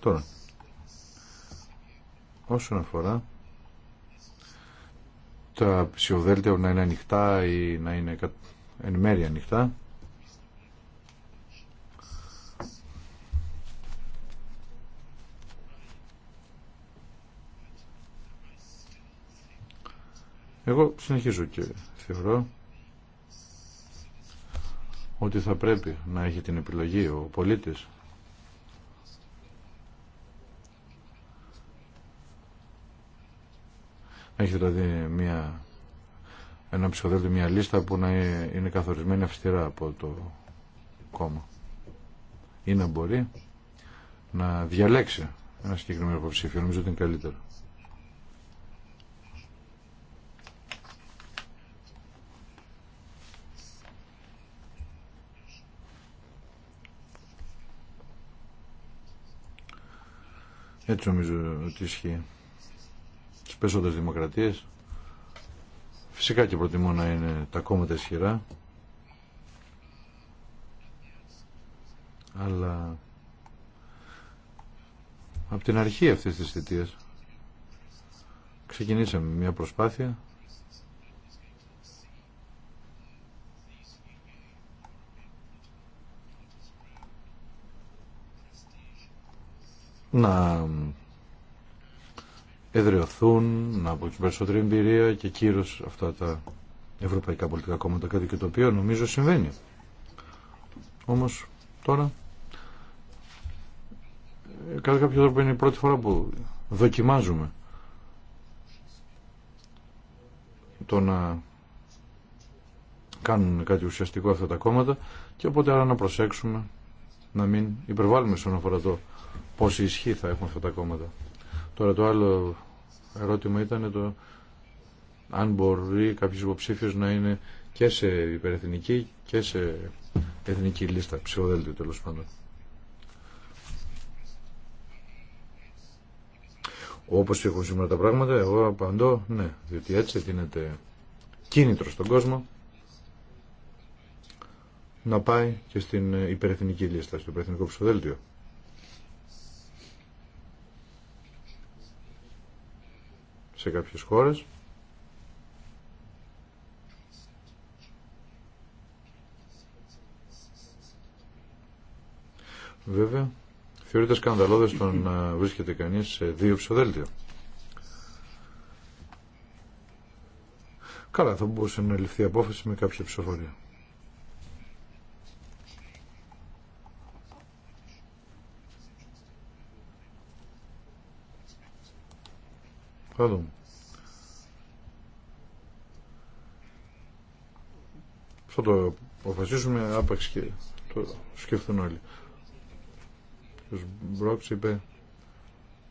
Speaker 4: Τώρα, λοιπόν, όσον αφορά τα ψηφοδέλτια να είναι ανοιχτά ή να είναι εν μέρει ανοιχτά, Εγώ συνεχίζω και θεωρώ ότι θα πρέπει να έχει την επιλογή ο πολίτης έχετε δηλαδή μια, ένα ψηφοδέλτιο, μια λίστα που να είναι καθορισμένη αυστηρά από το κόμμα ή να μπορεί να διαλέξει ένα συγκεκριμένο υποψήφιο. Νομίζω ότι είναι καλύτερο. Έτσι νομίζω ότι ισχύει πέσοντες δημοκρατίες. Φυσικά και προτιμώ να είναι τα κόμματα ισχυρά. Αλλά από την αρχή αυτής της θητείας ξεκινήσαμε μια προσπάθεια να εδρεωθούν, να αποκτήσουν περισσότερη εμπειρία και κύρος αυτά τα ευρωπαϊκά πολιτικά κόμματα, κάτι και το οποίο νομίζω συμβαίνει. Όμως τώρα, ε, κατά κάποιο τρόπο είναι η πρώτη φορά που δοκιμάζουμε το να κάνουν κάτι ουσιαστικό αυτά τα κόμματα και οπότε άρα να προσέξουμε να μην υπερβάλλουμε στον αφορά το πόση ισχύ θα έχουν αυτά τα κόμματα. Τώρα το άλλο ερώτημα ήταν το αν μπορεί κάποιος υποψήφιος να είναι και σε υπερεθνική και σε εθνική λίστα ψηφοδέλτιο τέλο πάντων. Όπως έχουν σήμερα τα πράγματα, εγώ απαντώ ναι, διότι έτσι δίνεται κίνητρο στον κόσμο να πάει και στην υπερεθνική λίστα, στο υπερεθνικό ψηφοδέλτιο. σε κάποιες χώρες Βέβαια, θεωρείται σκανδαλώδες το να βρίσκεται κανείς σε δύο ψηφοδέλτια. Καλά, θα μπορούσε να ληφθεί απόφαση με κάποια ψηφοφορία. Θα δούμε. Αυτό το αποφασίσουμε άπαξ και το σκεφτούν όλοι. Ο Μπρόξ είπε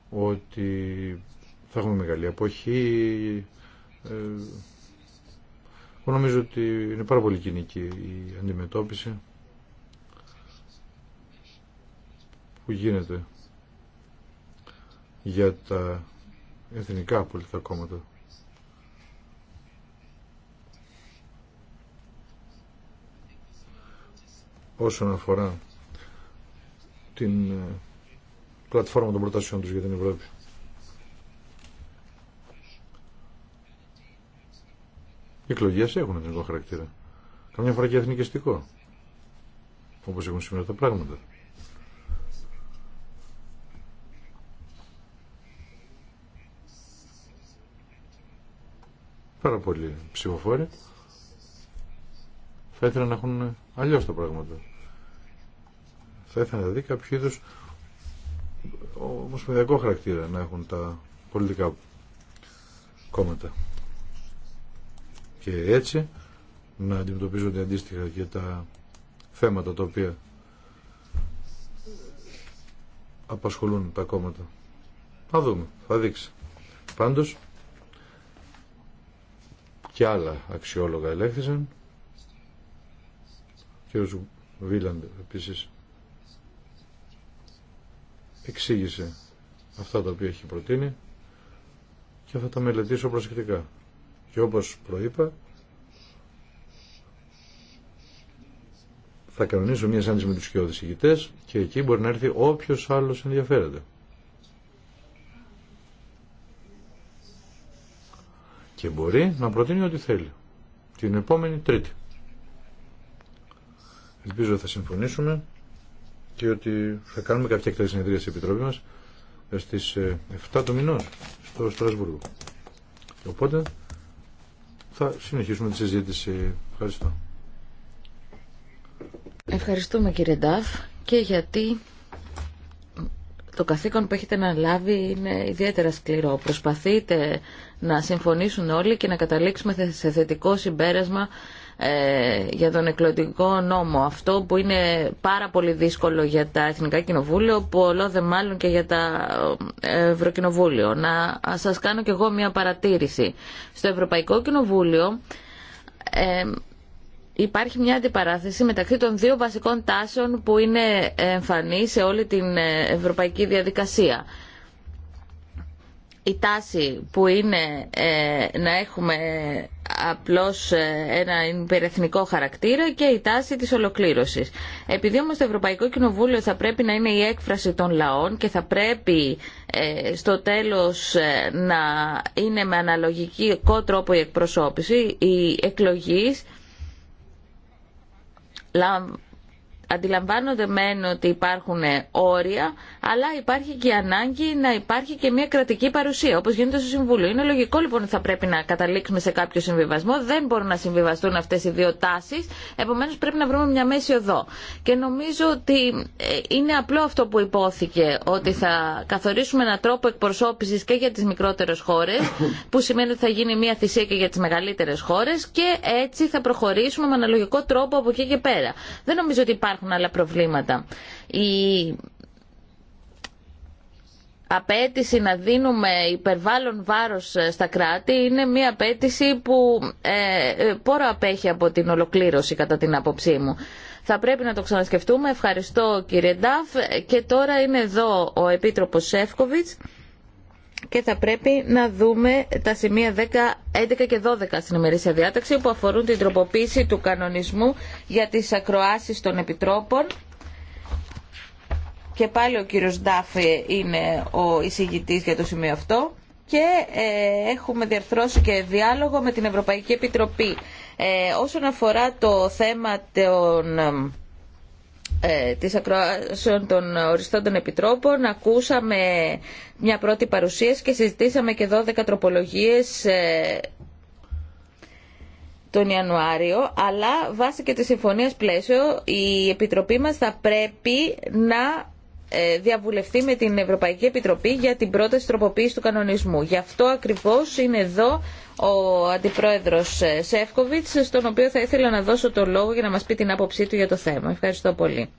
Speaker 4: ότι θα έχουμε μεγάλη αποχή. Ε, εγώ νομίζω ότι είναι πάρα πολύ κοινική η αντιμετώπιση που γίνεται για τα εθνικά πολιτικά κόμματα. όσον αφορά την ε, πλατφόρμα των προτάσεων τους για την Ευρώπη. Οι εκλογέ έχουν εθνικό χαρακτήρα. Καμιά φορά και εθνικιστικό. Όπως έχουν σήμερα τα πράγματα. Πάρα πολλοί ψηφοφόροι θα ήθελα να έχουν αλλιώς τα πράγματα. Θα ήθελα να δει κάποιο είδου ομοσπονδιακό χαρακτήρα να έχουν τα πολιτικά κόμματα. Και έτσι να αντιμετωπίζονται αντίστοιχα και τα θέματα τα οποία απασχολούν τα κόμματα. Θα δούμε, θα δείξει. Πάντως και άλλα αξιόλογα ελέγχθησαν κ. Βίλαντ επίσης εξήγησε αυτά τα οποία έχει προτείνει και θα τα μελετήσω προσεκτικά. Και όπως προείπα, θα κανονίσω μια σάντηση με τους σκιώδεις ηγητές και εκεί μπορεί να έρθει όποιος άλλος ενδιαφέρεται. Και μπορεί να προτείνει ό,τι θέλει. Την επόμενη τρίτη. Ελπίζω θα συμφωνήσουμε και ότι θα κάνουμε κάποια εκτέλεση συνεδρία στην Επιτροπή μας ε, στις 7 ε, του μηνός στο Στρασβούργο. Οπότε θα συνεχίσουμε τη συζήτηση. Ευχαριστώ.
Speaker 2: Ευχαριστούμε κύριε Νταφ και γιατί το καθήκον που έχετε να λάβει είναι ιδιαίτερα σκληρό. Προσπαθείτε να συμφωνήσουν όλοι και να καταλήξουμε σε θετικό συμπέρασμα ε, για τον εκλογικό νόμο. Αυτό που είναι πάρα πολύ δύσκολο για τα Εθνικά Κοινοβούλια, πολλό δε μάλλον και για τα ε, Ευρωκοινοβούλια. Να σας κάνω κι εγώ μια παρατήρηση. Στο Ευρωπαϊκό Κοινοβούλιο ε, υπάρχει μια αντιπαράθεση μεταξύ των δύο βασικών τάσεων που είναι εμφανή σε όλη την ευρωπαϊκή διαδικασία η τάση που είναι ε, να έχουμε απλώς ε, ένα υπερεθνικό χαρακτήρα και η τάση της ολοκλήρωσης. Επειδή όμως το Ευρωπαϊκό Κοινοβούλιο θα πρέπει να είναι η έκφραση των λαών και θα πρέπει ε, στο τέλος να είναι με αναλογικό τρόπο η εκπροσώπηση, η εκλογής αντιλαμβάνονται μεν ότι υπάρχουν όρια, αλλά υπάρχει και η ανάγκη να υπάρχει και μια κρατική παρουσία, όπως γίνεται στο Συμβούλιο. Είναι λογικό λοιπόν ότι θα πρέπει να καταλήξουμε σε κάποιο συμβιβασμό. Δεν μπορούν να συμβιβαστούν αυτές οι δύο τάσεις, επομένως πρέπει να βρούμε μια μέση εδώ. Και νομίζω ότι ε, είναι απλό αυτό που υπόθηκε, ότι θα καθορίσουμε έναν τρόπο εκπροσώπησης και για τις μικρότερες χώρες, που σημαίνει ότι θα γίνει μια θυσία και για τι μεγαλύτερε χώρε, και έτσι θα προχωρήσουμε με αναλογικό τρόπο από εκεί και πέρα. Δεν νομίζω ότι υπάρχουν άλλα προβλήματα. Η απέτηση να δίνουμε υπερβάλλον βάρος ε, στα κράτη είναι μια απέτηση που ε, ε, πόρο απέχει από την ολοκλήρωση κατά την άποψή μου. Θα πρέπει να το ξανασκεφτούμε. Ευχαριστώ κύριε Νταφ. Ε, και τώρα είναι εδώ ο Επίτροπος Σεύκοβιτς και θα πρέπει να δούμε τα σημεία 10, 11 και 12 στην ημερήσια διάταξη που αφορούν την τροποποίηση του κανονισμού για τις ακροάσεις των επιτρόπων. Και πάλι ο κύριος Ντάφη είναι ο εισηγητής για το σημείο αυτό και ε, έχουμε διαρθρώσει και διάλογο με την Ευρωπαϊκή Επιτροπή. Ε, όσον αφορά το θέμα των ε, της ακροάσεων των οριστών των επιτρόπων ακούσαμε μια πρώτη παρουσίαση και συζητήσαμε και 12 τροπολογίες ε, τον Ιανουάριο, αλλά βάσει και τη συμφωνία πλαίσιο η Επιτροπή μας θα πρέπει να ε, διαβουλευτεί με την Ευρωπαϊκή Επιτροπή για την πρόταση τροποποίηση του κανονισμού. Γι' αυτό ακριβώς είναι εδώ ο Αντιπρόεδρος ε, Σεύκοβιτς, στον οποίο θα ήθελα να δώσω το λόγο για να μας πει την άποψή του για το θέμα. Ευχαριστώ πολύ.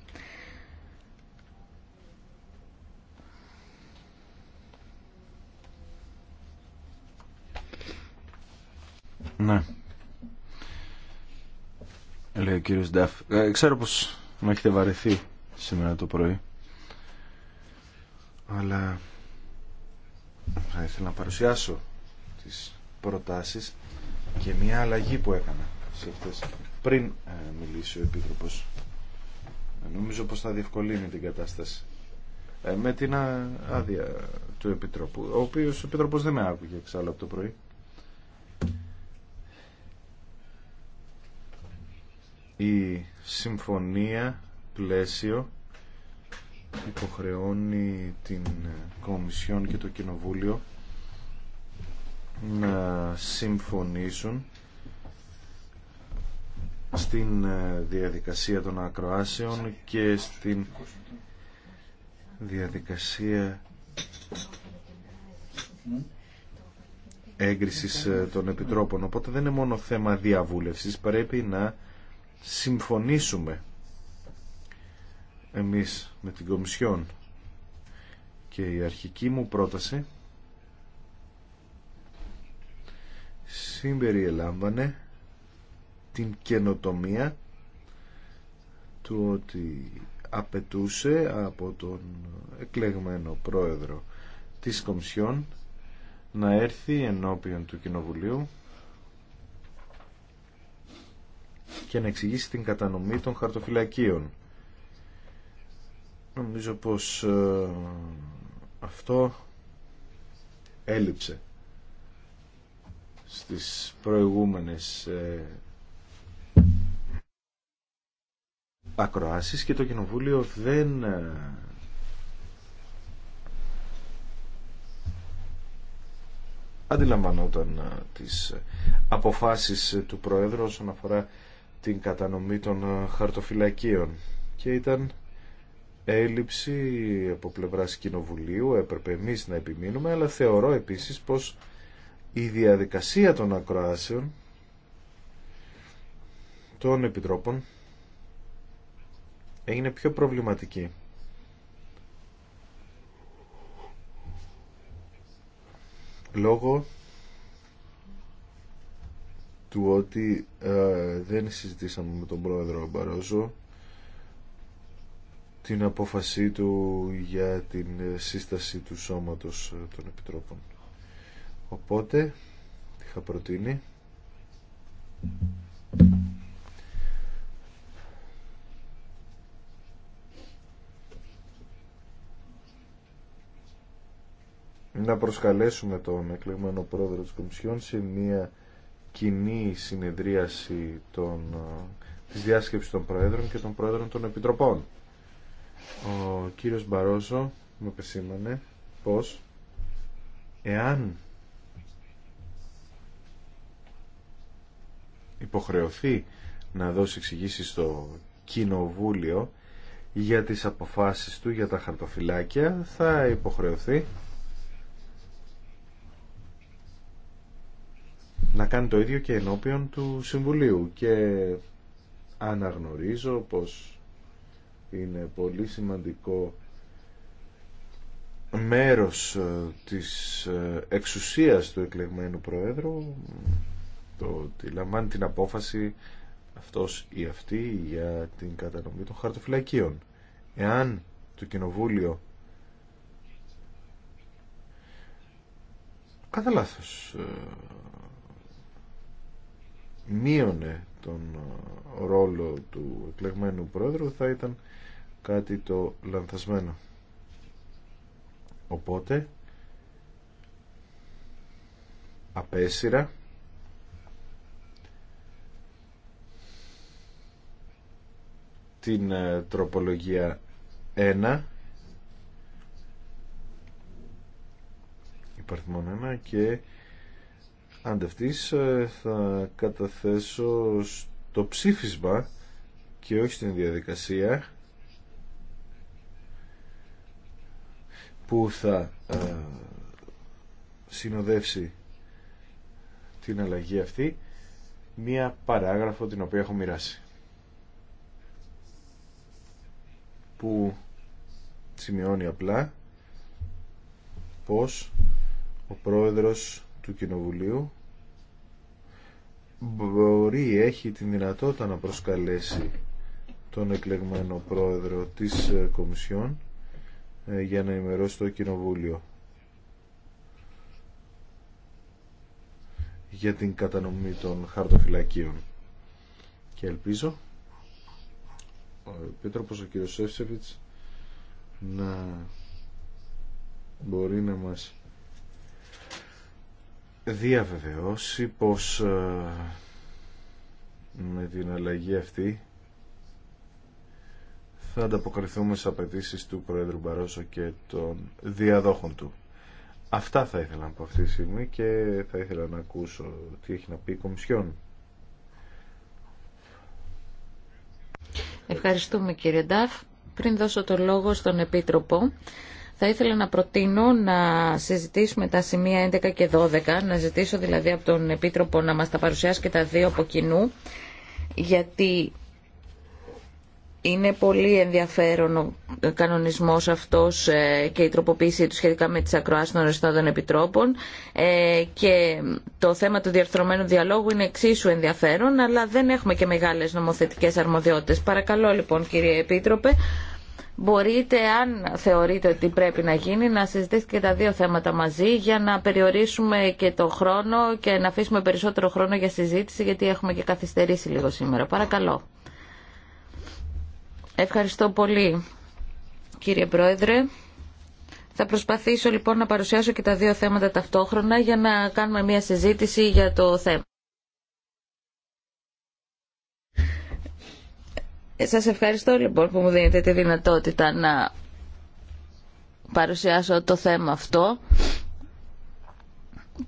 Speaker 1: Ναι. Λέει ο κύριος Νταφ. Ε, ξέρω πως με έχετε βαρεθεί σήμερα το πρωί. Αλλά θα ήθελα να παρουσιάσω τις προτάσεις και μια αλλαγή που έκανα σε αυτές πριν ε, μιλήσει ο Επίτροπος. Νομίζω πως θα διευκολύνει την κατάσταση. Ε, με την άδεια του Επιτροπού, ο οποίος ο Επιτροπός δεν με άκουγε εξάλλου από το πρωί. Η συμφωνία πλαίσιο υποχρεώνει την ε, Κομισιόν και το Κοινοβούλιο να συμφωνήσουν στην ε, διαδικασία των ακροάσεων και στην διαδικασία έγκρισης ε, των επιτρόπων. Οπότε δεν είναι μόνο θέμα διαβούλευσης, πρέπει να συμφωνήσουμε εμείς με την Κομισιόν. Και η αρχική μου πρόταση συμπεριελάμβανε την καινοτομία του ότι απαιτούσε από τον εκλεγμένο πρόεδρο της Κομισιόν να έρθει ενώπιον του Κοινοβουλίου και να εξηγήσει την κατανομή των χαρτοφυλακίων. Νομίζω πως ε, αυτό έλειψε στις προηγούμενες ε, ακροάσεις και το Κοινοβούλιο δεν ε, αντιλαμβανόταν ε, τις αποφάσεις του Προέδρου όσον αφορά την κατανομή των χαρτοφυλακίων και ήταν έλλειψη από πλευράς Κοινοβουλίου έπρεπε εμείς να επιμείνουμε αλλά θεωρώ επίσης πως η διαδικασία των ακροάσεων των επιτρόπων έγινε πιο προβληματική. Λόγω του ότι ε, δεν συζητήσαμε με τον πρόεδρο Μπαρόζο την απόφασή του για την σύσταση του σώματος ε, των επιτρόπων. Οπότε είχα προτείνει να προσκαλέσουμε τον εκλεγμένο πρόεδρο της Κομισιόν σε μια κοινή συνεδρίαση των, ε, της διάσκεψης των Προέδρων και των Προέδρων των Επιτροπών. Ο κύριος Μπαρόζο μου επισήμανε πως εάν υποχρεωθεί να δώσει εξηγήσει στο κοινοβούλιο για τις αποφάσεις του για τα χαρτοφυλάκια θα υποχρεωθεί να κάνει το ίδιο και ενώπιον του Συμβουλίου και αναγνωρίζω πως είναι πολύ σημαντικό μέρος ε, της ε, εξουσίας του εκλεγμένου Προέδρου το ότι λαμβάνει την απόφαση αυτός ή αυτή για την κατανομή των χαρτοφυλακίων. Εάν το Κοινοβούλιο κατά λάθο ε, μείωνε τον ε, ρόλο του εκλεγμένου πρόεδρου θα ήταν κάτι το λανθασμένο. Οπότε απέσυρα την ε, τροπολογία 1 υπάρχει μόνο και αντευτής ε, θα καταθέσω στο ψήφισμα και όχι στην διαδικασία που θα ε, συνοδεύσει την αλλαγή αυτή μία παράγραφο την οποία έχω μοιράσει. που σημειώνει απλά πως ο πρόεδρος του Κοινοβουλίου μπορεί, έχει την δυνατότητα να προσκαλέσει τον εκλεγμένο πρόεδρο της ε, Κομισιόν ε, για να ημερώσει το Κοινοβούλιο για την κατανομή των χαρτοφυλακίων. Και ελπίζω ο Επίτροπος, ο κ. Σεύσεβιτς, να μπορεί να μας διαβεβαιώσει πως ε, με την αλλαγή αυτή θα ανταποκριθούμε στις απαιτήσει του Πρόεδρου Μπαρόσο και των διαδόχων του. Αυτά θα ήθελα να αυτή τη στιγμή και θα ήθελα να ακούσω τι έχει να πει η Κομισιόν.
Speaker 2: Ευχαριστούμε κύριε Νταφ. Πριν δώσω το λόγο στον Επίτροπο, θα ήθελα να προτείνω να συζητήσουμε τα σημεία 11 και 12, να ζητήσω δηλαδή από τον Επίτροπο να μας τα παρουσιάσει και τα δύο από κοινού, γιατί είναι πολύ ενδιαφέρον ο κανονισμός αυτός ε, και η τροποποίησή του σχετικά με τις ακροάσεις των οριστών επιτρόπων ε, και το θέμα του διαρθρωμένου διαλόγου είναι εξίσου ενδιαφέρον αλλά δεν έχουμε και μεγάλες νομοθετικές αρμοδιότητες. Παρακαλώ λοιπόν κύριε Επίτροπε μπορείτε αν θεωρείτε ότι πρέπει να γίνει να συζητήσετε και τα δύο θέματα μαζί για να περιορίσουμε και το χρόνο και να αφήσουμε περισσότερο χρόνο για συζήτηση γιατί έχουμε και καθυστερήσει λίγο σήμερα. Παρακαλώ. Ευχαριστώ πολύ, κύριε Πρόεδρε. Θα προσπαθήσω λοιπόν να παρουσιάσω και τα δύο θέματα ταυτόχρονα για να κάνουμε μια συζήτηση για το θέμα. Σας ευχαριστώ λοιπόν που μου δίνετε τη δυνατότητα να παρουσιάσω το θέμα αυτό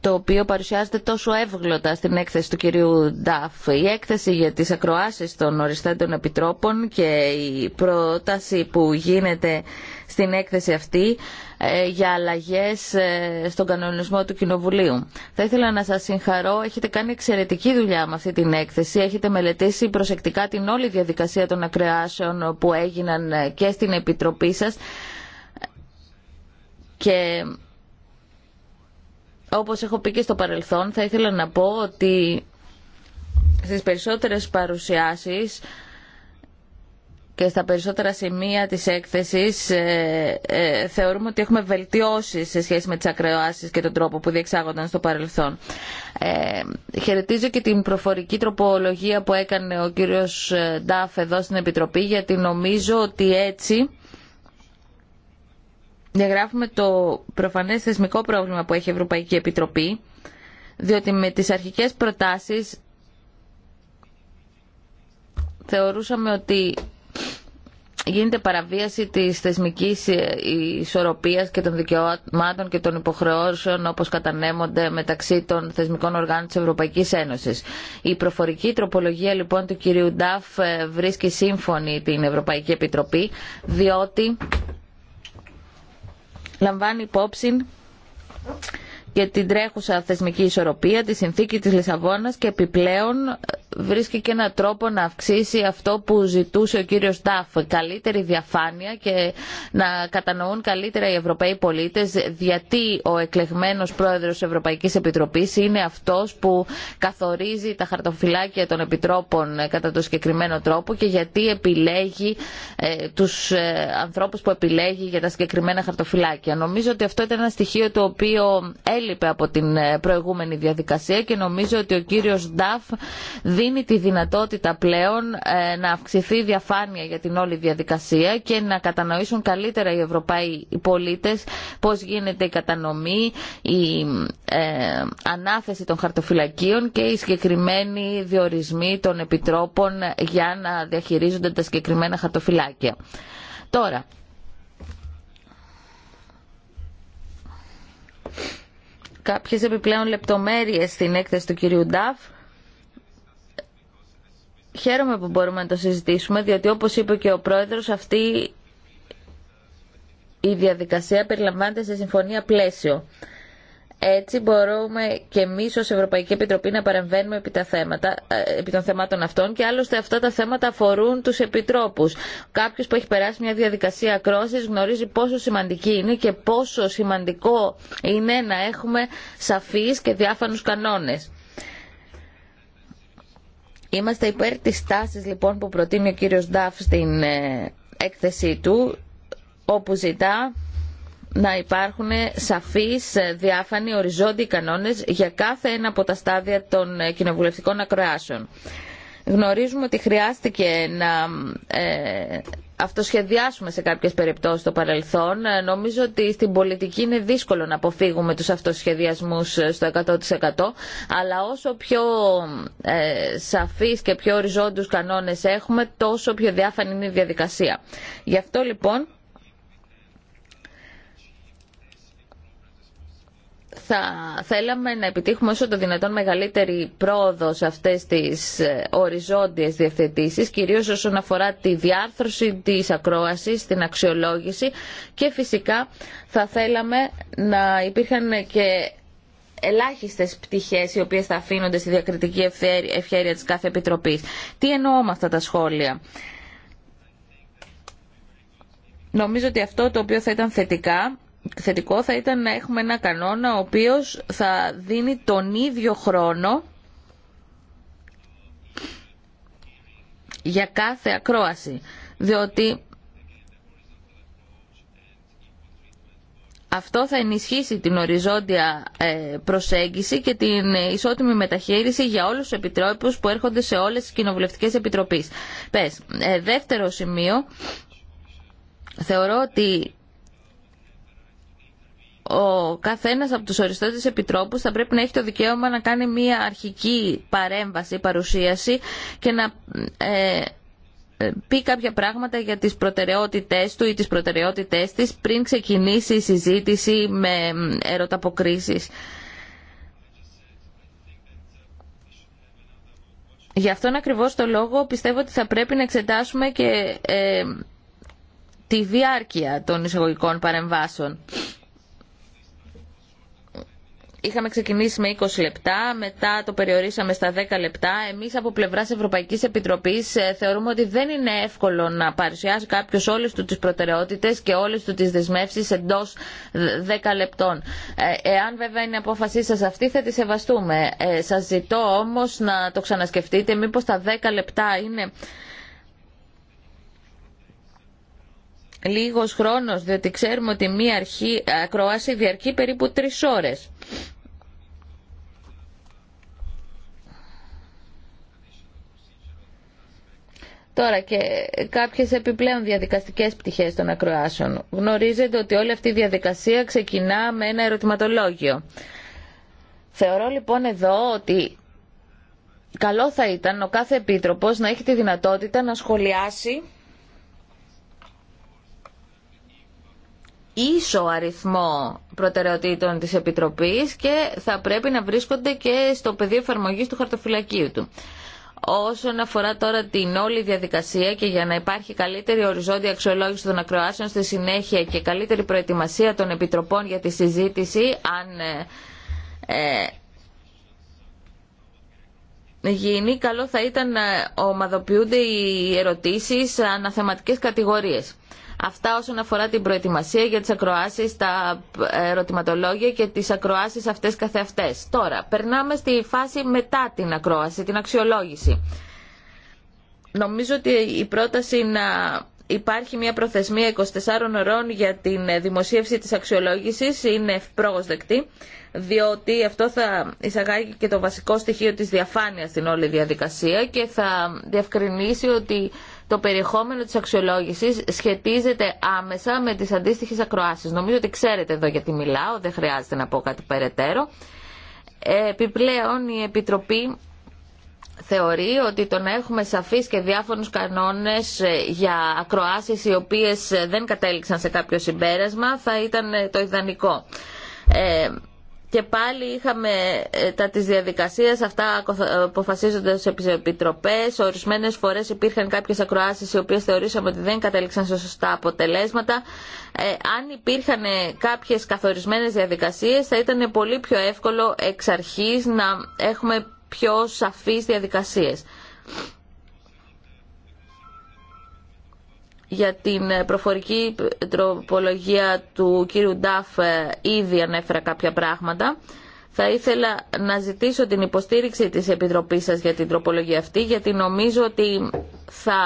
Speaker 2: το οποίο παρουσιάζεται τόσο εύγλωτα στην έκθεση του κυρίου Νταφ. Η έκθεση για τις ακροάσεις των οριστέντων επιτρόπων και η πρόταση που γίνεται στην έκθεση αυτή ε, για αλλαγές ε, στον κανονισμό του Κοινοβουλίου. Θα ήθελα να σας συγχαρώ. Έχετε κάνει εξαιρετική δουλειά με αυτή την έκθεση. Έχετε μελετήσει προσεκτικά την όλη διαδικασία των ακροάσεων που έγιναν ε, και στην Επιτροπή σας. Όπως έχω πει και στο παρελθόν, θα ήθελα να πω ότι στις περισσότερες παρουσιάσεις και στα περισσότερα σημεία της έκθεσης ε, ε, θεωρούμε ότι έχουμε βελτιώσει σε σχέση με τις ακρεάσεις και τον τρόπο που διεξάγονταν στο παρελθόν. Ε, χαιρετίζω και την προφορική τροπολογία που έκανε ο κύριος Ντάφ εδώ στην Επιτροπή γιατί νομίζω ότι έτσι διαγράφουμε το προφανές θεσμικό πρόβλημα που έχει η Ευρωπαϊκή Επιτροπή, διότι με τις αρχικές προτάσεις θεωρούσαμε ότι γίνεται παραβίαση της θεσμικής ισορροπίας και των δικαιωμάτων και των υποχρεώσεων όπως κατανέμονται μεταξύ των θεσμικών οργάνων της Ευρωπαϊκής Ένωσης. Η προφορική τροπολογία λοιπόν του κυρίου Νταφ ε, βρίσκει σύμφωνη την Ευρωπαϊκή Επιτροπή διότι λαμβάνει υπόψη και την τρέχουσα θεσμική ισορροπία, τη συνθήκη της Λισαβόνας και επιπλέον ε, βρίσκει και έναν τρόπο να αυξήσει αυτό που ζητούσε ο κύριος Ντάφ, καλύτερη διαφάνεια και να κατανοούν καλύτερα οι Ευρωπαίοι πολίτες γιατί ο εκλεγμένος πρόεδρος της Ευρωπαϊκής Επιτροπής είναι αυτός που καθορίζει τα χαρτοφυλάκια των επιτρόπων ε, κατά το συγκεκριμένο τρόπο και γιατί επιλέγει ε, τους ε, ανθρώπους που επιλέγει για τα συγκεκριμένα χαρτοφυλάκια. Νομίζω ότι αυτό ήταν ένα στοιχείο το οποίο έλειπε από την ε, προηγούμενη διαδικασία και νομίζω ότι ο κύριος Νταφ δίνει τη δυνατότητα πλέον ε, να αυξηθεί η διαφάνεια για την όλη διαδικασία και να κατανοήσουν καλύτερα οι Ευρωπαίοι πολίτες πώς γίνεται η κατανομή, η ε, ανάθεση των χαρτοφυλακίων και οι συγκεκριμένοι διορισμοί των επιτρόπων για να διαχειρίζονται τα συγκεκριμένα χαρτοφυλάκια. Τώρα, κάποιες επιπλέον λεπτομέρειες στην έκθεση του κυρίου Νταφ. Χαίρομαι που μπορούμε να το συζητήσουμε, διότι όπως είπε και ο πρόεδρος, αυτή η διαδικασία περιλαμβάνεται σε συμφωνία πλαίσιο. Έτσι μπορούμε και εμεί ω Ευρωπαϊκή Επιτροπή να παρεμβαίνουμε επί, τα θέματα, ε, επί των θεμάτων αυτών και άλλωστε αυτά τα θέματα αφορούν του επιτρόπου. Κάποιο που έχει περάσει μια διαδικασία ακρόαση γνωρίζει πόσο σημαντική είναι και πόσο σημαντικό είναι να έχουμε σαφεί και διάφανου κανόνε. Είμαστε υπέρ τη τάση λοιπόν που προτείνει ο κύριο Νταφ στην ε, έκθεσή του όπου ζητά να υπάρχουν σαφείς, ε, διάφανοι, οριζόντιοι κανόνες για κάθε ένα από τα στάδια των ε, κοινοβουλευτικών ακροάσεων. Γνωρίζουμε ότι χρειάστηκε να ε, αυτοσχεδιάσουμε σε κάποιες περιπτώσεις το παρελθόν. Νομίζω ότι στην πολιτική είναι δύσκολο να αποφύγουμε τους αυτοσχεδιασμούς στο 100% αλλά όσο πιο ε, σαφείς και πιο οριζόντους κανόνες έχουμε τόσο πιο διάφανη είναι η διαδικασία. Γι' αυτό λοιπόν θα θέλαμε να επιτύχουμε όσο το δυνατόν μεγαλύτερη πρόοδο σε αυτές τις ε, οριζόντιες διευθετήσεις, κυρίως όσον αφορά τη διάρθρωση της ακρόασης, την αξιολόγηση και φυσικά θα θέλαμε να υπήρχαν και ελάχιστες πτυχές οι οποίες θα αφήνονται στη διακριτική ευχέρεια τη κάθε επιτροπής. Τι εννοώ με αυτά τα σχόλια. Νομίζω ότι αυτό το οποίο θα ήταν θετικά θετικό θα ήταν να έχουμε ένα κανόνα ο οποίος θα δίνει τον ίδιο χρόνο για κάθε ακρόαση. Διότι Αυτό θα ενισχύσει την οριζόντια ε, προσέγγιση και την ισότιμη μεταχείριση για όλους τους επιτρόπους που έρχονται σε όλες τις κοινοβουλευτικές επιτροπές. Πες, ε, δεύτερο σημείο, θεωρώ ότι ο καθένας από τους οριστές της επιτρόπους θα πρέπει να έχει το δικαίωμα να κάνει μια αρχική παρέμβαση, παρουσίαση και να ε, ε, πει κάποια πράγματα για τις προτεραιότητές του ή τις προτεραιότητές της πριν ξεκινήσει η συζήτηση με ερωταποκρίσεις. Γι' αυτόν ακριβώς το λόγο πιστεύω ότι θα πρέπει να εξετάσουμε και ε, τη διάρκεια των εισαγωγικών παρεμβάσεων είχαμε ξεκινήσει με 20 λεπτά, μετά το περιορίσαμε στα 10 λεπτά. Εμείς από πλευράς Ευρωπαϊκής Επιτροπής ε, θεωρούμε ότι δεν είναι εύκολο να παρουσιάσει κάποιος όλες του τις προτεραιότητες και όλες του τις δεσμεύσεις εντός 10 λεπτών. Ε, εάν βέβαια είναι η απόφασή σας αυτή θα τη σεβαστούμε. Ε, σας ζητώ όμως να το ξανασκεφτείτε μήπως τα 10 λεπτά είναι... λίγος χρόνος, διότι ξέρουμε ότι μία αρχή, ακροάση διαρκεί περίπου τρεις ώρες. Τώρα και κάποιε επιπλέον διαδικαστικές πτυχές των ακροάσεων. Γνωρίζετε ότι όλη αυτή η διαδικασία ξεκινά με ένα ερωτηματολόγιο. Θεωρώ λοιπόν εδώ ότι καλό θα ήταν ο κάθε επίτροπο να έχει τη δυνατότητα να σχολιάσει ίσο αριθμό προτεραιοτήτων της Επιτροπής και θα πρέπει να βρίσκονται και στο πεδίο εφαρμογής του χαρτοφυλακίου του. Όσον αφορά τώρα την όλη διαδικασία και για να υπάρχει καλύτερη οριζόντια αξιολόγηση των ακροάσεων στη συνέχεια και καλύτερη προετοιμασία των επιτροπών για τη συζήτηση, αν ε, ε, γίνει, καλό θα ήταν να ομαδοποιούνται οι ερωτήσεις αναθεματικές κατηγορίες. Αυτά όσον αφορά την προετοιμασία για τις ακροάσεις, τα ερωτηματολόγια και τις ακροάσεις αυτές καθεαυτές. Τώρα, περνάμε στη φάση μετά την ακρόαση, την αξιολόγηση. Νομίζω ότι η πρόταση να υπάρχει μια προθεσμία 24 ωρών για την δημοσίευση της αξιολόγησης είναι ευπρόσδεκτη διότι αυτό θα εισαγάγει και το βασικό στοιχείο της διαφάνειας στην όλη διαδικασία και θα διευκρινίσει ότι το περιεχόμενο της αξιολόγησης σχετίζεται άμεσα με τις αντίστοιχες ακροάσεις. Νομίζω ότι ξέρετε εδώ γιατί μιλάω, δεν χρειάζεται να πω κάτι περαιτέρω. Επιπλέον η Επιτροπή θεωρεί ότι το να έχουμε σαφείς και διάφορους κανόνες για ακροάσεις οι οποίες δεν κατέληξαν σε κάποιο συμπέρασμα θα ήταν το ιδανικό. Ε, και πάλι είχαμε ε, τα της διαδικασίας, αυτά αποφασίζονται σε επιτροπές, ορισμένες φορές υπήρχαν κάποιες ακροάσεις οι οποίες θεωρήσαμε ότι δεν κατέληξαν σε σωστά αποτελέσματα. Ε, αν υπήρχαν κάποιες καθορισμένες διαδικασίες θα ήταν πολύ πιο εύκολο εξ αρχής να έχουμε πιο σαφείς διαδικασίες. για την ε, προφορική τροπολογία του κύριου Ντάφ ε, ήδη ανέφερα κάποια πράγματα. Θα ήθελα να ζητήσω την υποστήριξη της Επιτροπής σας για την τροπολογία αυτή, γιατί νομίζω ότι θα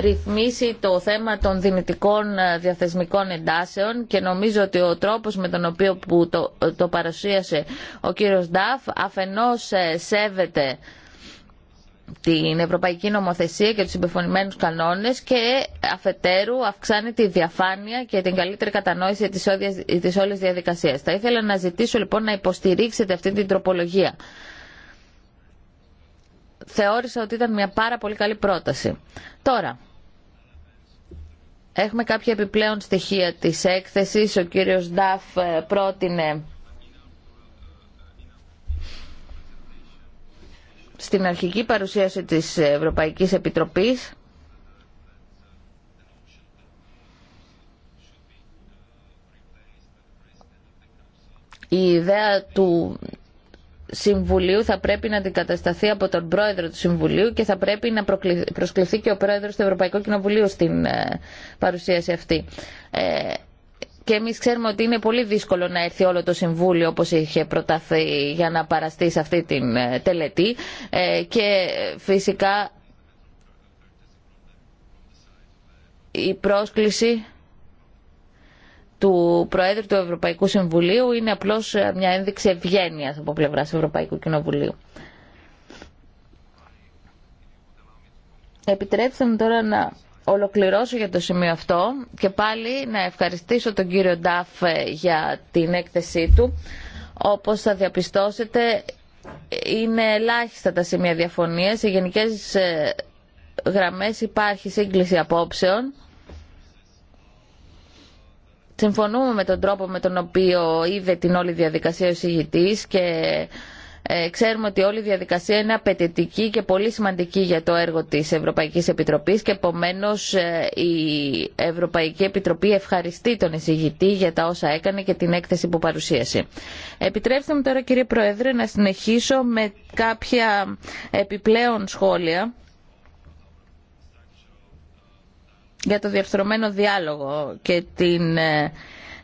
Speaker 2: ρυθμίσει το θέμα των δυνητικών ε, διαθεσμικών εντάσεων και νομίζω ότι ο τρόπος με τον οποίο που το, το παρουσίασε ο κύριος Νταφ αφενός σέβεται την Ευρωπαϊκή Νομοθεσία και τους συμπεφωνημένους κανόνες και αφετέρου αυξάνει τη διαφάνεια και την καλύτερη κατανόηση της, όδιας, της όλης διαδικασίας. Θα ήθελα να ζητήσω λοιπόν να υποστηρίξετε αυτή την τροπολογία. Θεώρησα ότι ήταν μια πάρα πολύ καλή πρόταση. Τώρα, έχουμε κάποια επιπλέον στοιχεία της έκθεσης. Ο κύριος Νταφ ε, πρότεινε στην αρχική παρουσίαση της Ευρωπαϊκής Επιτροπής η ιδέα του Συμβουλίου θα πρέπει να αντικατασταθεί από τον Πρόεδρο του Συμβουλίου και θα πρέπει να προσκληθεί και ο Πρόεδρος του Ευρωπαϊκού Κοινοβουλίου στην ε, παρουσίαση αυτή. Ε, και εμεί ξέρουμε ότι είναι πολύ δύσκολο να έρθει όλο το Συμβούλιο όπω είχε προταθεί για να παραστεί σε αυτή την ε, τελετή ε, και φυσικά η πρόσκληση του Προέδρου του Ευρωπαϊκού Συμβουλίου είναι απλώς μια ένδειξη ευγένεια από πλευράς Ευρωπαϊκού Κοινοβουλίου. Επιτρέψτε μου τώρα να ολοκληρώσω για το σημείο αυτό και πάλι να ευχαριστήσω τον κύριο Ντάφ ε, για την έκθεσή του. Όπως θα διαπιστώσετε είναι ελάχιστα τα σημεία διαφωνίας. Σε γενικές ε, γραμμές υπάρχει σύγκληση απόψεων. Συμφωνούμε με τον τρόπο με τον οποίο είδε την όλη διαδικασία ο συγητής και ε, ξέρουμε ότι όλη η διαδικασία είναι απαιτητική και πολύ σημαντική για το έργο της Ευρωπαϊκής Επιτροπής και επομένως ε, η Ευρωπαϊκή Επιτροπή ευχαριστεί τον εισηγητή για τα όσα έκανε και την έκθεση που παρουσίασε. Επιτρέψτε μου τώρα κύριε Πρόεδρε να συνεχίσω με κάποια επιπλέον σχόλια για το διαφθρωμένο διάλογο και την ε,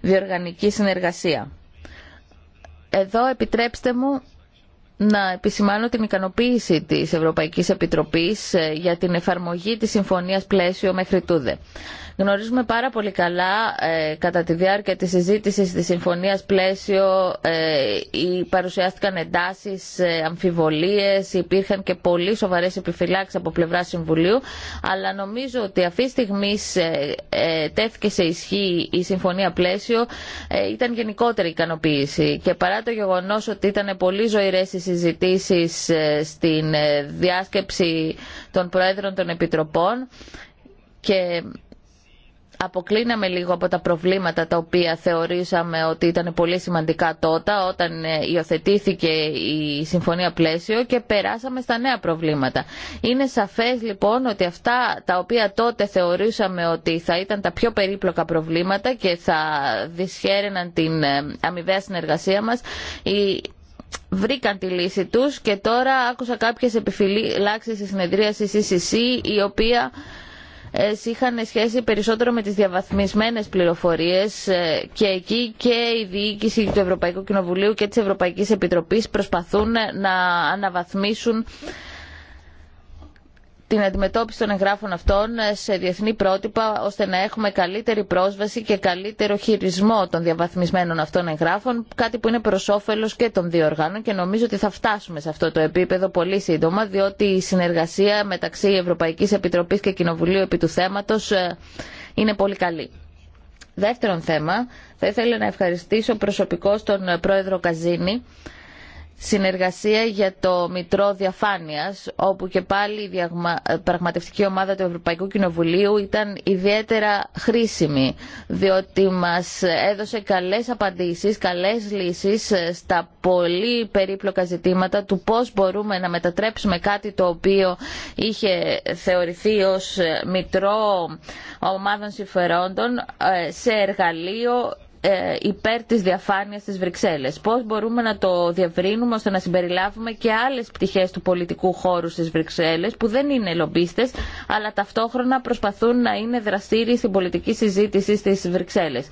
Speaker 2: διοργανική συνεργασία. Εδώ επιτρέψτε μου να επισημάνω την ικανοποίηση της Ευρωπαϊκής Επιτροπής ε, για την εφαρμογή της Συμφωνίας Πλαίσιο μέχρι τούδε. Γνωρίζουμε πάρα πολύ καλά ε, κατά τη διάρκεια της συζήτηση της συμφωνίας πλαίσιο ε, παρουσιάστηκαν εντάσεις, ε, αμφιβολίες, υπήρχαν και πολύ σοβαρές επιφυλάξεις από πλευρά Συμβουλίου, αλλά νομίζω ότι αυτή τη στιγμή ε, ε, τέθηκε σε ισχύ η συμφωνία πλαίσιο, ήταν γενικότερη ικανοποίηση και παρά το γεγονός ότι ήταν πολύ ζωηρές οι συζητήσεις στην διάσκεψη των Προέδρων των Επιτροπών και αποκλίναμε λίγο από τα προβλήματα τα οποία θεωρήσαμε ότι ήταν πολύ σημαντικά τότε όταν ε, υιοθετήθηκε η Συμφωνία Πλαίσιο και περάσαμε στα νέα προβλήματα. Είναι σαφές λοιπόν ότι αυτά τα οποία τότε θεωρήσαμε ότι θα ήταν τα πιο περίπλοκα προβλήματα και θα δυσχέρεναν την ε, αμοιβαία συνεργασία μας βρήκαν τη λύση τους και τώρα άκουσα κάποιες επιφυλάξεις στη συνεδρίαση CCC η οποία είχαν σχέση περισσότερο με τις διαβαθμισμένες πληροφορίες ε, και εκεί και η διοίκηση του Ευρωπαϊκού Κοινοβουλίου και της Ευρωπαϊκής Επιτροπής προσπαθούν να αναβαθμίσουν την αντιμετώπιση των εγγράφων αυτών σε διεθνή πρότυπα ώστε να έχουμε καλύτερη πρόσβαση και καλύτερο χειρισμό των διαβαθμισμένων αυτών εγγράφων, κάτι που είναι προ όφελο και των δύο οργάνων και νομίζω ότι θα φτάσουμε σε αυτό το επίπεδο πολύ σύντομα, διότι η συνεργασία μεταξύ Ευρωπαϊκής Επιτροπή και Κοινοβουλίου επί του θέματο ε, είναι πολύ καλή. Δεύτερον θέμα, θα ήθελα να ευχαριστήσω προσωπικώς τον ε, πρόεδρο Καζίνη, συνεργασία για το Μητρό Διαφάνειας, όπου και πάλι η πραγματευτική ομάδα του Ευρωπαϊκού Κοινοβουλίου ήταν ιδιαίτερα χρήσιμη, διότι μας έδωσε καλές απαντήσεις, καλές λύσεις ε, στα πολύ περίπλοκα ζητήματα του πώς μπορούμε να μετατρέψουμε κάτι το οποίο είχε θεωρηθεί ως ε, Μητρό Ομάδων Συμφερόντων ε, σε εργαλείο ε, υπέρ της διαφάνειας στις Βρυξέλλες. Πώς μπορούμε να το διαβρύνουμε ώστε να συμπεριλάβουμε και άλλες πτυχές του πολιτικού χώρου στις Βρυξέλλες που δεν είναι λομπίστες αλλά ταυτόχρονα προσπαθούν να είναι δραστήριοι στην πολιτική συζήτηση στις Βρυξέλλες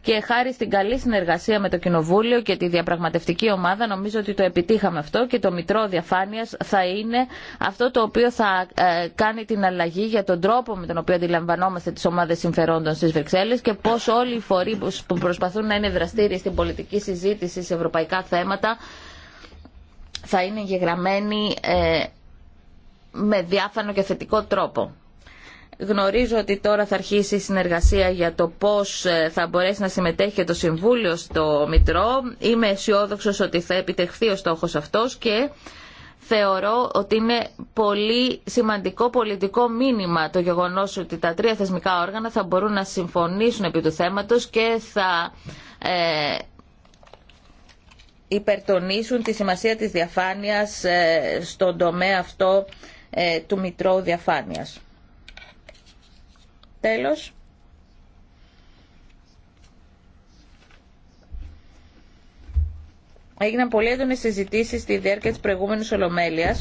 Speaker 2: και χάρη στην καλή συνεργασία με το Κοινοβούλιο και τη διαπραγματευτική ομάδα νομίζω ότι το επιτύχαμε αυτό και το μητρό διαφάνειας θα είναι αυτό το οποίο θα ε, κάνει την αλλαγή για τον τρόπο με τον οποίο αντιλαμβανόμαστε τις ομάδες συμφερόντων στις Βρυξέλλες και πώς όλοι οι φορείς που προσπαθούν να είναι δραστήριοι στην πολιτική συζήτηση σε ευρωπαϊκά θέματα θα είναι γεγραμμένοι ε, με διάφανο και θετικό τρόπο. Γνωρίζω ότι τώρα θα αρχίσει η συνεργασία για το πώς ε, θα μπορέσει να συμμετέχει το Συμβούλιο στο Μητρό. Είμαι αισιόδοξο ότι θα επιτευχθεί ο στόχο αυτός και θεωρώ ότι είναι πολύ σημαντικό πολιτικό μήνυμα το γεγονός ότι τα τρία θεσμικά όργανα θα μπορούν να συμφωνήσουν επί του θέματος και θα ε, υπερτονίσουν τη σημασία της διαφάνειας ε, στον τομέα αυτό του Μητρό Διαφάνειας. Τέλος. Έγιναν πολύ έντονε συζητήσει στη διάρκεια τη προηγούμενη Ολομέλεια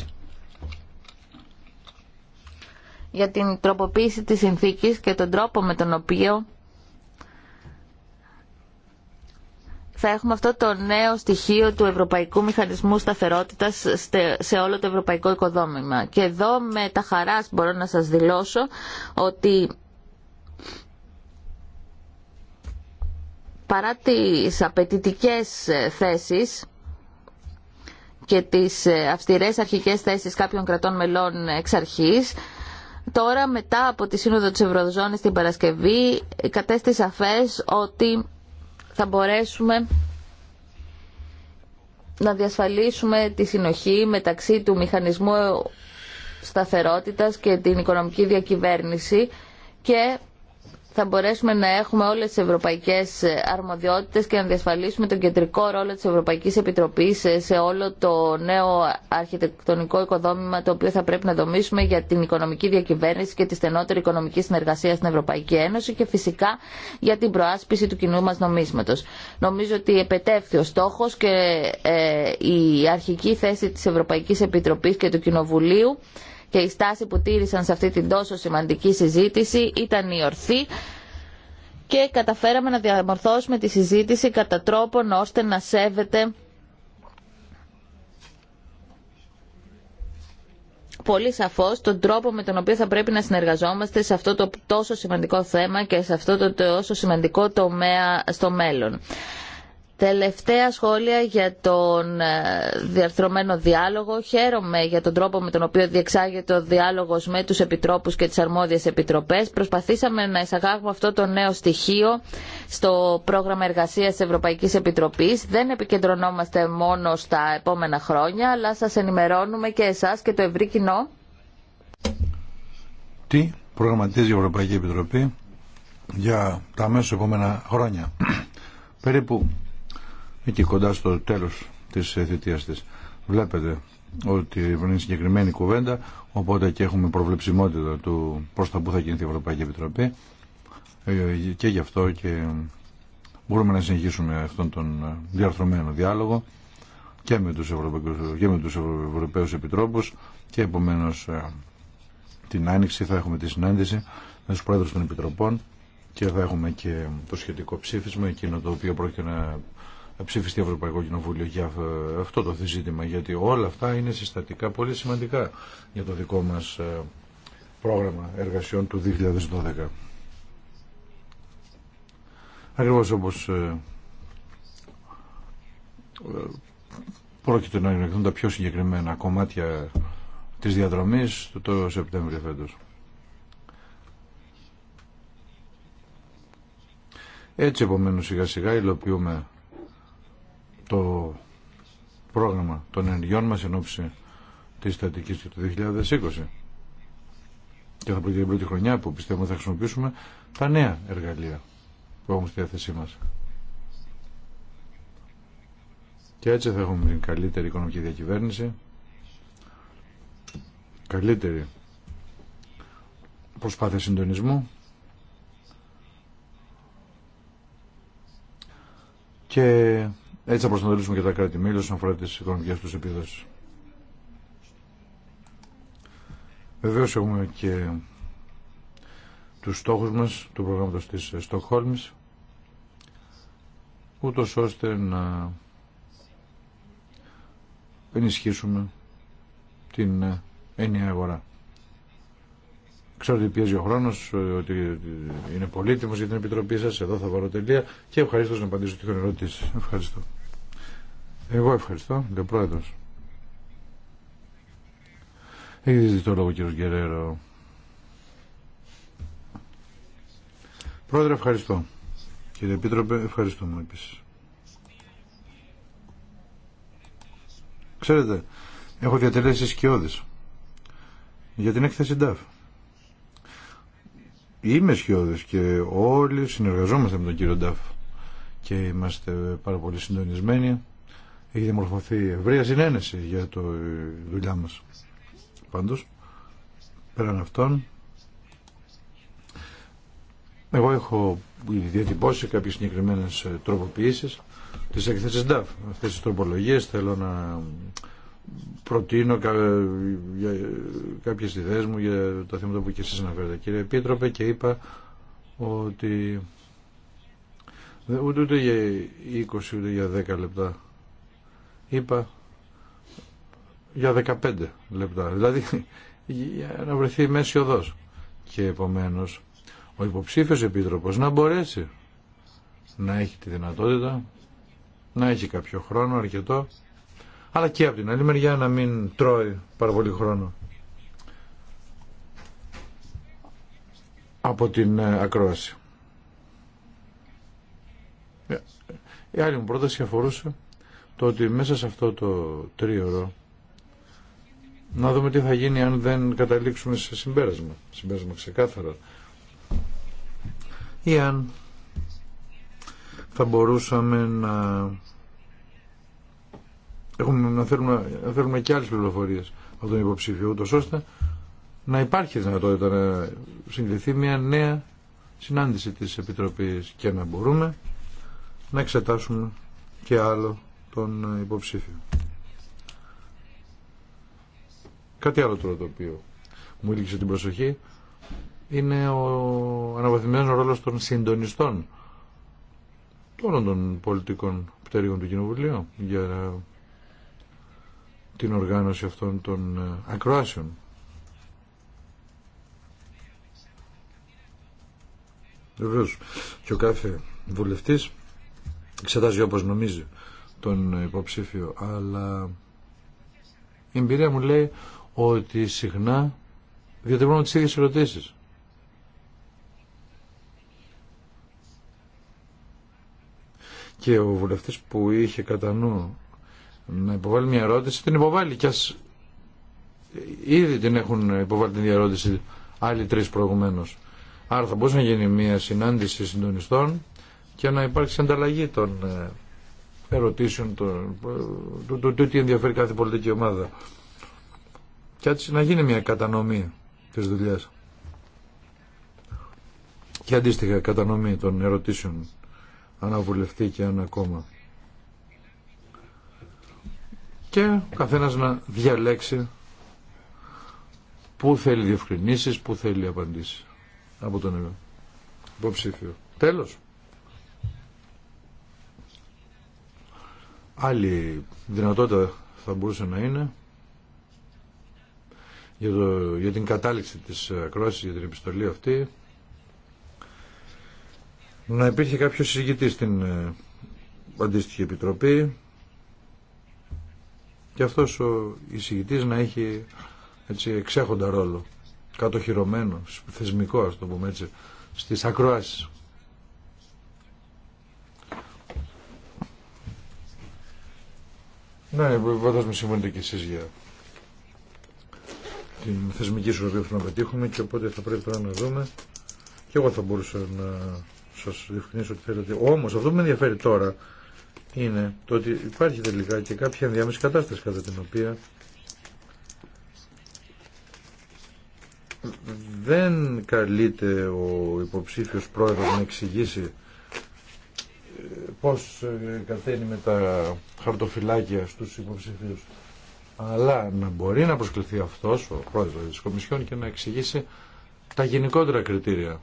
Speaker 2: για την τροποποίηση της συνθήκης και τον τρόπο με τον οποίο θα έχουμε αυτό το νέο στοιχείο του Ευρωπαϊκού Μηχανισμού Σταθερότητας σε όλο το ευρωπαϊκό οικοδόμημα. Και εδώ με τα χαράς μπορώ να σας δηλώσω ότι παρά τις απαιτητικέ ε, θέσεις και τις ε, αυστηρές αρχικές θέσεις κάποιων κρατών μελών εξ αρχής, τώρα μετά από τη Σύνοδο της Ευρωζώνης την Παρασκευή κατέστη σαφές ότι θα μπορέσουμε να διασφαλίσουμε τη συνοχή μεταξύ του μηχανισμού σταθερότητας και την οικονομική διακυβέρνηση και θα μπορέσουμε να έχουμε όλε τι ευρωπαϊκέ αρμοδιότητε και να διασφαλίσουμε τον κεντρικό ρόλο τη Ευρωπαϊκή Επιτροπή σε όλο το νέο αρχιτεκτονικό οικοδόμημα το οποίο θα πρέπει να δομήσουμε για την οικονομική διακυβέρνηση και τη στενότερη οικονομική συνεργασία στην Ευρωπαϊκή Ένωση και φυσικά για την προάσπιση του κοινού μα νομίσματο. Νομίζω ότι επετέφθη ο στόχο και ε, η αρχική θέση τη Ευρωπαϊκή Επιτροπή και του Κοινοβουλίου και η στάση που τήρησαν σε αυτή την τόσο σημαντική συζήτηση ήταν η ορθή και καταφέραμε να διαμορφώσουμε τη συζήτηση κατά τρόπον ώστε να σέβεται πολύ σαφώς τον τρόπο με τον οποίο θα πρέπει να συνεργαζόμαστε σε αυτό το τόσο σημαντικό θέμα και σε αυτό το τόσο σημαντικό τομέα στο μέλλον. Τελευταία σχόλια για τον ε, διαρθρωμένο διάλογο. Χαίρομαι για τον τρόπο με τον οποίο διεξάγεται ο διάλογος με τους επιτρόπους και τις αρμόδιες επιτροπές. Προσπαθήσαμε να εισαγάγουμε αυτό το νέο στοιχείο στο πρόγραμμα εργασίας τη Ευρωπαϊκής Επιτροπής. Δεν επικεντρωνόμαστε μόνο στα επόμενα χρόνια, αλλά σας ενημερώνουμε και εσά και το ευρύ κοινό.
Speaker 4: Τι προγραμματίζει η Ευρωπαϊκή Επιτροπή για τα μέσα επόμενα χρόνια. Περίπου εκεί κοντά στο τέλος της ε, θητείας της. Βλέπετε ότι είναι συγκεκριμένη κουβέντα, οπότε και έχουμε προβλεψιμότητα του προς τα που θα κινηθεί η Ευρωπαϊκή Επιτροπή ε, και γι' αυτό και μπορούμε να συνεχίσουμε αυτόν τον ε, διαρθρωμένο διάλογο και με τους, Ευρωπαϊκούς, και με τους Ευρωπαίους Επιτρόπους και επομένως την Άνοιξη θα έχουμε τη συνάντηση με τους Πρόεδρους των Επιτροπών και θα έχουμε και το σχετικό ψήφισμα εκείνο το οποίο πρόκειται να ψηφιστεί Ευρωπαϊκό Κοινοβούλιο για αυτό το ζήτημα, γιατί όλα αυτά είναι συστατικά πολύ σημαντικά για το δικό μας ε, πρόγραμμα εργασιών του 2012. Ακριβώς όπως ε, ε, πρόκειται να ενεργηθούν τα πιο συγκεκριμένα κομμάτια της διαδρομής το Σεπτέμβριο φέτος. Έτσι επομένως σιγά σιγά υλοποιούμε το πρόγραμμα των ενεργειών μας εν ώψη της στρατικής του 2020 και θα και την πρώτη χρονιά που πιστεύουμε θα χρησιμοποιήσουμε τα νέα εργαλεία που έχουμε στη διάθεσή μας. Και έτσι θα έχουμε την καλύτερη οικονομική διακυβέρνηση, καλύτερη προσπάθεια συντονισμού και έτσι θα προσανατολίσουμε και τα κράτη-μέλη όσον αφορά τις οικονομικές τους επιδόσεις. Βεβαίως έχουμε και του στόχους μας του προγράμματος της Στοκχόλμης ούτως ώστε να ενισχύσουμε την έννοια αγορά. Ξέρω ότι πιέζει ο χρόνο, ότι είναι πολύτιμο για την επιτροπή σα. Εδώ θα βάλω τελεία και ευχαρίστω να απαντήσω τυχόν ερωτήσει. Ευχαριστώ. Εγώ ευχαριστώ, κύριε ο Έχει δει το λόγο κύριο Γκερέρο. Πρόεδρε, ευχαριστώ. Κύριε Επίτροπε, ευχαριστούμε επίσης. Ξέρετε, έχω διατελέσει σκιώδης για την έκθεση DAF. Είμαι σκιώδης και όλοι συνεργαζόμαστε με τον κύριο DAF και είμαστε πάρα πολύ συντονισμένοι έχει δημορφωθεί ευρεία συνένεση για το ε, δουλειά μας. Πάντως, πέραν αυτών, εγώ έχω διατυπώσει κάποιες συγκεκριμένες ε, τροποποιήσεις τη εκθέσεις DAF. Αυτές τις τροπολογίες θέλω να προτείνω ε, κάποιες ιδέες μου για τα θέματα που και εσείς αναφέρετε κύριε Επίτροπε και είπα ότι ούτε για 20 ούτε για 10 λεπτά είπα για 15 λεπτά. Δηλαδή για να βρεθεί η μέση οδός. Και επομένως ο υποψήφιος επίτροπος να μπορέσει να έχει τη δυνατότητα να έχει κάποιο χρόνο αρκετό αλλά και από την άλλη μεριά να μην τρώει πάρα πολύ χρόνο. από την ε, ακρόαση. Ε, η άλλη μου πρόταση αφορούσε το ότι μέσα σε αυτό το τρίωρο να δούμε τι θα γίνει αν δεν καταλήξουμε σε συμπέρασμα, συμπέρασμα ξεκάθαρα ή αν θα μπορούσαμε να έχουμε, να, θέλουμε, να θέλουμε και άλλες πληροφορίες από τον υποψήφιο ούτως ώστε να υπάρχει δυνατότητα να συγκληθεί μια νέα συνάντηση της Επιτροπής και να μπορούμε να εξετάσουμε και άλλο τον υποψήφιο. Κάτι άλλο τώρα το οποίο μου ήλικε την προσοχή είναι ο αναβαθμιμένος ρόλος των συντονιστών όλων των πολιτικών πτέρυγων του Κοινοβουλίου για την οργάνωση αυτών των ε, ακροάσεων. Βεβαίως και ο κάθε βουλευτής εξετάζει όπως νομίζει τον υποψήφιο, αλλά η εμπειρία μου λέει ότι συχνά διατυπώνουμε τις ίδιες ερωτήσεις. Και ο βουλευτής που είχε κατά νου να υποβάλει μια ερώτηση, την υποβάλλει κι ας ήδη την έχουν υποβάλει την διαρώτηση άλλοι τρεις προηγουμένως. Άρα θα μπορούσε να γίνει μια συνάντηση συντονιστών και να υπάρξει ανταλλαγή των ε, ερωτήσεων του τι ενδιαφέρει κάθε πολιτική ομάδα. Και έτσι να γίνει μια κατανομή της δουλειάς. Και αντίστοιχα κατανομή των ερωτήσεων αναβουλευτή και αν ακόμα Και καθένας να διαλέξει πού θέλει διευκρινήσεις, πού θέλει απαντήσεις από τον υποψήφιο. Τέλος. Άλλη δυνατότητα θα μπορούσε να είναι για, για την κατάληξη της ακρόασης, για την επιστολή αυτή, να υπήρχε κάποιο συζητητή στην ε, αντίστοιχη επιτροπή και αυτός ο εισηγητής να έχει έτσι εξέχοντα ρόλο, κατοχυρωμένο, θεσμικό α το πούμε έτσι, στις ακροάσεις. Ναι, με συμφωνείτε και εσείς για την θεσμική οποία που να πετύχουμε και οπότε θα πρέπει να δούμε και εγώ θα μπορούσα να σας διευκρινίσω ότι θέλετε. Όμως αυτό που με ενδιαφέρει τώρα είναι το ότι υπάρχει τελικά και κάποια ενδιάμεση κατάσταση κατά την οποία δεν καλείται ο υποψήφιος πρόεδρος να εξηγήσει πώς ε, κατένει με τα χαρτοφυλάκια στους υποψηφίους. Αλλά να μπορεί να προσκληθεί αυτός ο πρόεδρος της Κομισιόν και να εξηγήσει τα γενικότερα κριτήρια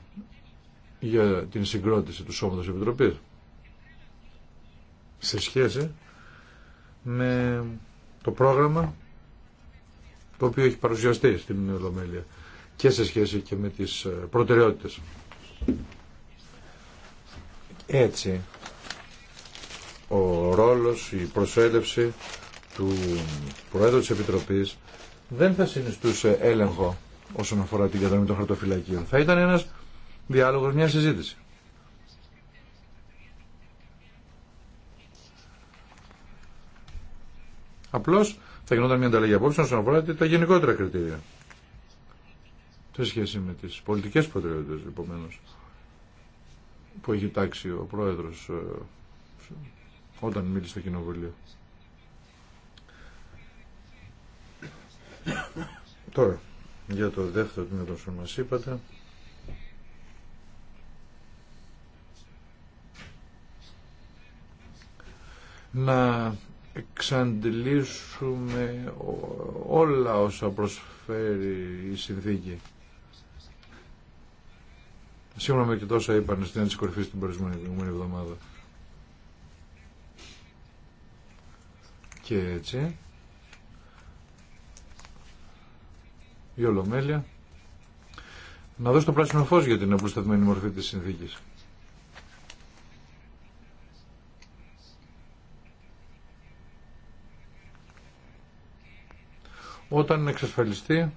Speaker 4: για την συγκρότηση του Σώματος Επιτροπής σε σχέση με το πρόγραμμα το οποίο έχει παρουσιαστεί στην Ελλομέλεια και σε σχέση και με τις ε, προτεραιότητες. Έτσι ο ρόλος, η προσέλευση του Προέδρου της Επιτροπής δεν θα συνιστούσε έλεγχο όσον αφορά την κατανομή των χαρτοφυλακίων. Θα ήταν ένας διάλογος, μια συζήτηση. Απλώς θα γινόταν μια ανταλλαγή απόψεων όσον αφορά τα γενικότερα κριτήρια. Σε σχέση με τις πολιτικές προτεραιότητες, επομένως, που έχει τάξει ο Πρόεδρος ε, όταν μίλησε στο Κοινοβούλιο. Τώρα, για το δεύτερο τμήμα που μας είπατε, να εξαντλήσουμε όλα όσα προσφέρει η συνθήκη. Σύμφωνα με και τόσα είπαν στην ένταση κορυφή την προηγούμενη εβδομάδα. Και έτσι η Ολομέλεια να δώσει το πράσινο φως για την αποσταθμένη μορφή της συνθήκης. Όταν εξασφαλιστεί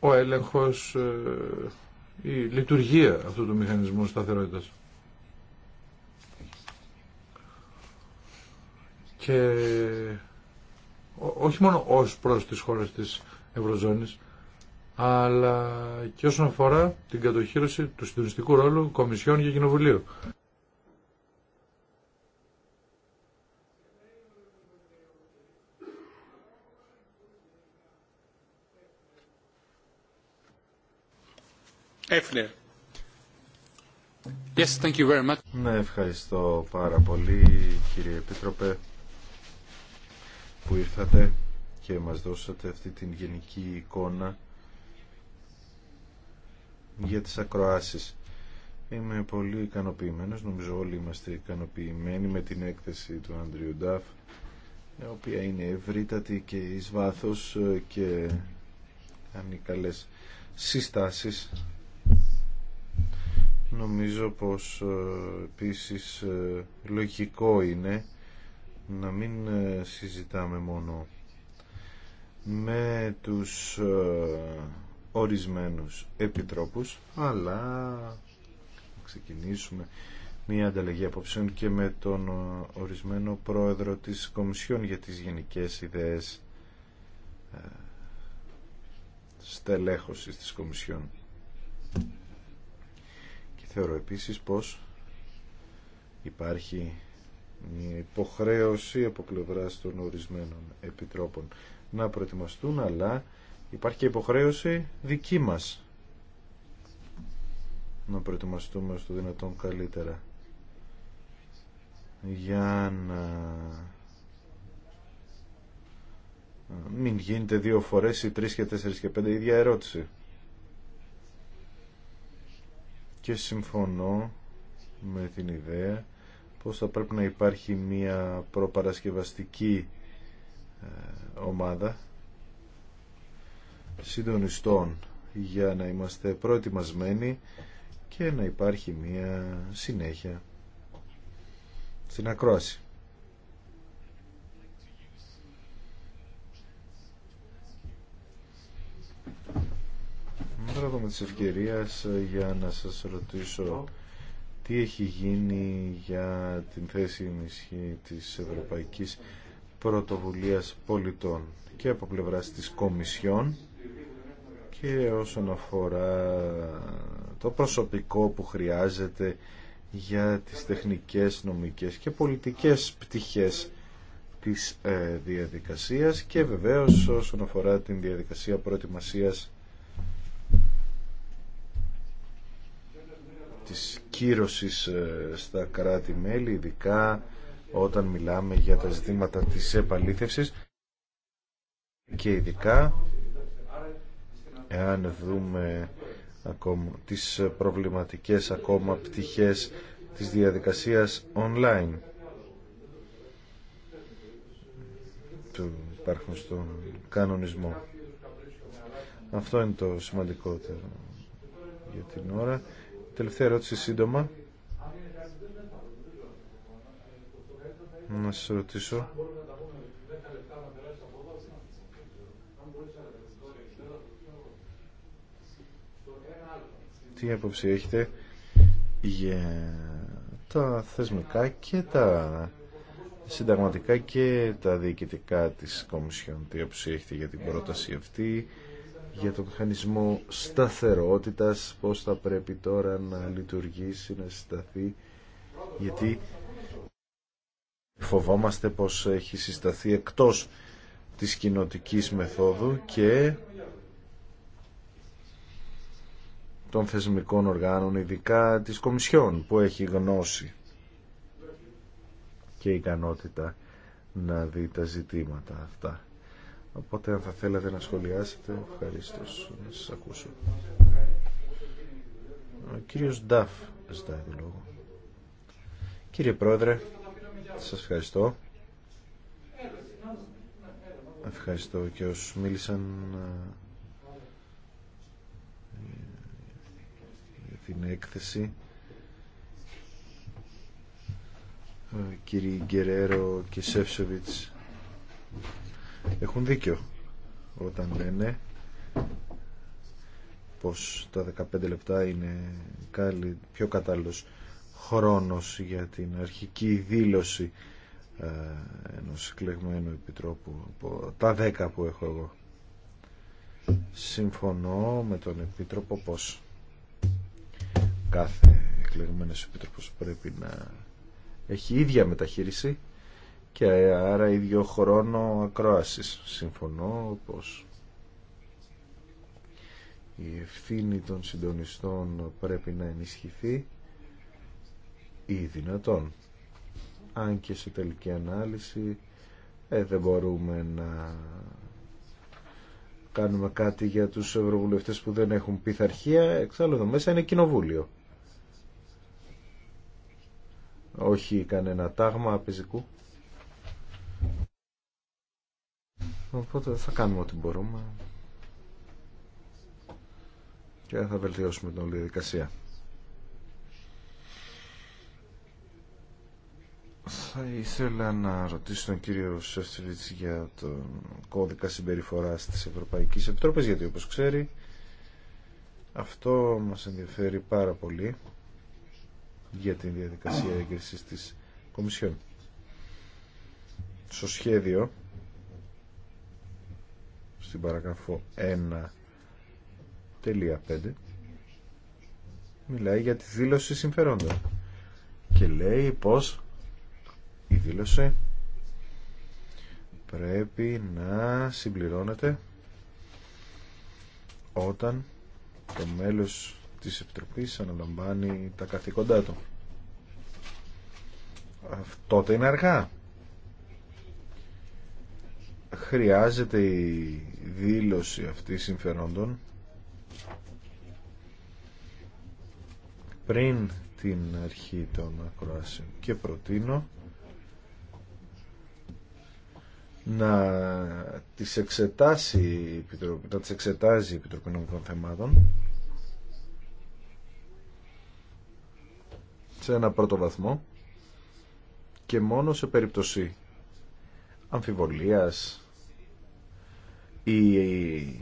Speaker 4: ο έλεγχος, ε, η λειτουργία αυτού του μηχανισμού σταθερότητας. και όχι μόνο ως προς τις χώρες της Ευρωζώνης, αλλά και όσον αφορά την κατοχήρωση του συντονιστικού ρόλου Κομισιόν και Κοινοβουλίου.
Speaker 1: Yes, thank you very much. Ναι, ευχαριστώ πάρα πολύ κύριε Επίτροπε που ήρθατε και μας δώσατε αυτή την γενική εικόνα για τις ακροάσεις. Είμαι πολύ ικανοποιημένος, νομίζω όλοι είμαστε ικανοποιημένοι με την έκθεση του Ανδρίου Νταφ, η οποία είναι ευρύτατη και εις βάθος και κάνει καλές συστάσεις. Νομίζω πως ε, επίσης ε, λογικό είναι να μην ε, συζητάμε μόνο με τους ε, ορισμένους επιτρόπους αλλά να ξεκινήσουμε μια ανταλλαγή απόψεων και με τον ε, ορισμένο πρόεδρο της Κομισιόν για τις γενικές ιδέες στελέχωσης της Κομισιόν και θεωρώ επίσης πως υπάρχει μια υποχρέωση από πλευρά των ορισμένων επιτρόπων να προετοιμαστούν, αλλά υπάρχει και υποχρέωση δική μας να προετοιμαστούμε στο δυνατόν καλύτερα για να μην γίνεται δύο φορές ή τρεις και τέσσερις και πέντε η ίδια ερώτηση. Και συμφωνώ με την ιδέα πως θα πρέπει να υπάρχει μια προπαρασκευαστική ε, ομάδα συντονιστών για να είμαστε προετοιμασμένοι και να υπάρχει μια συνέχεια στην ακρόαση. Μπράβο με τις ευκαιρίες ε, για να σας ρωτήσω τι έχει γίνει για την θέση ενισχύ της Ευρωπαϊκής Πρωτοβουλίας Πολιτών και από πλευράς της Κομισιόν και όσον αφορά το προσωπικό που χρειάζεται για τις τεχνικές, νομικές και πολιτικές πτυχές της ε, διαδικασίας και βεβαίως όσον αφορά την διαδικασία προετοιμασίας της κύρωσης ε, στα κράτη-μέλη, ειδικά όταν μιλάμε για τα ζητήματα της επαλήθευσης και ειδικά εάν δούμε ακόμα, τις προβληματικές ακόμα πτυχές της διαδικασίας online που υπάρχουν στον κανονισμό. Αυτό είναι το σημαντικότερο για την ώρα. Τελευταία ερώτηση σύντομα. Να σας ρωτήσω. Τι άποψη έχετε για τα θεσμικά και τα συνταγματικά και τα διοικητικά της Κομισιόν. Τι άποψη έχετε για την πρόταση αυτή για το μηχανισμό σταθερότητας, πώς θα πρέπει τώρα να λειτουργήσει, να συσταθεί, γιατί φοβόμαστε πως έχει συσταθεί εκτός της κοινοτικής μεθόδου και των θεσμικών οργάνων, ειδικά της Κομισιόν που έχει γνώση και ικανότητα να δει τα ζητήματα αυτά. Οπότε αν θα θέλατε να σχολιάσετε, ευχαριστώ να σας ακούσω. Ο κύριος Νταφ ζητάει το λόγο. Κύριε Πρόεδρε, σας ευχαριστώ. Ευχαριστώ και όσους μίλησαν ε, για την έκθεση. Ε, Κύριοι Γκερέρο και Σεύσοβιτς έχουν δίκιο όταν λένε πως τα 15 λεπτά είναι πιο κατάλληλος χρόνος για την αρχική δήλωση ε, ενός εκλεγμένου επιτρόπου από τα 10 που έχω εγώ. Συμφωνώ με τον Επίτροπο πως κάθε εκλεγμένος Επίτροπος πρέπει να έχει ίδια μεταχείριση και άρα ίδιο χρόνο ακρόασης. Συμφωνώ πως η ευθύνη των συντονιστών πρέπει να ενισχυθεί ή δυνατόν. Αν και σε τελική ανάλυση ε, δεν μπορούμε να κάνουμε κάτι για τους ευρωβουλευτές που δεν έχουν πειθαρχία, εξάλλου εδώ μέσα είναι κοινοβούλιο. Όχι κανένα τάγμα πεζικού. Οπότε θα κάνουμε ό,τι μπορούμε και θα βελτιώσουμε την όλη διαδικασία. Θα ήθελα να ρωτήσω τον κύριο Σεφτσεβίτς για τον κώδικα συμπεριφοράς της Ευρωπαϊκής Επιτροπής γιατί όπως ξέρει αυτό μας ενδιαφέρει πάρα πολύ για την διαδικασία έγκρισης της Κομισιόν. Στο σχέδιο στην παραγραφό 1.5 μιλάει για τη δήλωση συμφερόντων και λέει πως η δήλωση πρέπει να συμπληρώνεται όταν το μέλος της Επιτροπής αναλαμβάνει τα καθήκοντά του. Αυτό είναι αργά. Χρειάζεται δήλωση αυτή συμφερόντων πριν την αρχή των ακροάσεων και προτείνω να τις, εξετάσει, να τις εξετάζει η Επιτροπή Νομικών Θεμάτων σε ένα πρώτο βαθμό και μόνο σε περίπτωση αμφιβολίας ή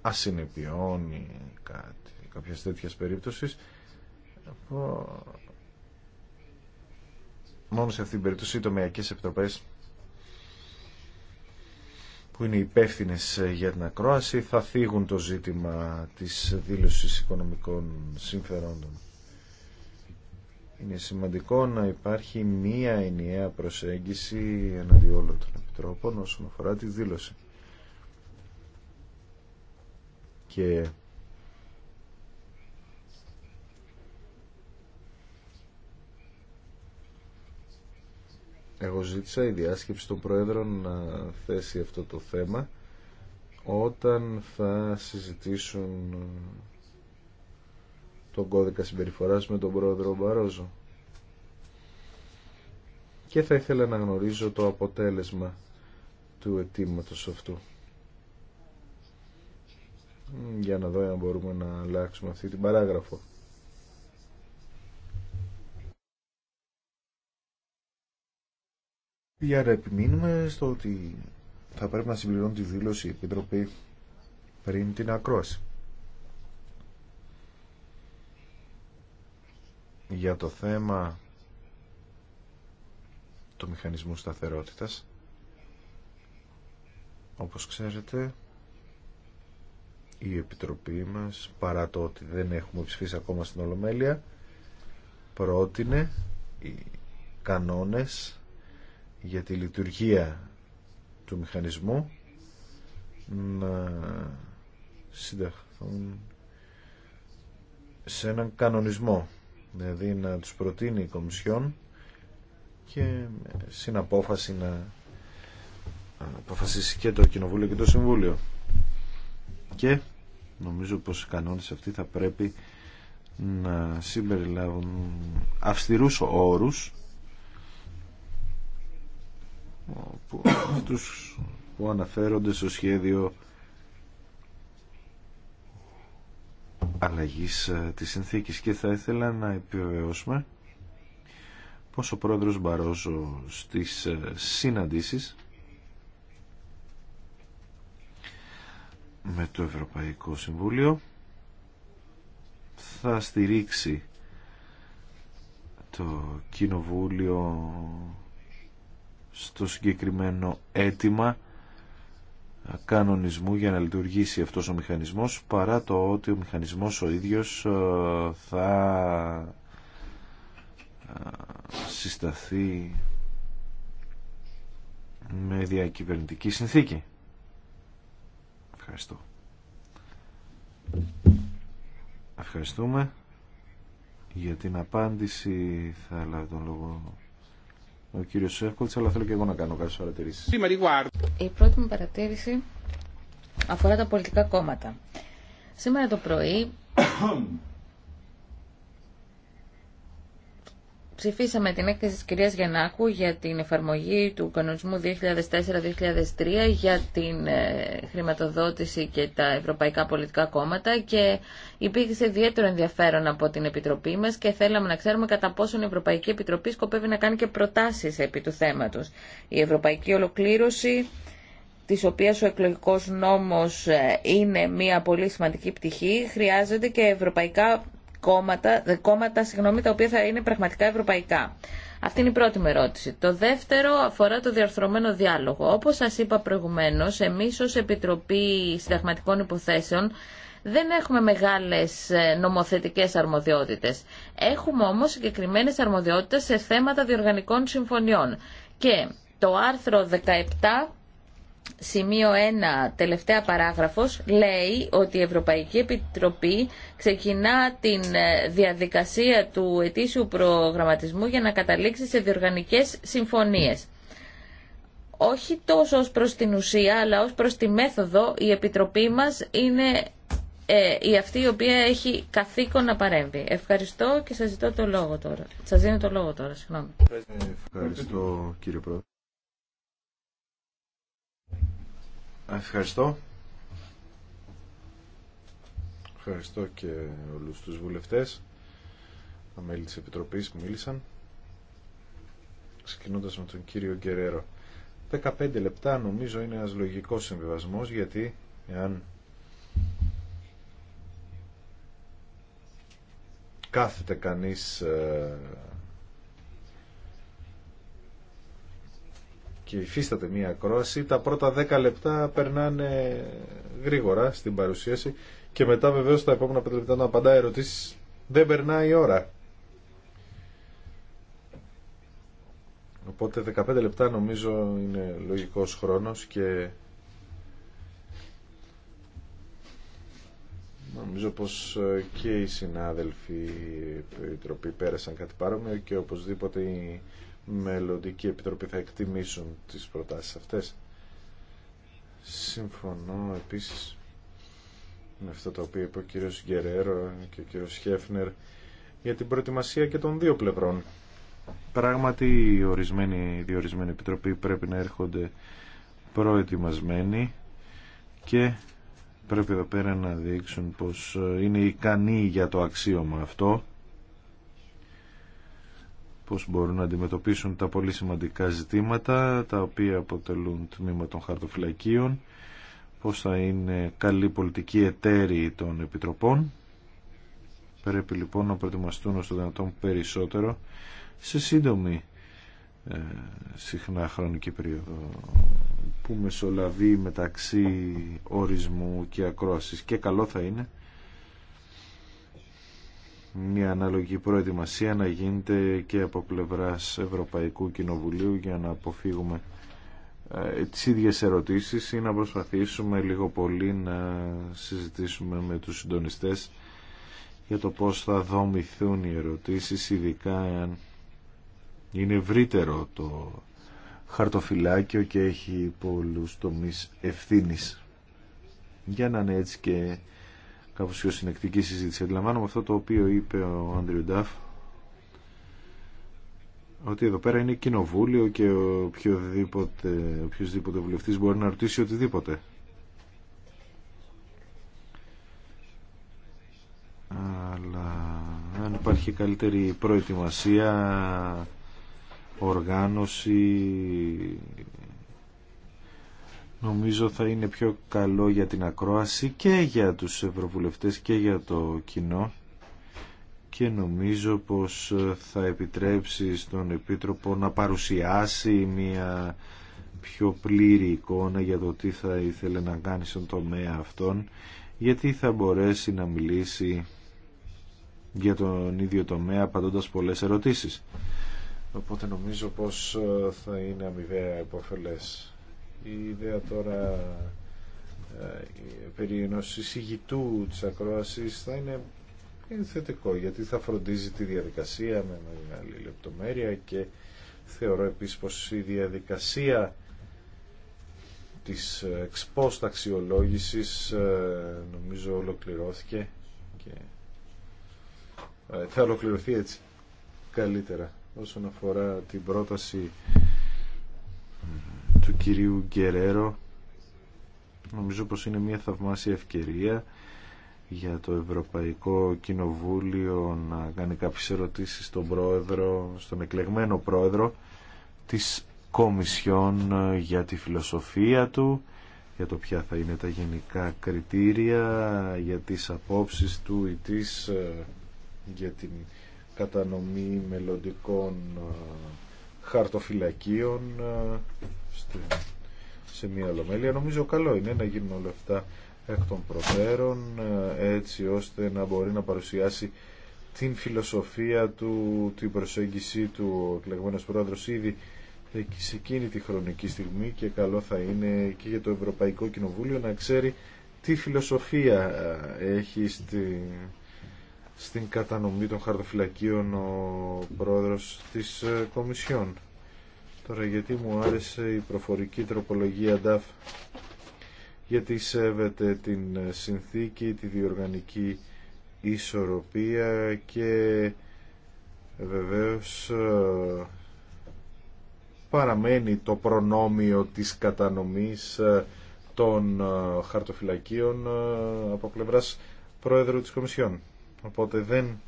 Speaker 1: ασυνεπιών ή κάτι, κάποιες τέτοιες περίπτωσης μόνο σε αυτή την περίπτωση οι τομεακές επιτροπές που είναι υπεύθυνε για την ακρόαση θα θίγουν το ζήτημα της δήλωσης οικονομικών συμφερόντων. Είναι σημαντικό να υπάρχει μία ενιαία προσέγγιση εναντί όλων των επιτρόπων όσον αφορά τη δήλωση. και εγώ ζήτησα η διάσκεψη των Προέδρων να θέσει αυτό το θέμα όταν θα συζητήσουν τον κώδικα συμπεριφοράς με τον Πρόεδρο Μπαρόζο και θα ήθελα να γνωρίζω το αποτέλεσμα του ετήματος αυτού για να δω αν μπορούμε να αλλάξουμε αυτή την παράγραφο. Για να επιμείνουμε στο ότι θα πρέπει να συμπληρώνει τη δήλωση η Επιτροπή πριν την ακρόση. Για το θέμα του μηχανισμού σταθερότητας, όπως ξέρετε, η Επιτροπή μας, παρά το ότι δεν έχουμε ψηφίσει ακόμα στην Ολομέλεια, πρότεινε οι κανόνες για τη λειτουργία του μηχανισμού να συνταχθούν σε έναν κανονισμό δηλαδή να τους προτείνει η Κομισιόν και συναπόφαση να αποφασίσει και το Κοινοβούλιο και το Συμβούλιο και Νομίζω πως οι κανόνες αυτοί θα πρέπει να συμπεριλάβουν αυστηρούς όρους που, αυτούς που αναφέρονται στο σχέδιο αλλαγής ε, της συνθήκης και θα ήθελα να επιβεβαιώσουμε πως ο πρόεδρος Μπαρόζο στις ε, συναντήσεις με το Ευρωπαϊκό Συμβούλιο θα στηρίξει το Κοινοβούλιο στο συγκεκριμένο αίτημα κανονισμού για να λειτουργήσει αυτός ο μηχανισμός παρά το ότι ο μηχανισμός ο ίδιος ε, θα ε, συσταθεί με διακυβερνητική συνθήκη. Ευχαριστώ. Ευχαριστούμε. Για την απάντηση θα λάβει τον λόγο ο κύριο Σεύκολτς, αλλά θέλω και εγώ να κάνω κάποιες παρατηρήσεις.
Speaker 2: Η πρώτη μου παρατήρηση αφορά τα πολιτικά κόμματα. Σήμερα το πρωί Ψηφίσαμε την έκθεση της κυρίας Γεννάκου για την εφαρμογή του κανονισμού 2004-2003 για την ε, χρηματοδότηση και τα ευρωπαϊκά πολιτικά κόμματα και υπήρξε ιδιαίτερο ενδιαφέρον από την Επιτροπή μας και θέλαμε να ξέρουμε κατά πόσον η Ευρωπαϊκή Επιτροπή σκοπεύει να κάνει και προτάσεις επί του θέματος. Η Ευρωπαϊκή Ολοκλήρωση της οποίας ο εκλογικός νόμος ε, είναι μια πολύ σημαντική πτυχή, χρειάζεται και ευρωπαϊκά κόμματα, κόμματα συγγνώμη, τα οποία θα είναι πραγματικά ευρωπαϊκά. Αυτή είναι η πρώτη με ερώτηση. Το δεύτερο αφορά το διαρθρωμένο διάλογο. Όπως σας είπα προηγουμένως, εμείς ως Επιτροπή Συνταγματικών Υποθέσεων δεν έχουμε μεγάλες ε, νομοθετικές αρμοδιότητες. Έχουμε όμως συγκεκριμένες αρμοδιότητες σε θέματα διοργανικών συμφωνιών. Και το άρθρο 17 σημείο 1, τελευταία παράγραφος, λέει ότι η Ευρωπαϊκή Επιτροπή ξεκινά τη ε, διαδικασία του ετήσιου προγραμματισμού για να καταλήξει σε διοργανικές συμφωνίες. Όχι τόσο ως προς την ουσία, αλλά ως προς τη μέθοδο, η Επιτροπή μας είναι ε, η αυτή η οποία έχει καθήκον να παρέμβει. Ευχαριστώ και σας ζητώ το λόγο τώρα. Σας δίνω το λόγο τώρα, συγγνώμη.
Speaker 1: Ευχαριστώ κύριε Πρόεδρε. Ευχαριστώ. Ευχαριστώ και όλους τους βουλευτές, τα μέλη της Επιτροπής που μίλησαν. Ξεκινώντας με τον κύριο Γκερέρο. 15 λεπτά νομίζω είναι ένας λογικός συμβιβασμός γιατί εάν κάθεται κανείς ε, και υφίσταται μία ακρόαση, τα πρώτα δέκα λεπτά περνάνε γρήγορα στην παρουσίαση και μετά βεβαίως τα επόμενα πέντε λεπτά να απαντά ερωτήσει δεν περνάει η ώρα. Οπότε 15 λεπτά νομίζω είναι λογικός χρόνος και Νομίζω πως ε, και οι συνάδελφοι του Επιτροπή πέρασαν κάτι παρόμοιο και οπωσδήποτε μελλοντική επιτροπή θα εκτιμήσουν τις προτάσεις αυτές. Συμφωνώ επίσης με αυτό το οποίο είπε ο κύριος Γκερέρο και ο κύριος Χέφνερ για την προετοιμασία και των δύο πλευρών. Πράγματι, οι ορισμένοι, οι διορισμένοι επιτροποί πρέπει να έρχονται προετοιμασμένοι και πρέπει εδώ πέρα να δείξουν πως είναι ικανοί για το αξίωμα αυτό πώς μπορούν να αντιμετωπίσουν τα πολύ σημαντικά ζητήματα τα οποία αποτελούν τμήμα των χαρτοφυλακίων, πώς θα είναι καλή πολιτική εταίροι των επιτροπών. Πρέπει λοιπόν να προετοιμαστούν το δυνατόν περισσότερο σε σύντομη ε, συχνά χρονική περίοδο που μεσολαβεί μεταξύ ορισμού και ακρόασης και καλό θα είναι μια αναλογική προετοιμασία να γίνεται και από πλευράς Ευρωπαϊκού Κοινοβουλίου για να αποφύγουμε ε, τις ίδιες ερωτήσεις ή να προσπαθήσουμε λίγο πολύ να συζητήσουμε με τους συντονιστές για το πώς θα δομηθούν οι ερωτήσεις ειδικά αν είναι ευρύτερο το χαρτοφυλάκιο και έχει πολλούς τομείς ευθύνης για να είναι έτσι και όπως πιο συνεκτική συζήτηση. Αντιλαμβάνομαι αυτό το οποίο είπε ο Άντριου Ντάφ, ότι εδώ πέρα είναι κοινοβούλιο και ο οποιοδήποτε, οποιοδήποτε βουλευτής μπορεί να ρωτήσει οτιδήποτε. Αλλά αν υπάρχει καλύτερη προετοιμασία, οργάνωση, νομίζω θα είναι πιο καλό για την ακρόαση και για τους ευρωβουλευτές και για το κοινό και νομίζω πως θα επιτρέψει στον Επίτροπο να παρουσιάσει μια πιο πλήρη εικόνα για το τι θα ήθελε να κάνει στον τομέα αυτόν γιατί θα μπορέσει να μιλήσει για τον ίδιο τομέα απαντώντας πολλές ερωτήσεις. Οπότε νομίζω πως θα είναι αμοιβαία υποφελές η ιδέα τώρα ε, περί ενός εισηγητού της ακρόασης θα είναι θετικό γιατί θα φροντίζει τη διαδικασία με μεγάλη λεπτομέρεια και θεωρώ επίσης πως η διαδικασία της εξπόστα αξιολόγησης ε, νομίζω ολοκληρώθηκε και ε, θα ολοκληρωθεί έτσι καλύτερα όσον αφορά την πρόταση του κυρίου Γκερέρο νομίζω πως είναι μια θαυμάσια ευκαιρία για το Ευρωπαϊκό Κοινοβούλιο να κάνει κάποιες ερωτήσεις στον πρόεδρο, στον εκλεγμένο πρόεδρο της Κομισιόν για τη φιλοσοφία του, για το ποια θα είναι τα γενικά κριτήρια, για τις απόψεις του ή της, ε, για την κατανομή μελλοντικών ε, χαρτοφυλακίων ε, σε μια ολομέλεια. Νομίζω καλό είναι να γίνουν όλα αυτά εκ των προτέρων ε, έτσι ώστε να μπορεί να παρουσιάσει την φιλοσοφία του, την προσέγγιση του ο εκλεγμένος πρόεδρος ήδη σε εκείνη τη χρονική στιγμή και καλό θα είναι και για το Ευρωπαϊκό Κοινοβούλιο να ξέρει τι φιλοσοφία ε, έχει στην στην κατανομή των χαρτοφυλακίων ο πρόεδρος της ε, Κομισιόν. Τώρα γιατί μου άρεσε η προφορική τροπολογία DAF γιατί σέβεται την ε, συνθήκη, τη διοργανική ισορροπία και ε, βεβαίως παραμένει το προνόμιο της κατανομής των χαρτοφυλακίων από πλευράς Πρόεδρου της Κομισιόν. Οπότε δεν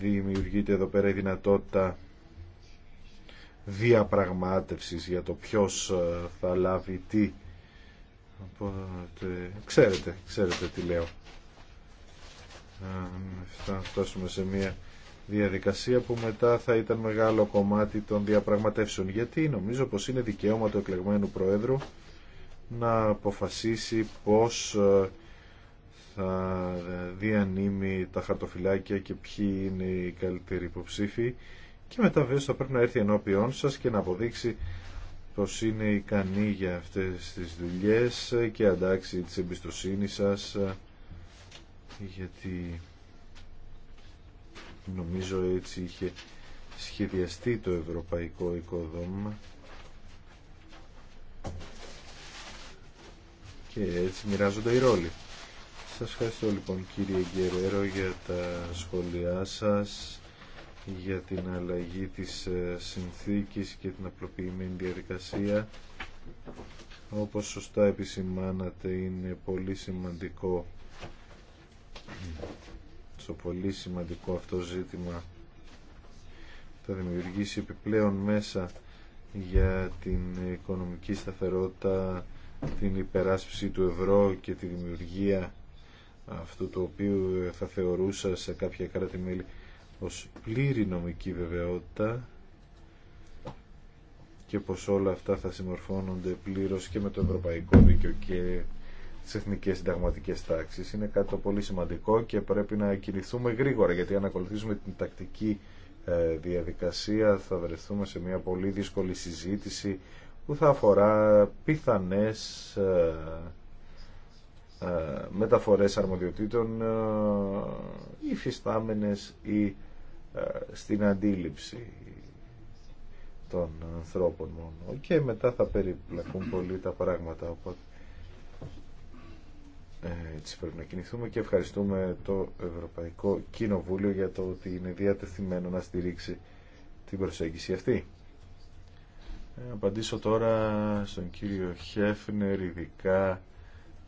Speaker 1: δημιουργείται εδώ πέρα η δυνατότητα διαπραγμάτευσης για το ποιος ε, θα λάβει τι. Οπότε, ξέρετε, ξέρετε τι λέω. Θα φτάσουμε σε μια διαδικασία που μετά θα ήταν μεγάλο κομμάτι των διαπραγματεύσεων. Γιατί νομίζω πως είναι δικαίωμα του εκλεγμένου Προέδρου να αποφασίσει πως ε, θα διανύμει τα χαρτοφυλάκια και ποιοι είναι οι καλύτεροι υποψήφοι και μετά βέβαια θα πρέπει να έρθει ενώπιόν σας και να αποδείξει πως είναι ικανή για αυτές τις δουλειές και αντάξει της εμπιστοσύνη σας γιατί νομίζω έτσι είχε σχεδιαστεί το ευρωπαϊκό οικοδόμημα και έτσι μοιράζονται οι ρόλοι. Σας ευχαριστώ λοιπόν κύριε Γκερέρο για τα σχόλιά σας για την αλλαγή της ε, συνθήκης και την απλοποιημένη διαδικασία. Όπως σωστά επισημάνατε είναι πολύ σημαντικό στο πολύ σημαντικό αυτό ζήτημα θα δημιουργήσει επιπλέον μέσα για την οικονομική σταθερότητα, την υπεράσπιση του ευρώ και τη δημιουργία αυτού το οποίο θα θεωρούσα σε κάποια κράτη-μέλη ως πλήρη νομική βεβαιότητα και πως όλα αυτά θα συμμορφώνονται πλήρως και με το ευρωπαϊκό δίκαιο και τις εθνικές συνταγματικές τάξεις είναι κάτι το πολύ σημαντικό και πρέπει να κινηθούμε γρήγορα γιατί αν ακολουθήσουμε την τακτική ε, διαδικασία θα βρεθούμε σε μια πολύ δύσκολη συζήτηση που θα αφορά πιθανές ε, ε, μεταφορές αρμοδιοτήτων ε, φυστάμενες ή ε, στην αντίληψη των ανθρώπων μόνο και μετά θα περιπλακούν πολύ τα πράγματα οπότε έτσι πρέπει να κινηθούμε και ευχαριστούμε το Ευρωπαϊκό Κοινοβούλιο για το ότι είναι διατεθειμένο να στηρίξει την προσέγγιση αυτή. Ε, απαντήσω τώρα στον κύριο Χέφνερ ειδικά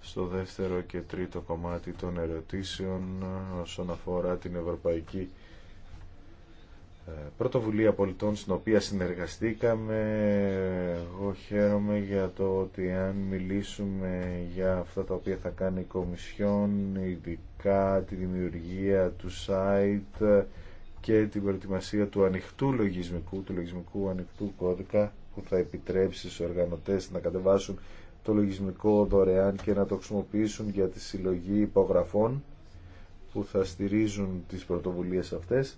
Speaker 1: στο δεύτερο και τρίτο κομμάτι των ερωτήσεων όσον αφορά την Ευρωπαϊκή ε, Πρωτοβουλία Πολιτών στην οποία συνεργαστήκαμε. Εγώ χαίρομαι για το ότι αν μιλήσουμε για αυτά τα οποία θα κάνει η Κομισιόν, ειδικά τη δημιουργία του site και την προετοιμασία του ανοιχτού λογισμικού, του λογισμικού ανοιχτού κώδικα που θα επιτρέψει στους οργανωτές να κατεβάσουν το λογισμικό δωρεάν και να το χρησιμοποιήσουν για τη συλλογή υπογραφών που θα στηρίζουν τις πρωτοβουλίες αυτές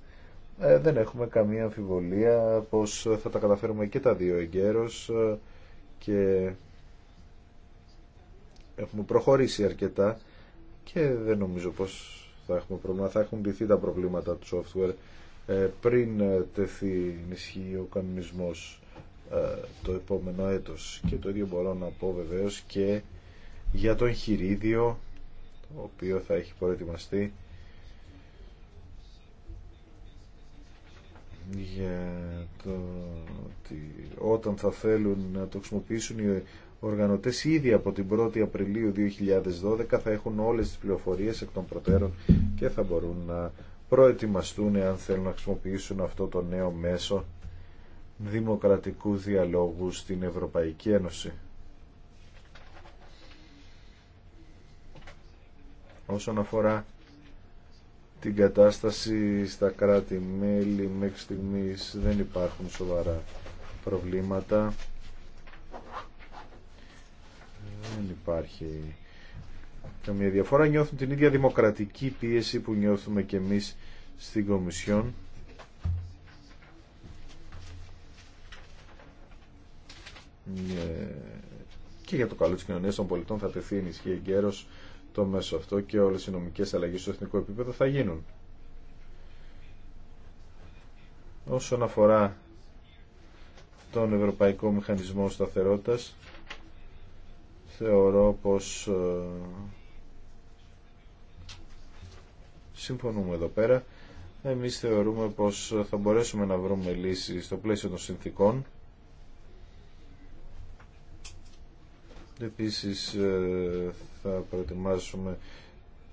Speaker 1: ε, δεν έχουμε καμία αμφιβολία πως θα τα καταφέρουμε και τα δύο εγκαίρως ε, και έχουμε προχωρήσει αρκετά και δεν νομίζω πως θα έχουμε πρόβλημα. Θα έχουν λυθεί τα προβλήματα του software ε, πριν τεθεί ενισχύει ο κανονισμός ε, το επόμενο έτος και το ίδιο μπορώ να πω βεβαίως και για το εγχειρίδιο το οποίο θα έχει προετοιμαστεί για το ότι όταν θα θέλουν να το χρησιμοποιήσουν οι οργανωτές ήδη από την 1η Απριλίου 2012 θα έχουν όλες τις πληροφορίες εκ των προτέρων και θα μπορούν να προετοιμαστούν αν θέλουν να χρησιμοποιήσουν αυτό το νέο μέσο δημοκρατικού διαλόγου στην Ευρωπαϊκή Ένωση. Όσον αφορά την κατάσταση στα κράτη-μέλη μέχρι στιγμής δεν υπάρχουν σοβαρά προβλήματα. Δεν υπάρχει καμία διαφορά. Νιώθουν την ίδια δημοκρατική πίεση που νιώθουμε και εμείς στην Κομισιόν. Ναι. και για το καλό τη κοινωνία των πολιτών θα τεθεί ενισχύ εγκαίρω το μέσο αυτό και όλες οι νομικέ αλλαγέ στο εθνικό επίπεδο θα γίνουν. Όσον αφορά τον Ευρωπαϊκό Μηχανισμό Σταθερότητας, θεωρώ πως ε, συμφωνούμε εδώ πέρα. Εμείς θεωρούμε πως θα μπορέσουμε να βρούμε λύση στο πλαίσιο των συνθήκων Επίσης ε, θα προετοιμάσουμε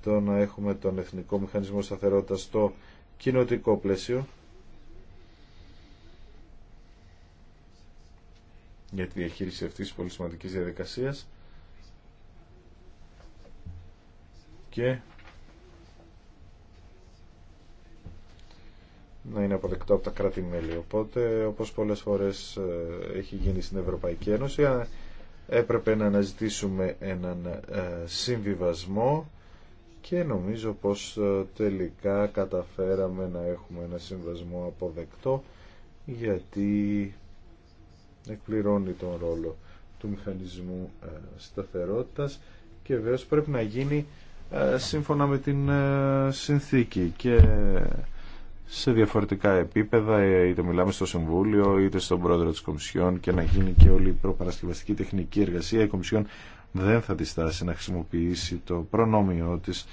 Speaker 1: το να έχουμε τον Εθνικό Μηχανισμό σταθερότητα στο κοινοτικό πλαίσιο για τη διαχείριση αυτής της πολύ σημαντικής διαδικασίας και να είναι αποδεκτό από τα κράτη-μέλη. Οπότε, όπως πολλές φορές ε, έχει γίνει στην Ευρωπαϊκή Ένωση, έπρεπε να αναζητήσουμε έναν ε, συμβιβασμό και νομίζω πως ε, τελικά καταφέραμε να έχουμε ένα συμβασμό αποδεκτό γιατί εκπληρώνει τον ρόλο του μηχανισμού ε, σταθερότητας και βέβαια πρέπει να γίνει σύμφωνα με την συνθήκη και σε διαφορετικά επίπεδα, είτε μιλάμε στο Συμβούλιο, είτε στον Πρόεδρο τη Κομισιόν και να γίνει και όλη η προπαρασκευαστική τεχνική εργασία. Η Κομισιόν δεν θα διστάσει να χρησιμοποιήσει το προνόμιο της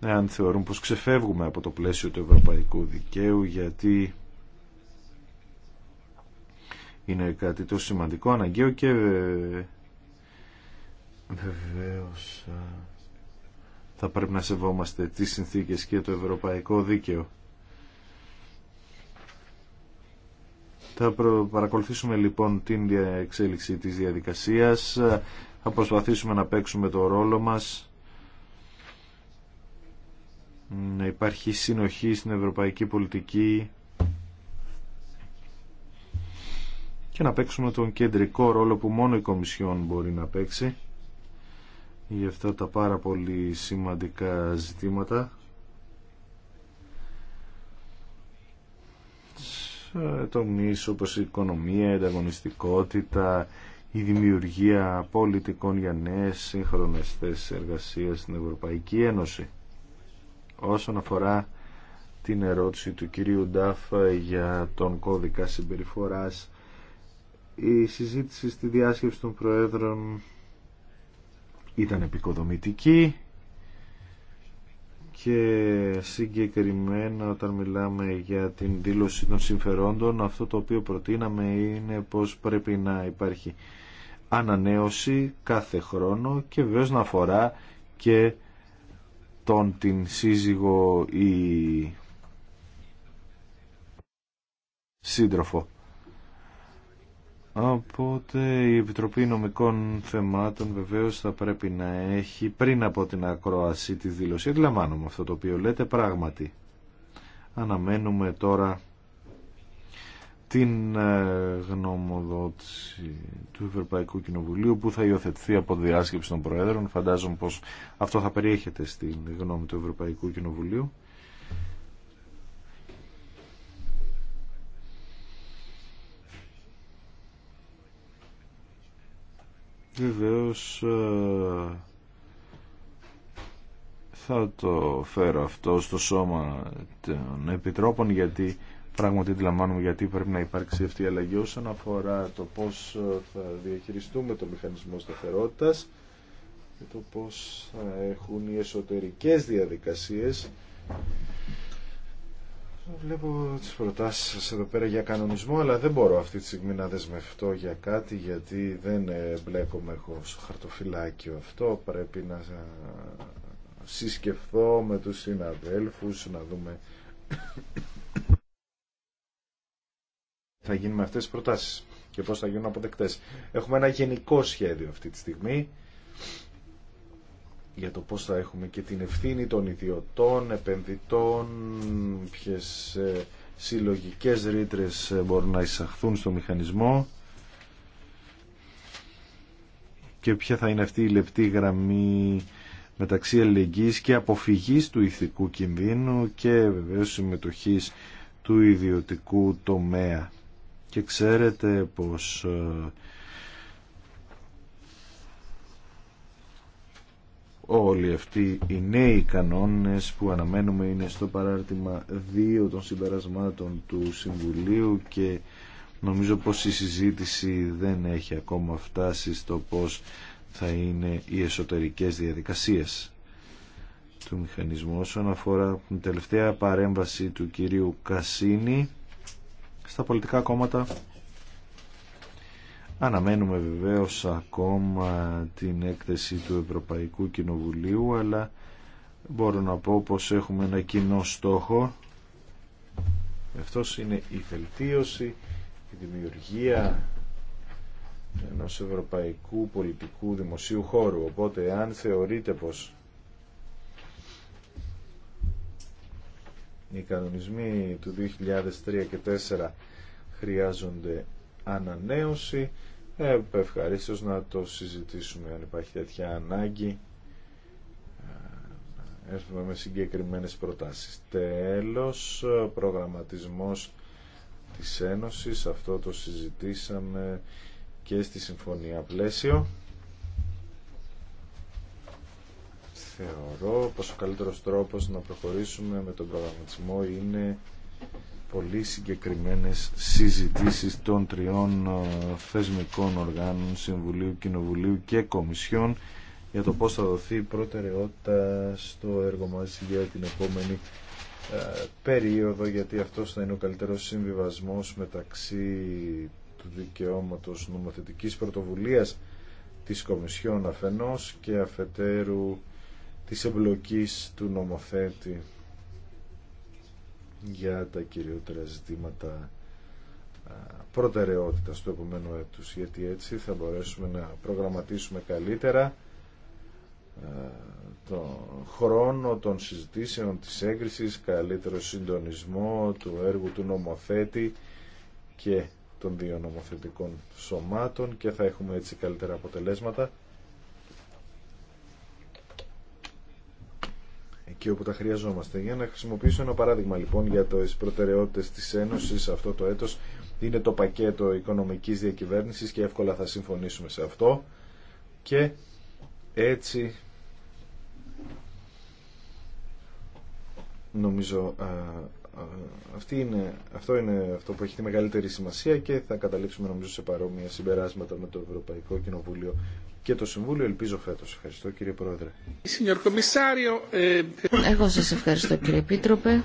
Speaker 1: αν θεωρούν πω ξεφεύγουμε από το πλαίσιο του ευρωπαϊκού δικαίου γιατί είναι κάτι το σημαντικό, αναγκαίο και ε, βεβαίω ε, θα πρέπει να σεβόμαστε τις συνθήκες και το ευρωπαϊκό δίκαιο. Θα παρακολουθήσουμε λοιπόν την εξέλιξη της διαδικασίας. Θα προσπαθήσουμε να παίξουμε το ρόλο μας. Να υπάρχει συνοχή στην ευρωπαϊκή πολιτική και να παίξουμε τον κεντρικό ρόλο που μόνο η Κομισιόν μπορεί να παίξει για αυτά τα πάρα πολύ σημαντικά ζητήματα τομείς όπως η οικονομία, η ανταγωνιστικότητα, η δημιουργία πολιτικών για νέες σύγχρονες εργασίας στην Ευρωπαϊκή Ένωση. Όσον αφορά την ερώτηση του κυρίου Ντάφα για τον κώδικα συμπεριφοράς, η συζήτηση στη διάσκεψη των Προέδρων ήταν επικοδομητική και συγκεκριμένα όταν μιλάμε για την δήλωση των συμφερόντων αυτό το οποίο προτείναμε είναι πως πρέπει να υπάρχει ανανέωση κάθε χρόνο και βεβαίω να αφορά και τον την σύζυγο ή σύντροφο. Οπότε η Επιτροπή Νομικών Θεμάτων βεβαίως θα πρέπει να έχει πριν από την ακρόαση τη δήλωση. Εγκλαμβάνουμε αυτό το οποίο λέτε πράγματι. Αναμένουμε τώρα την ε, γνωμοδότηση του Ευρωπαϊκού Κοινοβουλίου που θα υιοθετηθεί από διάσκεψη των Προέδρων. Φαντάζομαι πως αυτό θα περιέχεται στην γνώμη του Ευρωπαϊκού Κοινοβουλίου. Βεβαίως ε, θα το φέρω αυτό στο σώμα των επιτρόπων γιατί πράγματι αντιλαμβάνουμε γιατί πρέπει να υπάρξει αυτή η αλλαγή όσον αφορά το πώς ε, θα διαχειριστούμε το μηχανισμό σταθερότητας και το πώς θα έχουν οι εσωτερικές διαδικασίες Βλέπω τις προτάσεις σας εδώ πέρα για κανονισμό, αλλά δεν μπορώ αυτή τη στιγμή να δεσμευτώ για κάτι, γιατί δεν μπλέκομαι εγώ στο χαρτοφυλάκιο αυτό. Πρέπει να συσκεφθώ με τους συναδέλφους, να δούμε... θα γίνουν αυτές τις προτάσεις και πώς θα γίνουν αποδεκτές. Έχουμε ένα γενικό σχέδιο αυτή τη στιγμή για το πώς θα έχουμε και την ευθύνη των ιδιωτών, επενδυτών, ποιες ε, συλλογικές ρήτρε ε, μπορούν να εισαχθούν στο μηχανισμό και ποια θα είναι αυτή η λεπτή γραμμή μεταξύ ελεγγύης και αποφυγής του ηθικού κινδύνου και βεβαίως συμμετοχής του ιδιωτικού τομέα. Και ξέρετε πως ε, όλοι αυτοί οι νέοι κανόνες που αναμένουμε είναι στο παράρτημα 2 των συμπερασμάτων του Συμβουλίου και νομίζω πως η συζήτηση δεν έχει ακόμα φτάσει στο πως θα είναι οι εσωτερικές διαδικασίες του μηχανισμού όσον αφορά την τελευταία παρέμβαση του κυρίου Κασίνη στα πολιτικά κόμματα Αναμένουμε βεβαίως ακόμα την έκθεση του Ευρωπαϊκού Κοινοβουλίου, αλλά μπορώ να πω πως έχουμε ένα κοινό στόχο. Αυτός είναι η φελτίωση, η δημιουργία ενός ευρωπαϊκού πολιτικού δημοσίου χώρου. Οπότε, αν θεωρείτε πως οι κανονισμοί του 2003 και 2004 χρειάζονται ανανέωση, ε, ευχαρίστω να το συζητήσουμε αν υπάρχει τέτοια ανάγκη. Ε, έρθουμε με συγκεκριμένες προτάσεις. Τέλος, προγραμματισμός της Ένωσης. Αυτό το συζητήσαμε και στη Συμφωνία Πλαίσιο. Θεωρώ πως ο καλύτερος τρόπος να προχωρήσουμε με τον προγραμματισμό είναι πολύ συγκεκριμένες συζητήσεις των τριών ε, θεσμικών οργάνων Συμβουλίου, Κοινοβουλίου και Κομισιών για το πώς θα δοθεί προτεραιότητα στο έργο μας για την επόμενη ε, περίοδο γιατί αυτός θα είναι ο καλύτερος συμβιβασμός μεταξύ του δικαιώματος νομοθετικής πρωτοβουλίας της Κομισιόν αφενός και αφετέρου της εμπλοκής του νομοθέτη για τα κυριότερα ζητήματα προτεραιότητα του επόμενου έτους γιατί έτσι θα μπορέσουμε να προγραμματίσουμε καλύτερα τον χρόνο των συζητήσεων της έγκρισης, καλύτερο συντονισμό του έργου του νομοθέτη και των δύο νομοθετικών σωμάτων και θα έχουμε έτσι καλύτερα αποτελέσματα εκεί όπου τα χρειαζόμαστε. Για να χρησιμοποιήσω ένα παράδειγμα λοιπόν για τι προτεραιότητε της Ένωσης αυτό το έτο είναι το πακέτο οικονομικής διακυβέρνηση και εύκολα θα συμφωνήσουμε σε αυτό και έτσι νομίζω είναι, αυτό είναι αυτό που έχει τη μεγαλύτερη σημασία και θα καταλήξουμε νομίζω σε παρόμοια συμπεράσματα με το Ευρωπαϊκό Κοινοβούλιο και το Συμβούλιο ελπίζω φέτος. Ευχαριστώ κύριε Πρόεδρε.
Speaker 2: Ε, Εγώ σας ευχαριστώ κύριε Επίτροπε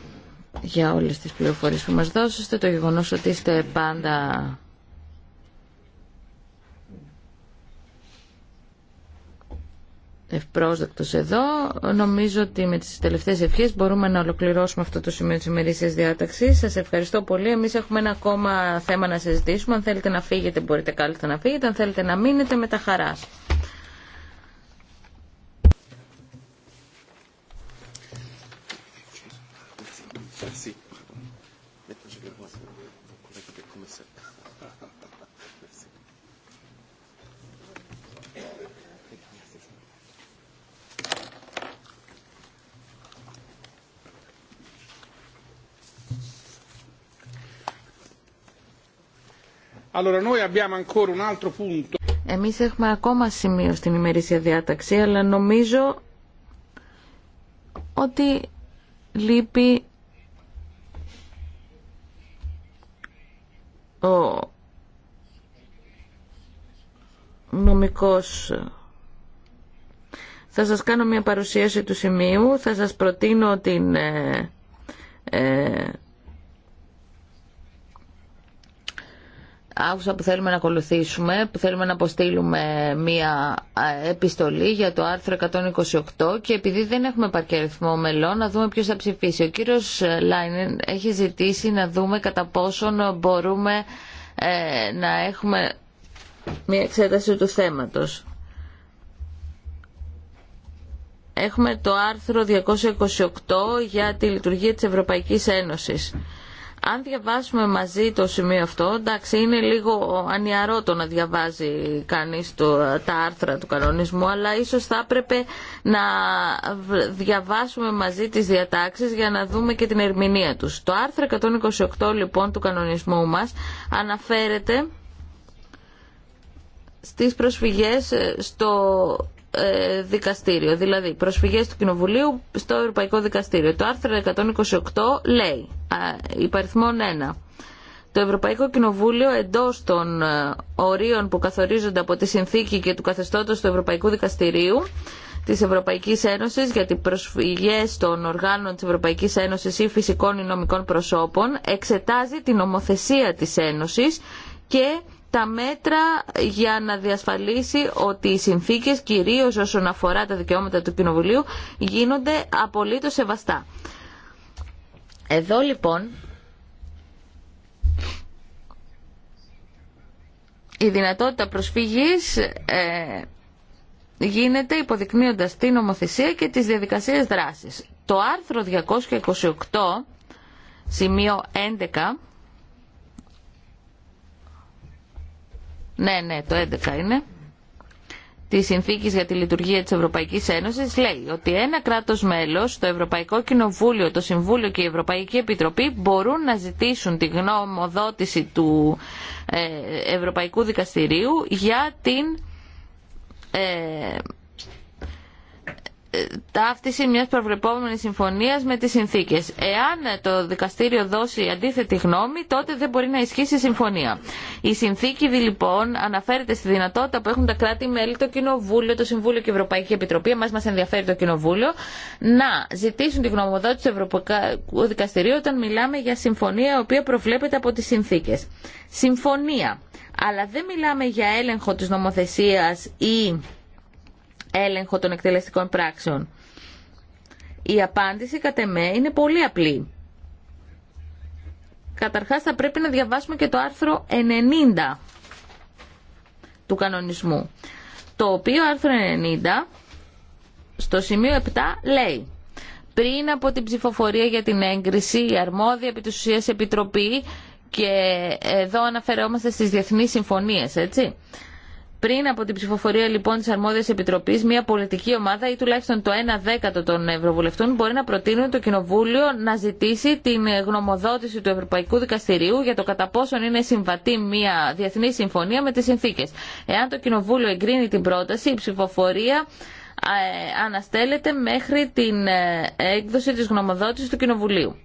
Speaker 2: για όλες τις πληροφορίες που μας δώσατε, το γεγονός ότι είστε πάντα ευπρόσδεκτος εδώ. Νομίζω ότι με τις τελευταίες ευχές μπορούμε να ολοκληρώσουμε αυτό το σημείο της ημερήσιας διάταξης. Σας ευχαριστώ πολύ. Εμείς έχουμε ένα ακόμα θέμα να συζητήσουμε. Αν θέλετε να φύγετε μπορείτε κάλλιστα να φύγετε. Αν θέλετε να μείνετε με τα χαράς. Εμείς έχουμε ακόμα σημείο στην ημερήσια διάταξη, αλλά νομίζω ότι λείπει ο νομικός θα σας κάνω μια παρουσίαση του σημείου, θα σας προτείνω την ε, ε, άκουσα που θέλουμε να ακολουθήσουμε, που θέλουμε να αποστείλουμε μία επιστολή για το άρθρο 128 και επειδή δεν έχουμε παρκεριθμό μελών, να δούμε ποιος θα ψηφίσει. Ο κύριος ε, Λάινεν έχει ζητήσει να δούμε κατά πόσον μπορούμε ε, να έχουμε μία εξέταση του θέματος. Έχουμε το άρθρο 228 για τη λειτουργία της Ευρωπαϊκής Ένωσης. Αν διαβάσουμε μαζί το σημείο αυτό, εντάξει είναι λίγο ανιαρό το να διαβάζει κανείς το, τα άρθρα του κανονισμού, αλλά ίσως θα έπρεπε να διαβάσουμε μαζί τις διατάξεις για να δούμε και την ερμηνεία τους. Το άρθρο 128 λοιπόν του κανονισμού μας αναφέρεται στις προσφυγές στο ε, δικαστήριο, δηλαδή προσφυγές του Κοινοβουλίου στο Ευρωπαϊκό Δικαστήριο. Το άρθρο 128 λέει, υπαριθμόν 1, το Ευρωπαϊκό Κοινοβούλιο εντός των ε, ορίων που καθορίζονται από τη συνθήκη και του καθεστώτος του Ευρωπαϊκού Δικαστηρίου της Ευρωπαϊκής Ένωσης για τι προσφυγές των οργάνων της Ευρωπαϊκής Ένωση ή φυσικών ή νομικών προσώπων εξετάζει την ομοθεσία τη Ένωση και τα μέτρα για να διασφαλίσει ότι οι συνθήκε κυρίως όσον αφορά τα δικαιώματα του Κοινοβουλίου, γίνονται απολύτως σεβαστά. Εδώ λοιπόν η δυνατότητα προσφυγής ε, γίνεται υποδεικνύοντας την νομοθεσία και τις διαδικασίες δράσης. Το άρθρο 228, σημείο 11, Ναι, ναι, το 11 είναι. Τη συνθήκη για τη λειτουργία τη Ευρωπαϊκή Ένωση λέει ότι ένα κράτο μέλο, το Ευρωπαϊκό Κοινοβούλιο, το Συμβούλιο και η Ευρωπαϊκή Επιτροπή μπορούν να ζητήσουν τη γνωμοδότηση του ε, Ευρωπαϊκού Δικαστηρίου για την ε, ταύτιση μιας προβλεπόμενης συμφωνίας με τις συνθήκες. Εάν το δικαστήριο δώσει αντίθετη γνώμη, τότε δεν μπορεί να ισχύσει η συμφωνία. Η συνθήκη λοιπόν αναφέρεται στη δυνατότητα που έχουν τα κράτη-μέλη, το Κοινοβούλιο, το Συμβούλιο και η Ευρωπαϊκή Επιτροπή, εμάς μας ενδιαφέρει το Κοινοβούλιο, να ζητήσουν τη γνωμοδότηση του Ευρωπαϊκού Δικαστηρίου όταν μιλάμε για συμφωνία η οποία προβλέπεται από τις συνθήκες. Συμφωνία. Αλλά δεν μιλάμε για έλεγχο της νομοθεσίας ή έλεγχο των εκτελεστικών πράξεων. Η απάντηση κατ' εμέ είναι πολύ απλή. Καταρχάς θα πρέπει να διαβάσουμε και το άρθρο 90 του κανονισμού, το οποίο άρθρο 90 στο σημείο 7 λέει πριν από την ψηφοφορία για την έγκριση, η αρμόδια επί της επιτροπή και εδώ αναφερόμαστε στις διεθνείς συμφωνίες, έτσι. Πριν από την ψηφοφορία λοιπόν τη αρμόδια επιτροπή, μια πολιτική ομάδα ή τουλάχιστον το 1 δέκατο των Ευρωβουλευτών μπορεί να προτείνουν το Κοινοβούλιο να ζητήσει την γνωμοδότηση του Ευρωπαϊκού Δικαστηρίου για το κατά πόσον είναι συμβατή μια διεθνή συμφωνία με τι συνθήκε. Εάν το Κοινοβούλιο εγκρίνει την πρόταση, η ψηφοφορία ε, αναστέλλεται μέχρι την ε, έκδοση της γνωμοδότησης του Κοινοβουλίου.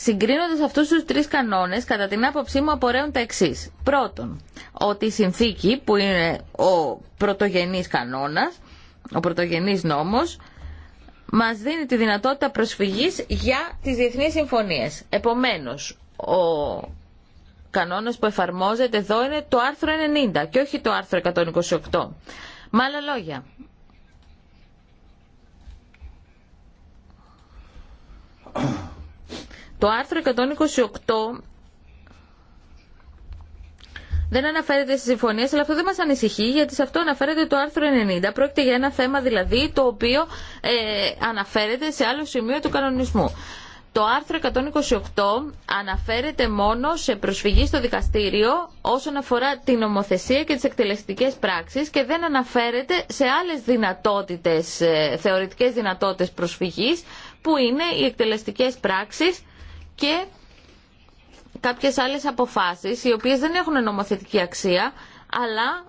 Speaker 2: Συγκρίνοντα αυτού του τρει κανόνε, κατά την άποψή μου απορρέουν τα εξή. Πρώτον, ότι η συνθήκη, που είναι ο πρωτογενή κανόνα, ο πρωτογενή νόμο, μα δίνει τη δυνατότητα προσφυγή για τι διεθνεί συμφωνίε. Επομένω, ο κανόνα που εφαρμόζεται εδώ είναι το άρθρο 90 και όχι το άρθρο 128. Με άλλα λόγια, το άρθρο 128 δεν αναφέρεται στις συμφωνίες, αλλά αυτό δεν μας ανησυχεί, γιατί σε αυτό αναφέρεται το άρθρο 90. Πρόκειται για ένα θέμα δηλαδή το οποίο ε, αναφέρεται σε άλλο σημείο του κανονισμού. Το άρθρο 128 αναφέρεται μόνο σε προσφυγή στο δικαστήριο όσον αφορά την νομοθεσία και τις εκτελεστικές πράξεις και δεν αναφέρεται σε άλλες δυνατότητες, ε, θεωρητικές δυνατότητες προσφυγής που είναι οι εκτελεστικές πράξεις και κάποιες άλλες αποφάσεις οι οποίες δεν έχουν νομοθετική αξία αλλά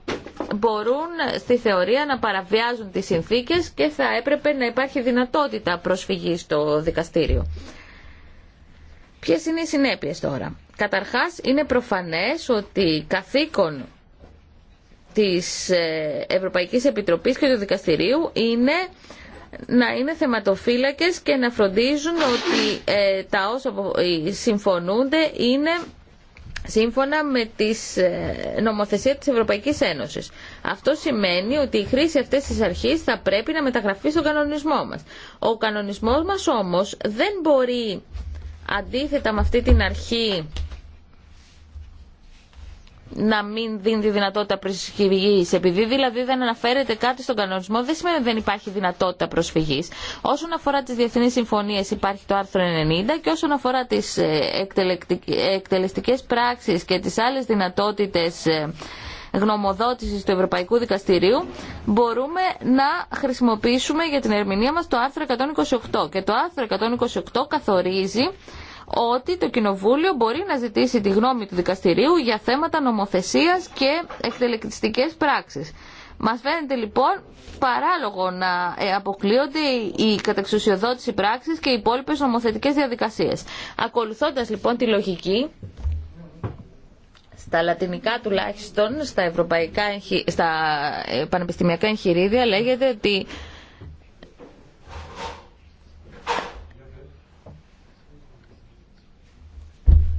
Speaker 2: μπορούν στη θεωρία να παραβιάζουν τις συνθήκες και θα έπρεπε να υπάρχει δυνατότητα προσφυγής στο δικαστήριο. Ποιες είναι οι συνέπειες τώρα. Καταρχάς είναι προφανές ότι καθήκον της ε, Ευρωπαϊκής Επιτροπής και του Δικαστηρίου είναι να είναι θεματοφύλακες και να φροντίζουν ότι ε, τα όσα ε, συμφωνούνται είναι σύμφωνα με τη ε, νομοθεσία της Ευρωπαϊκής Ένωσης. Αυτό σημαίνει ότι η χρήση αυτής της αρχής θα πρέπει να μεταγραφεί στον κανονισμό μας. Ο κανονισμός μας όμως δεν μπορεί αντίθετα με αυτή την αρχή να μην δίνει τη δυνατότητα προσφυγή. Επειδή δηλαδή δεν αναφέρεται κάτι στον κανονισμό, δεν σημαίνει ότι δεν υπάρχει δυνατότητα προσφυγή. Όσον αφορά τι διεθνεί συμφωνίε, υπάρχει το άρθρο 90 και όσον αφορά τι ε, εκτελεστικέ πράξει και τι άλλε δυνατότητε ε, γνωμοδότησης του Ευρωπαϊκού Δικαστηρίου μπορούμε να χρησιμοποιήσουμε για την ερμηνεία μα το άρθρο 128 και το άρθρο 128 καθορίζει ότι το Κοινοβούλιο μπορεί να ζητήσει τη γνώμη του δικαστηρίου για θέματα νομοθεσίας και εκτελεκτιστικές πράξεις. Μας φαίνεται λοιπόν παράλογο να ε, αποκλείονται η καταξουσιοδότηση πράξης και οι υπόλοιπε νομοθετικές διαδικασίες. Ακολουθώντας λοιπόν τη λογική, στα λατινικά τουλάχιστον, στα, ευρωπαϊκά, στα ε, πανεπιστημιακά εγχειρίδια λέγεται ότι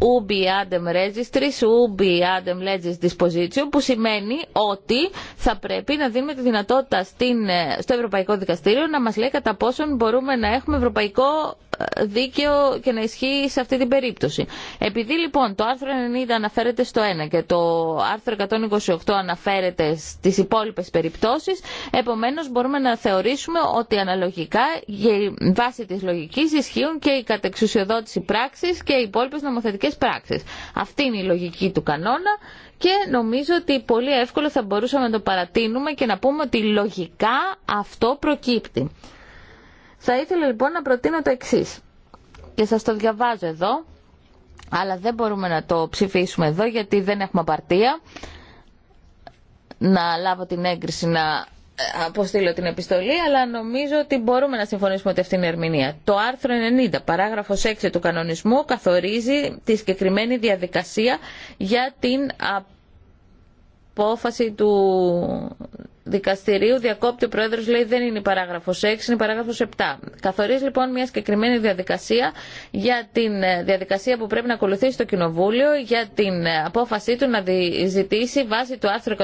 Speaker 2: ubi adem registris, ubi adem που σημαίνει ότι θα πρέπει να δίνουμε τη δυνατότητα στην, ε, στο Ευρωπαϊκό Δικαστήριο να μας λέει κατά πόσον μπορούμε να έχουμε ευρωπαϊκό δίκαιο και να ισχύει σε αυτή την περίπτωση. Επειδή λοιπόν το άρθρο 90 αναφέρεται στο 1 και το άρθρο 128 αναφέρεται στις υπόλοιπες περιπτώσεις, επομένως μπορούμε να θεωρήσουμε ότι αναλογικά βάσει της λογικής ισχύουν και η κατεξουσιοδότηση πράξης και οι υπόλοιπες νομοθετικές πράξεις. Αυτή είναι η λογική του κανόνα και νομίζω ότι πολύ εύκολο θα μπορούσαμε να το παρατείνουμε και να πούμε ότι λογικά αυτό προκύπτει. Θα ήθελα λοιπόν να προτείνω το εξή. Και σα το διαβάζω εδώ, αλλά δεν μπορούμε να το ψηφίσουμε εδώ γιατί δεν έχουμε απαρτία. Να λάβω την έγκριση να ε, αποστείλω την επιστολή, αλλά νομίζω ότι μπορούμε να συμφωνήσουμε ότι αυτή είναι η ερμηνεία. Το άρθρο 90, παράγραφος 6 του κανονισμού, καθορίζει τη συγκεκριμένη διαδικασία για την απόφαση του δικαστηρίου διακόπτει ο πρόεδρος λέει δεν είναι η παράγραφος 6, είναι η παράγραφος 7. Καθορίζει λοιπόν μια συγκεκριμένη διαδικασία για την ε, διαδικασία που πρέπει να ακολουθήσει το Κοινοβούλιο για την ε, απόφασή του να ζητήσει βάσει του άρθρου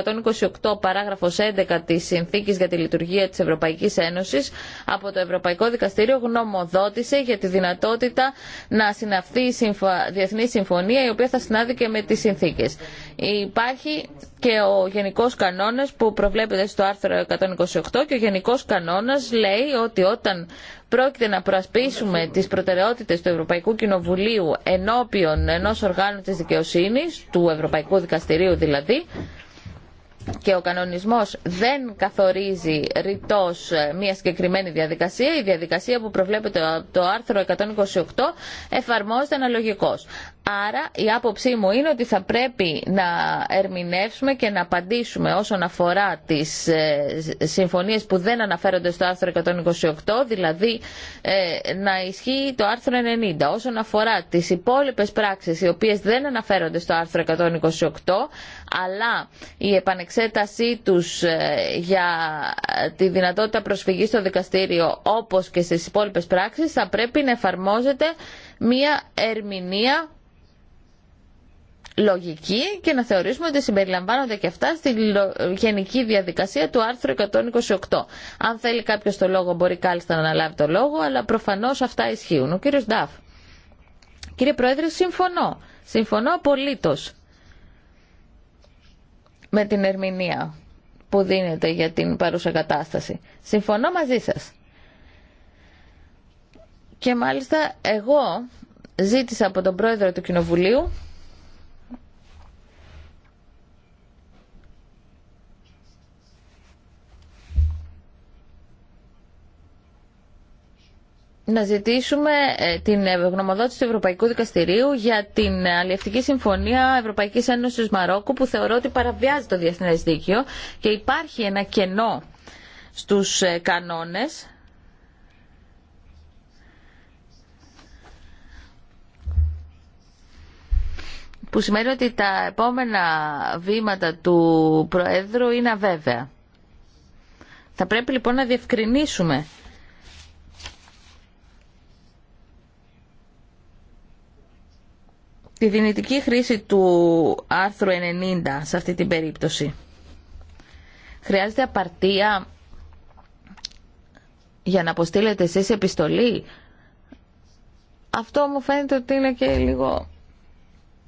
Speaker 2: 128 παράγραφος 11 της Συνθήκης για τη Λειτουργία της Ευρωπαϊκής Ένωσης από το Ευρωπαϊκό Δικαστήριο γνωμοδότησε για τη δυνατότητα να συναυθεί η διεθνή συμφωνία η οποία θα συνάδει και με τις συνθήκες. Υπάρχει και ο γενικός κανόνας που προβλέπεται στο άρθρο 128 και ο γενικός κανόνας λέει ότι όταν πρόκειται να προασπίσουμε τις προτεραιότητες του Ευρωπαϊκού Κοινοβουλίου ενώπιον ενός οργάνου της δικαιοσύνης, του Ευρωπαϊκού Δικαστηρίου δηλαδή, και ο κανονισμός δεν καθορίζει ρητός ε, μια συγκεκριμένη διαδικασία, η διαδικασία που προβλέπεται το άρθρο 128 εφαρμόζεται αναλογικώς. Άρα η άποψή μου είναι ότι θα πρέπει να ερμηνεύσουμε και να απαντήσουμε όσον αφορά τις ε, συμφωνίες που δεν αναφέρονται στο άρθρο 128, δηλαδή ε, να ισχύει το άρθρο 90. Όσον αφορά τις υπόλοιπες πράξεις οι οποίες δεν αναφέρονται στο άρθρο 128, αλλά η επανεξέτασή τους ε, για τη δυνατότητα προσφυγής στο δικαστήριο όπως και στις υπόλοιπες πράξεις θα πρέπει να εφαρμόζεται μια ερμηνεία λογική και να θεωρήσουμε ότι συμπεριλαμβάνονται και αυτά στη γενική διαδικασία του άρθρου 128. Αν θέλει κάποιο το λόγο μπορεί κάλλιστα να αναλάβει το λόγο, αλλά προφανώς αυτά ισχύουν. Ο κύριο Νταφ. Κύριε Πρόεδρε, συμφωνώ. Συμφωνώ απολύτως με την ερμηνεία που δίνεται για την παρούσα κατάσταση. Συμφωνώ μαζί σας. Και μάλιστα εγώ ζήτησα από τον πρόεδρο του Κοινοβουλίου να ζητήσουμε ε, την γνωμοδότηση του Ευρωπαϊκού Δικαστηρίου για την αλληλευτική συμφωνία Ευρωπαϊκής Ένωσης Μαρόκου που θεωρώ ότι παραβιάζει το διεθνές δίκαιο και υπάρχει ένα κενό στους ε, κανόνες που σημαίνει ότι τα επόμενα βήματα του Προέδρου είναι αβέβαια. Θα πρέπει λοιπόν να διευκρινίσουμε τη δυνητική χρήση του άρθρου 90 σε αυτή την περίπτωση. Χρειάζεται απαρτία για να αποστείλετε εσείς επιστολή. Αυτό μου φαίνεται ότι είναι και λίγο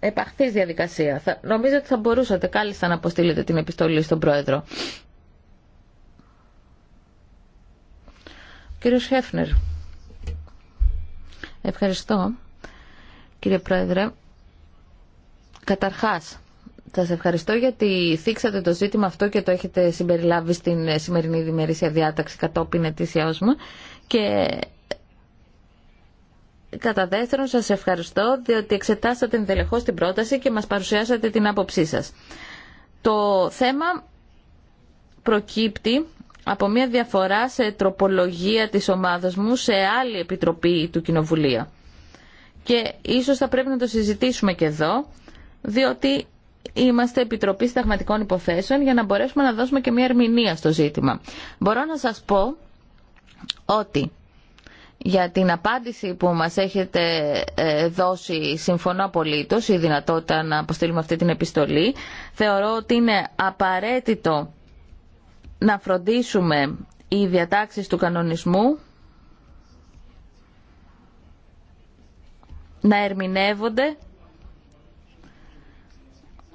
Speaker 2: επαχθής διαδικασία. Θα, νομίζω ότι θα μπορούσατε κάλλιστα να αποστείλετε την επιστολή στον Πρόεδρο. Κύριος Χέφνερ. Ευχαριστώ. Κύριε Πρόεδρε, Καταρχάς, σας ευχαριστώ γιατί θίξατε το ζήτημα αυτό και το έχετε συμπεριλάβει στην σημερινή διμερήσια διάταξη κατόπιν ετήσιός μου και Κατά δεύτερον, σας ευχαριστώ διότι εξετάσατε εντελεχώς την πρόταση και μας παρουσιάσατε την άποψή σας. Το θέμα προκύπτει από μια διαφορά σε τροπολογία της ομάδας μου σε άλλη επιτροπή του Κοινοβουλίου. Και ίσως θα πρέπει να το συζητήσουμε και εδώ διότι είμαστε Επιτροπή Σταγματικών Υποθέσεων για να μπορέσουμε να δώσουμε και μια ερμηνεία στο ζήτημα. Μπορώ να σας πω ότι για την απάντηση που μας έχετε ε, δώσει συμφωνώ απολύτως η δυνατότητα να αποστείλουμε αυτή την επιστολή. Θεωρώ ότι είναι απαραίτητο να φροντίσουμε οι διατάξεις του κανονισμού να ερμηνεύονται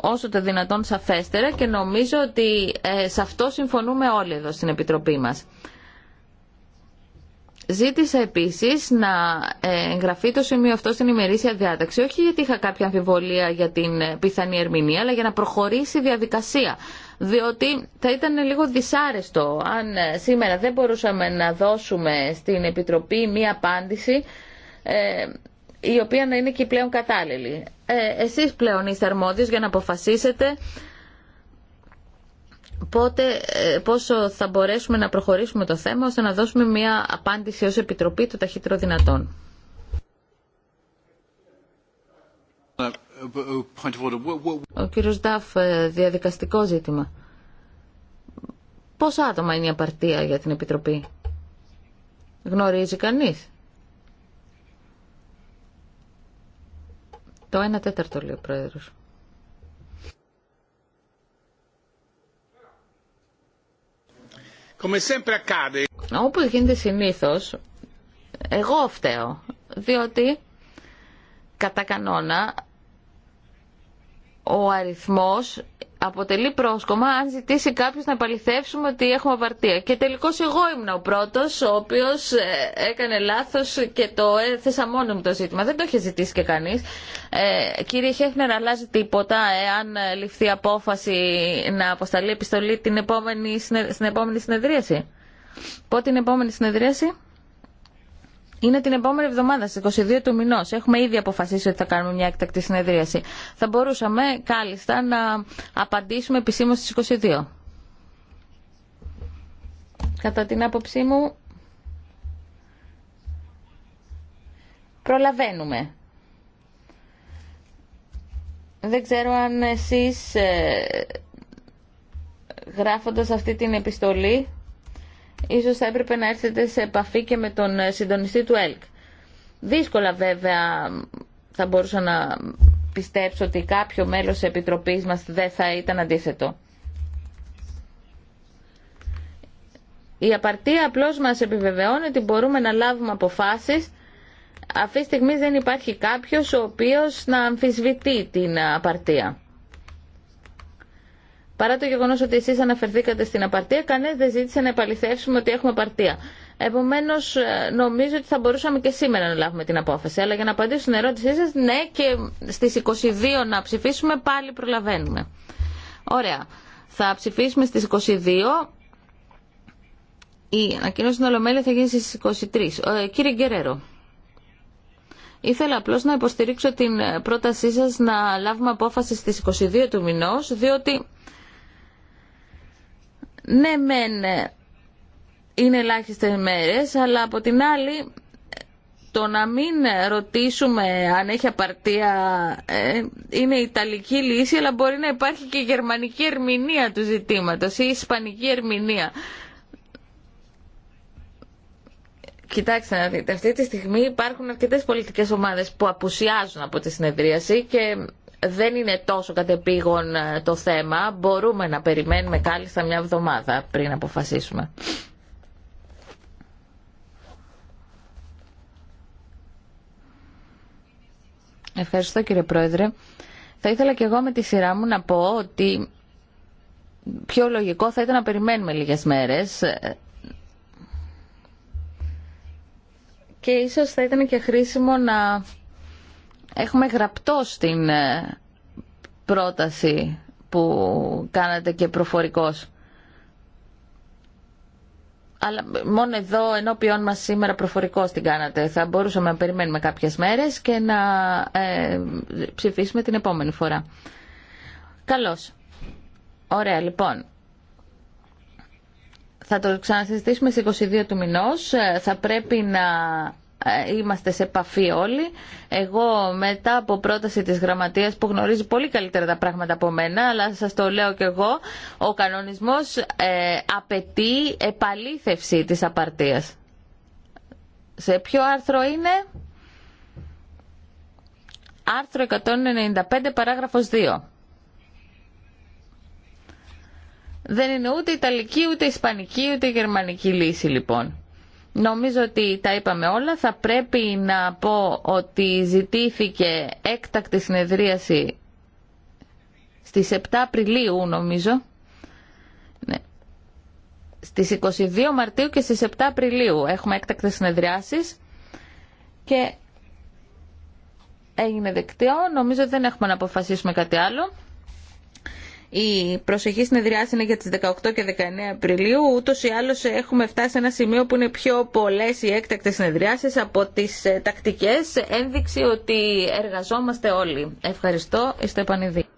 Speaker 2: όσο το δυνατόν σαφέστερα και νομίζω ότι ε, σε αυτό συμφωνούμε όλοι εδώ στην Επιτροπή μας. Ζήτησα επίσης να ε, εγγραφεί το σημείο αυτό στην ημερήσια διάταξη, όχι γιατί είχα κάποια αμφιβολία για την ε, πιθανή ερμηνεία, αλλά για να προχωρήσει η διαδικασία. Διότι θα ήταν λίγο δυσάρεστο αν σήμερα δεν μπορούσαμε να δώσουμε στην Επιτροπή μία απάντηση η οποία να είναι και πλέον κατάλληλη. Ε, εσείς πλέον είστε αρμόδιος για να αποφασίσετε πότε, ε, πόσο θα μπορέσουμε να προχωρήσουμε το θέμα ώστε να δώσουμε μια απάντηση ως Επιτροπή το ταχύτερο δυνατόν. Ο κύριος Νταφ, ε, διαδικαστικό ζήτημα. Πόσα άτομα είναι η απαρτία για την Επιτροπή. Γνωρίζει κανείς. Το 1 τέταρτο λέει ο Πρόεδρος. Όπως γίνεται συνήθως, εγώ φταίω, διότι κατά κανόνα ο αριθμός αποτελεί πρόσκομα αν ζητήσει κάποιος να επαληθεύσουμε ότι έχουμε απαρτία. Και τελικώς εγώ ήμουν ο πρώτος ο οποίος ε, έκανε λάθος και το έθεσα μόνο μου το ζήτημα. Δεν το είχε ζητήσει και κανείς. Ε, κύριε Χέχνερ, αλλάζει τίποτα εάν ληφθεί απόφαση να αποσταλεί επιστολή την επόμενη, στην επόμενη συνεδρίαση. Πότε την επόμενη συνεδρίαση? Είναι την επόμενη εβδομάδα, στις 22 του μηνός. Έχουμε ήδη αποφασίσει ότι θα κάνουμε μια εκτακτή συνεδρίαση. Θα μπορούσαμε κάλλιστα να απαντήσουμε επισήμως στις 22. Κατά την άποψή μου, προλαβαίνουμε. Δεν ξέρω αν εσείς, ε, γράφοντας αυτή την επιστολή, Ίσως θα έπρεπε να έρθετε σε επαφή και με τον συντονιστή του ΕΛΚ. Δύσκολα βέβαια θα μπορούσα να πιστέψω ότι κάποιο μέλος της Επιτροπής μας δεν θα ήταν αντίθετο. Η απαρτία απλώς μας επιβεβαιώνει ότι μπορούμε να λάβουμε αποφάσεις. Αυτή τη στιγμή δεν υπάρχει κάποιος ο οποίος να αμφισβητεί την απαρτία. Παρά το γεγονό ότι εσεί αναφερθήκατε στην απαρτία, κανένα δεν ζήτησε να επαληθεύσουμε ότι έχουμε απαρτία. Επομένω, ε, νομίζω ότι θα μπορούσαμε και σήμερα να λάβουμε την απόφαση. Αλλά για να απαντήσω στην ερώτησή σα, ναι, και στι 22 να ψηφίσουμε, πάλι προλαβαίνουμε. Ωραία. Θα ψηφίσουμε στι 22. Η ανακοίνωση στην Ολομέλεια θα γίνει στι 23. Ε, κύριε Γκερέρο. Ήθελα απλώ να υποστηρίξω την πρότασή σα να λάβουμε απόφαση στι 22 του μηνό, διότι ναι μεν ε, είναι ελάχιστε μέρες, αλλά από την άλλη το να μην ρωτήσουμε αν έχει απαρτία ε, είναι ιταλική λύση, αλλά μπορεί να υπάρχει και γερμανική ερμηνεία του ζητήματος ή ισπανική ερμηνεία. Κοιτάξτε να δείτε, αυτή τη στιγμή υπάρχουν αρκετές πολιτικές ομάδες που απουσιάζουν από τη συνεδρίαση και δεν είναι τόσο κατεπήγον ε, το θέμα. Μπορούμε να περιμένουμε κάλλιστα μια εβδομάδα πριν αποφασίσουμε. Ευχαριστώ κύριε Πρόεδρε. Θα ήθελα και εγώ με τη σειρά μου να πω ότι πιο λογικό θα ήταν να περιμένουμε λίγες μέρες και ίσως θα ήταν και χρήσιμο να Έχουμε γραπτό στην ε, πρόταση που κάνατε και προφορικός. Αλλά μόνο εδώ ενώπιόν μας σήμερα προφορικός την κάνατε. Θα μπορούσαμε να περιμένουμε κάποιες μέρες και να ε, ψηφίσουμε την επόμενη φορά. Καλώς. Ωραία, λοιπόν. Θα το ξανασυζητήσουμε στις 22 του μηνός. Ε, θα πρέπει να ε, είμαστε σε επαφή όλοι. Εγώ μετά από πρόταση της γραμματείας που γνωρίζει πολύ καλύτερα τα πράγματα από μένα, αλλά σας το λέω και εγώ, ο κανονισμός ε, απαιτεί επαλήθευση της απαρτίας. Σε ποιο άρθρο είναι? Άρθρο 195 παράγραφος 2. Δεν είναι ούτε Ιταλική, ούτε Ισπανική, ούτε Γερμανική λύση λοιπόν. Νομίζω ότι τα είπαμε όλα. Θα πρέπει να πω ότι ζητήθηκε έκτακτη συνεδρίαση στις 7 Απριλίου νομίζω. Ναι. Στις 22 Μαρτίου και στις 7 Απριλίου έχουμε έκτακτες συνεδριάσεις και έγινε δεκτείο. Νομίζω δεν έχουμε να αποφασίσουμε κάτι άλλο. Η προσεχή συνεδριάση είναι για τις 18 και 19 Απριλίου. Ούτως ή άλλως έχουμε φτάσει σε ένα σημείο που είναι πιο πολλές οι έκτακτες συνεδριάσεις από τις ε, τακτικές. Ένδειξη ότι εργαζόμαστε όλοι. Ευχαριστώ. Είστε πανηδί.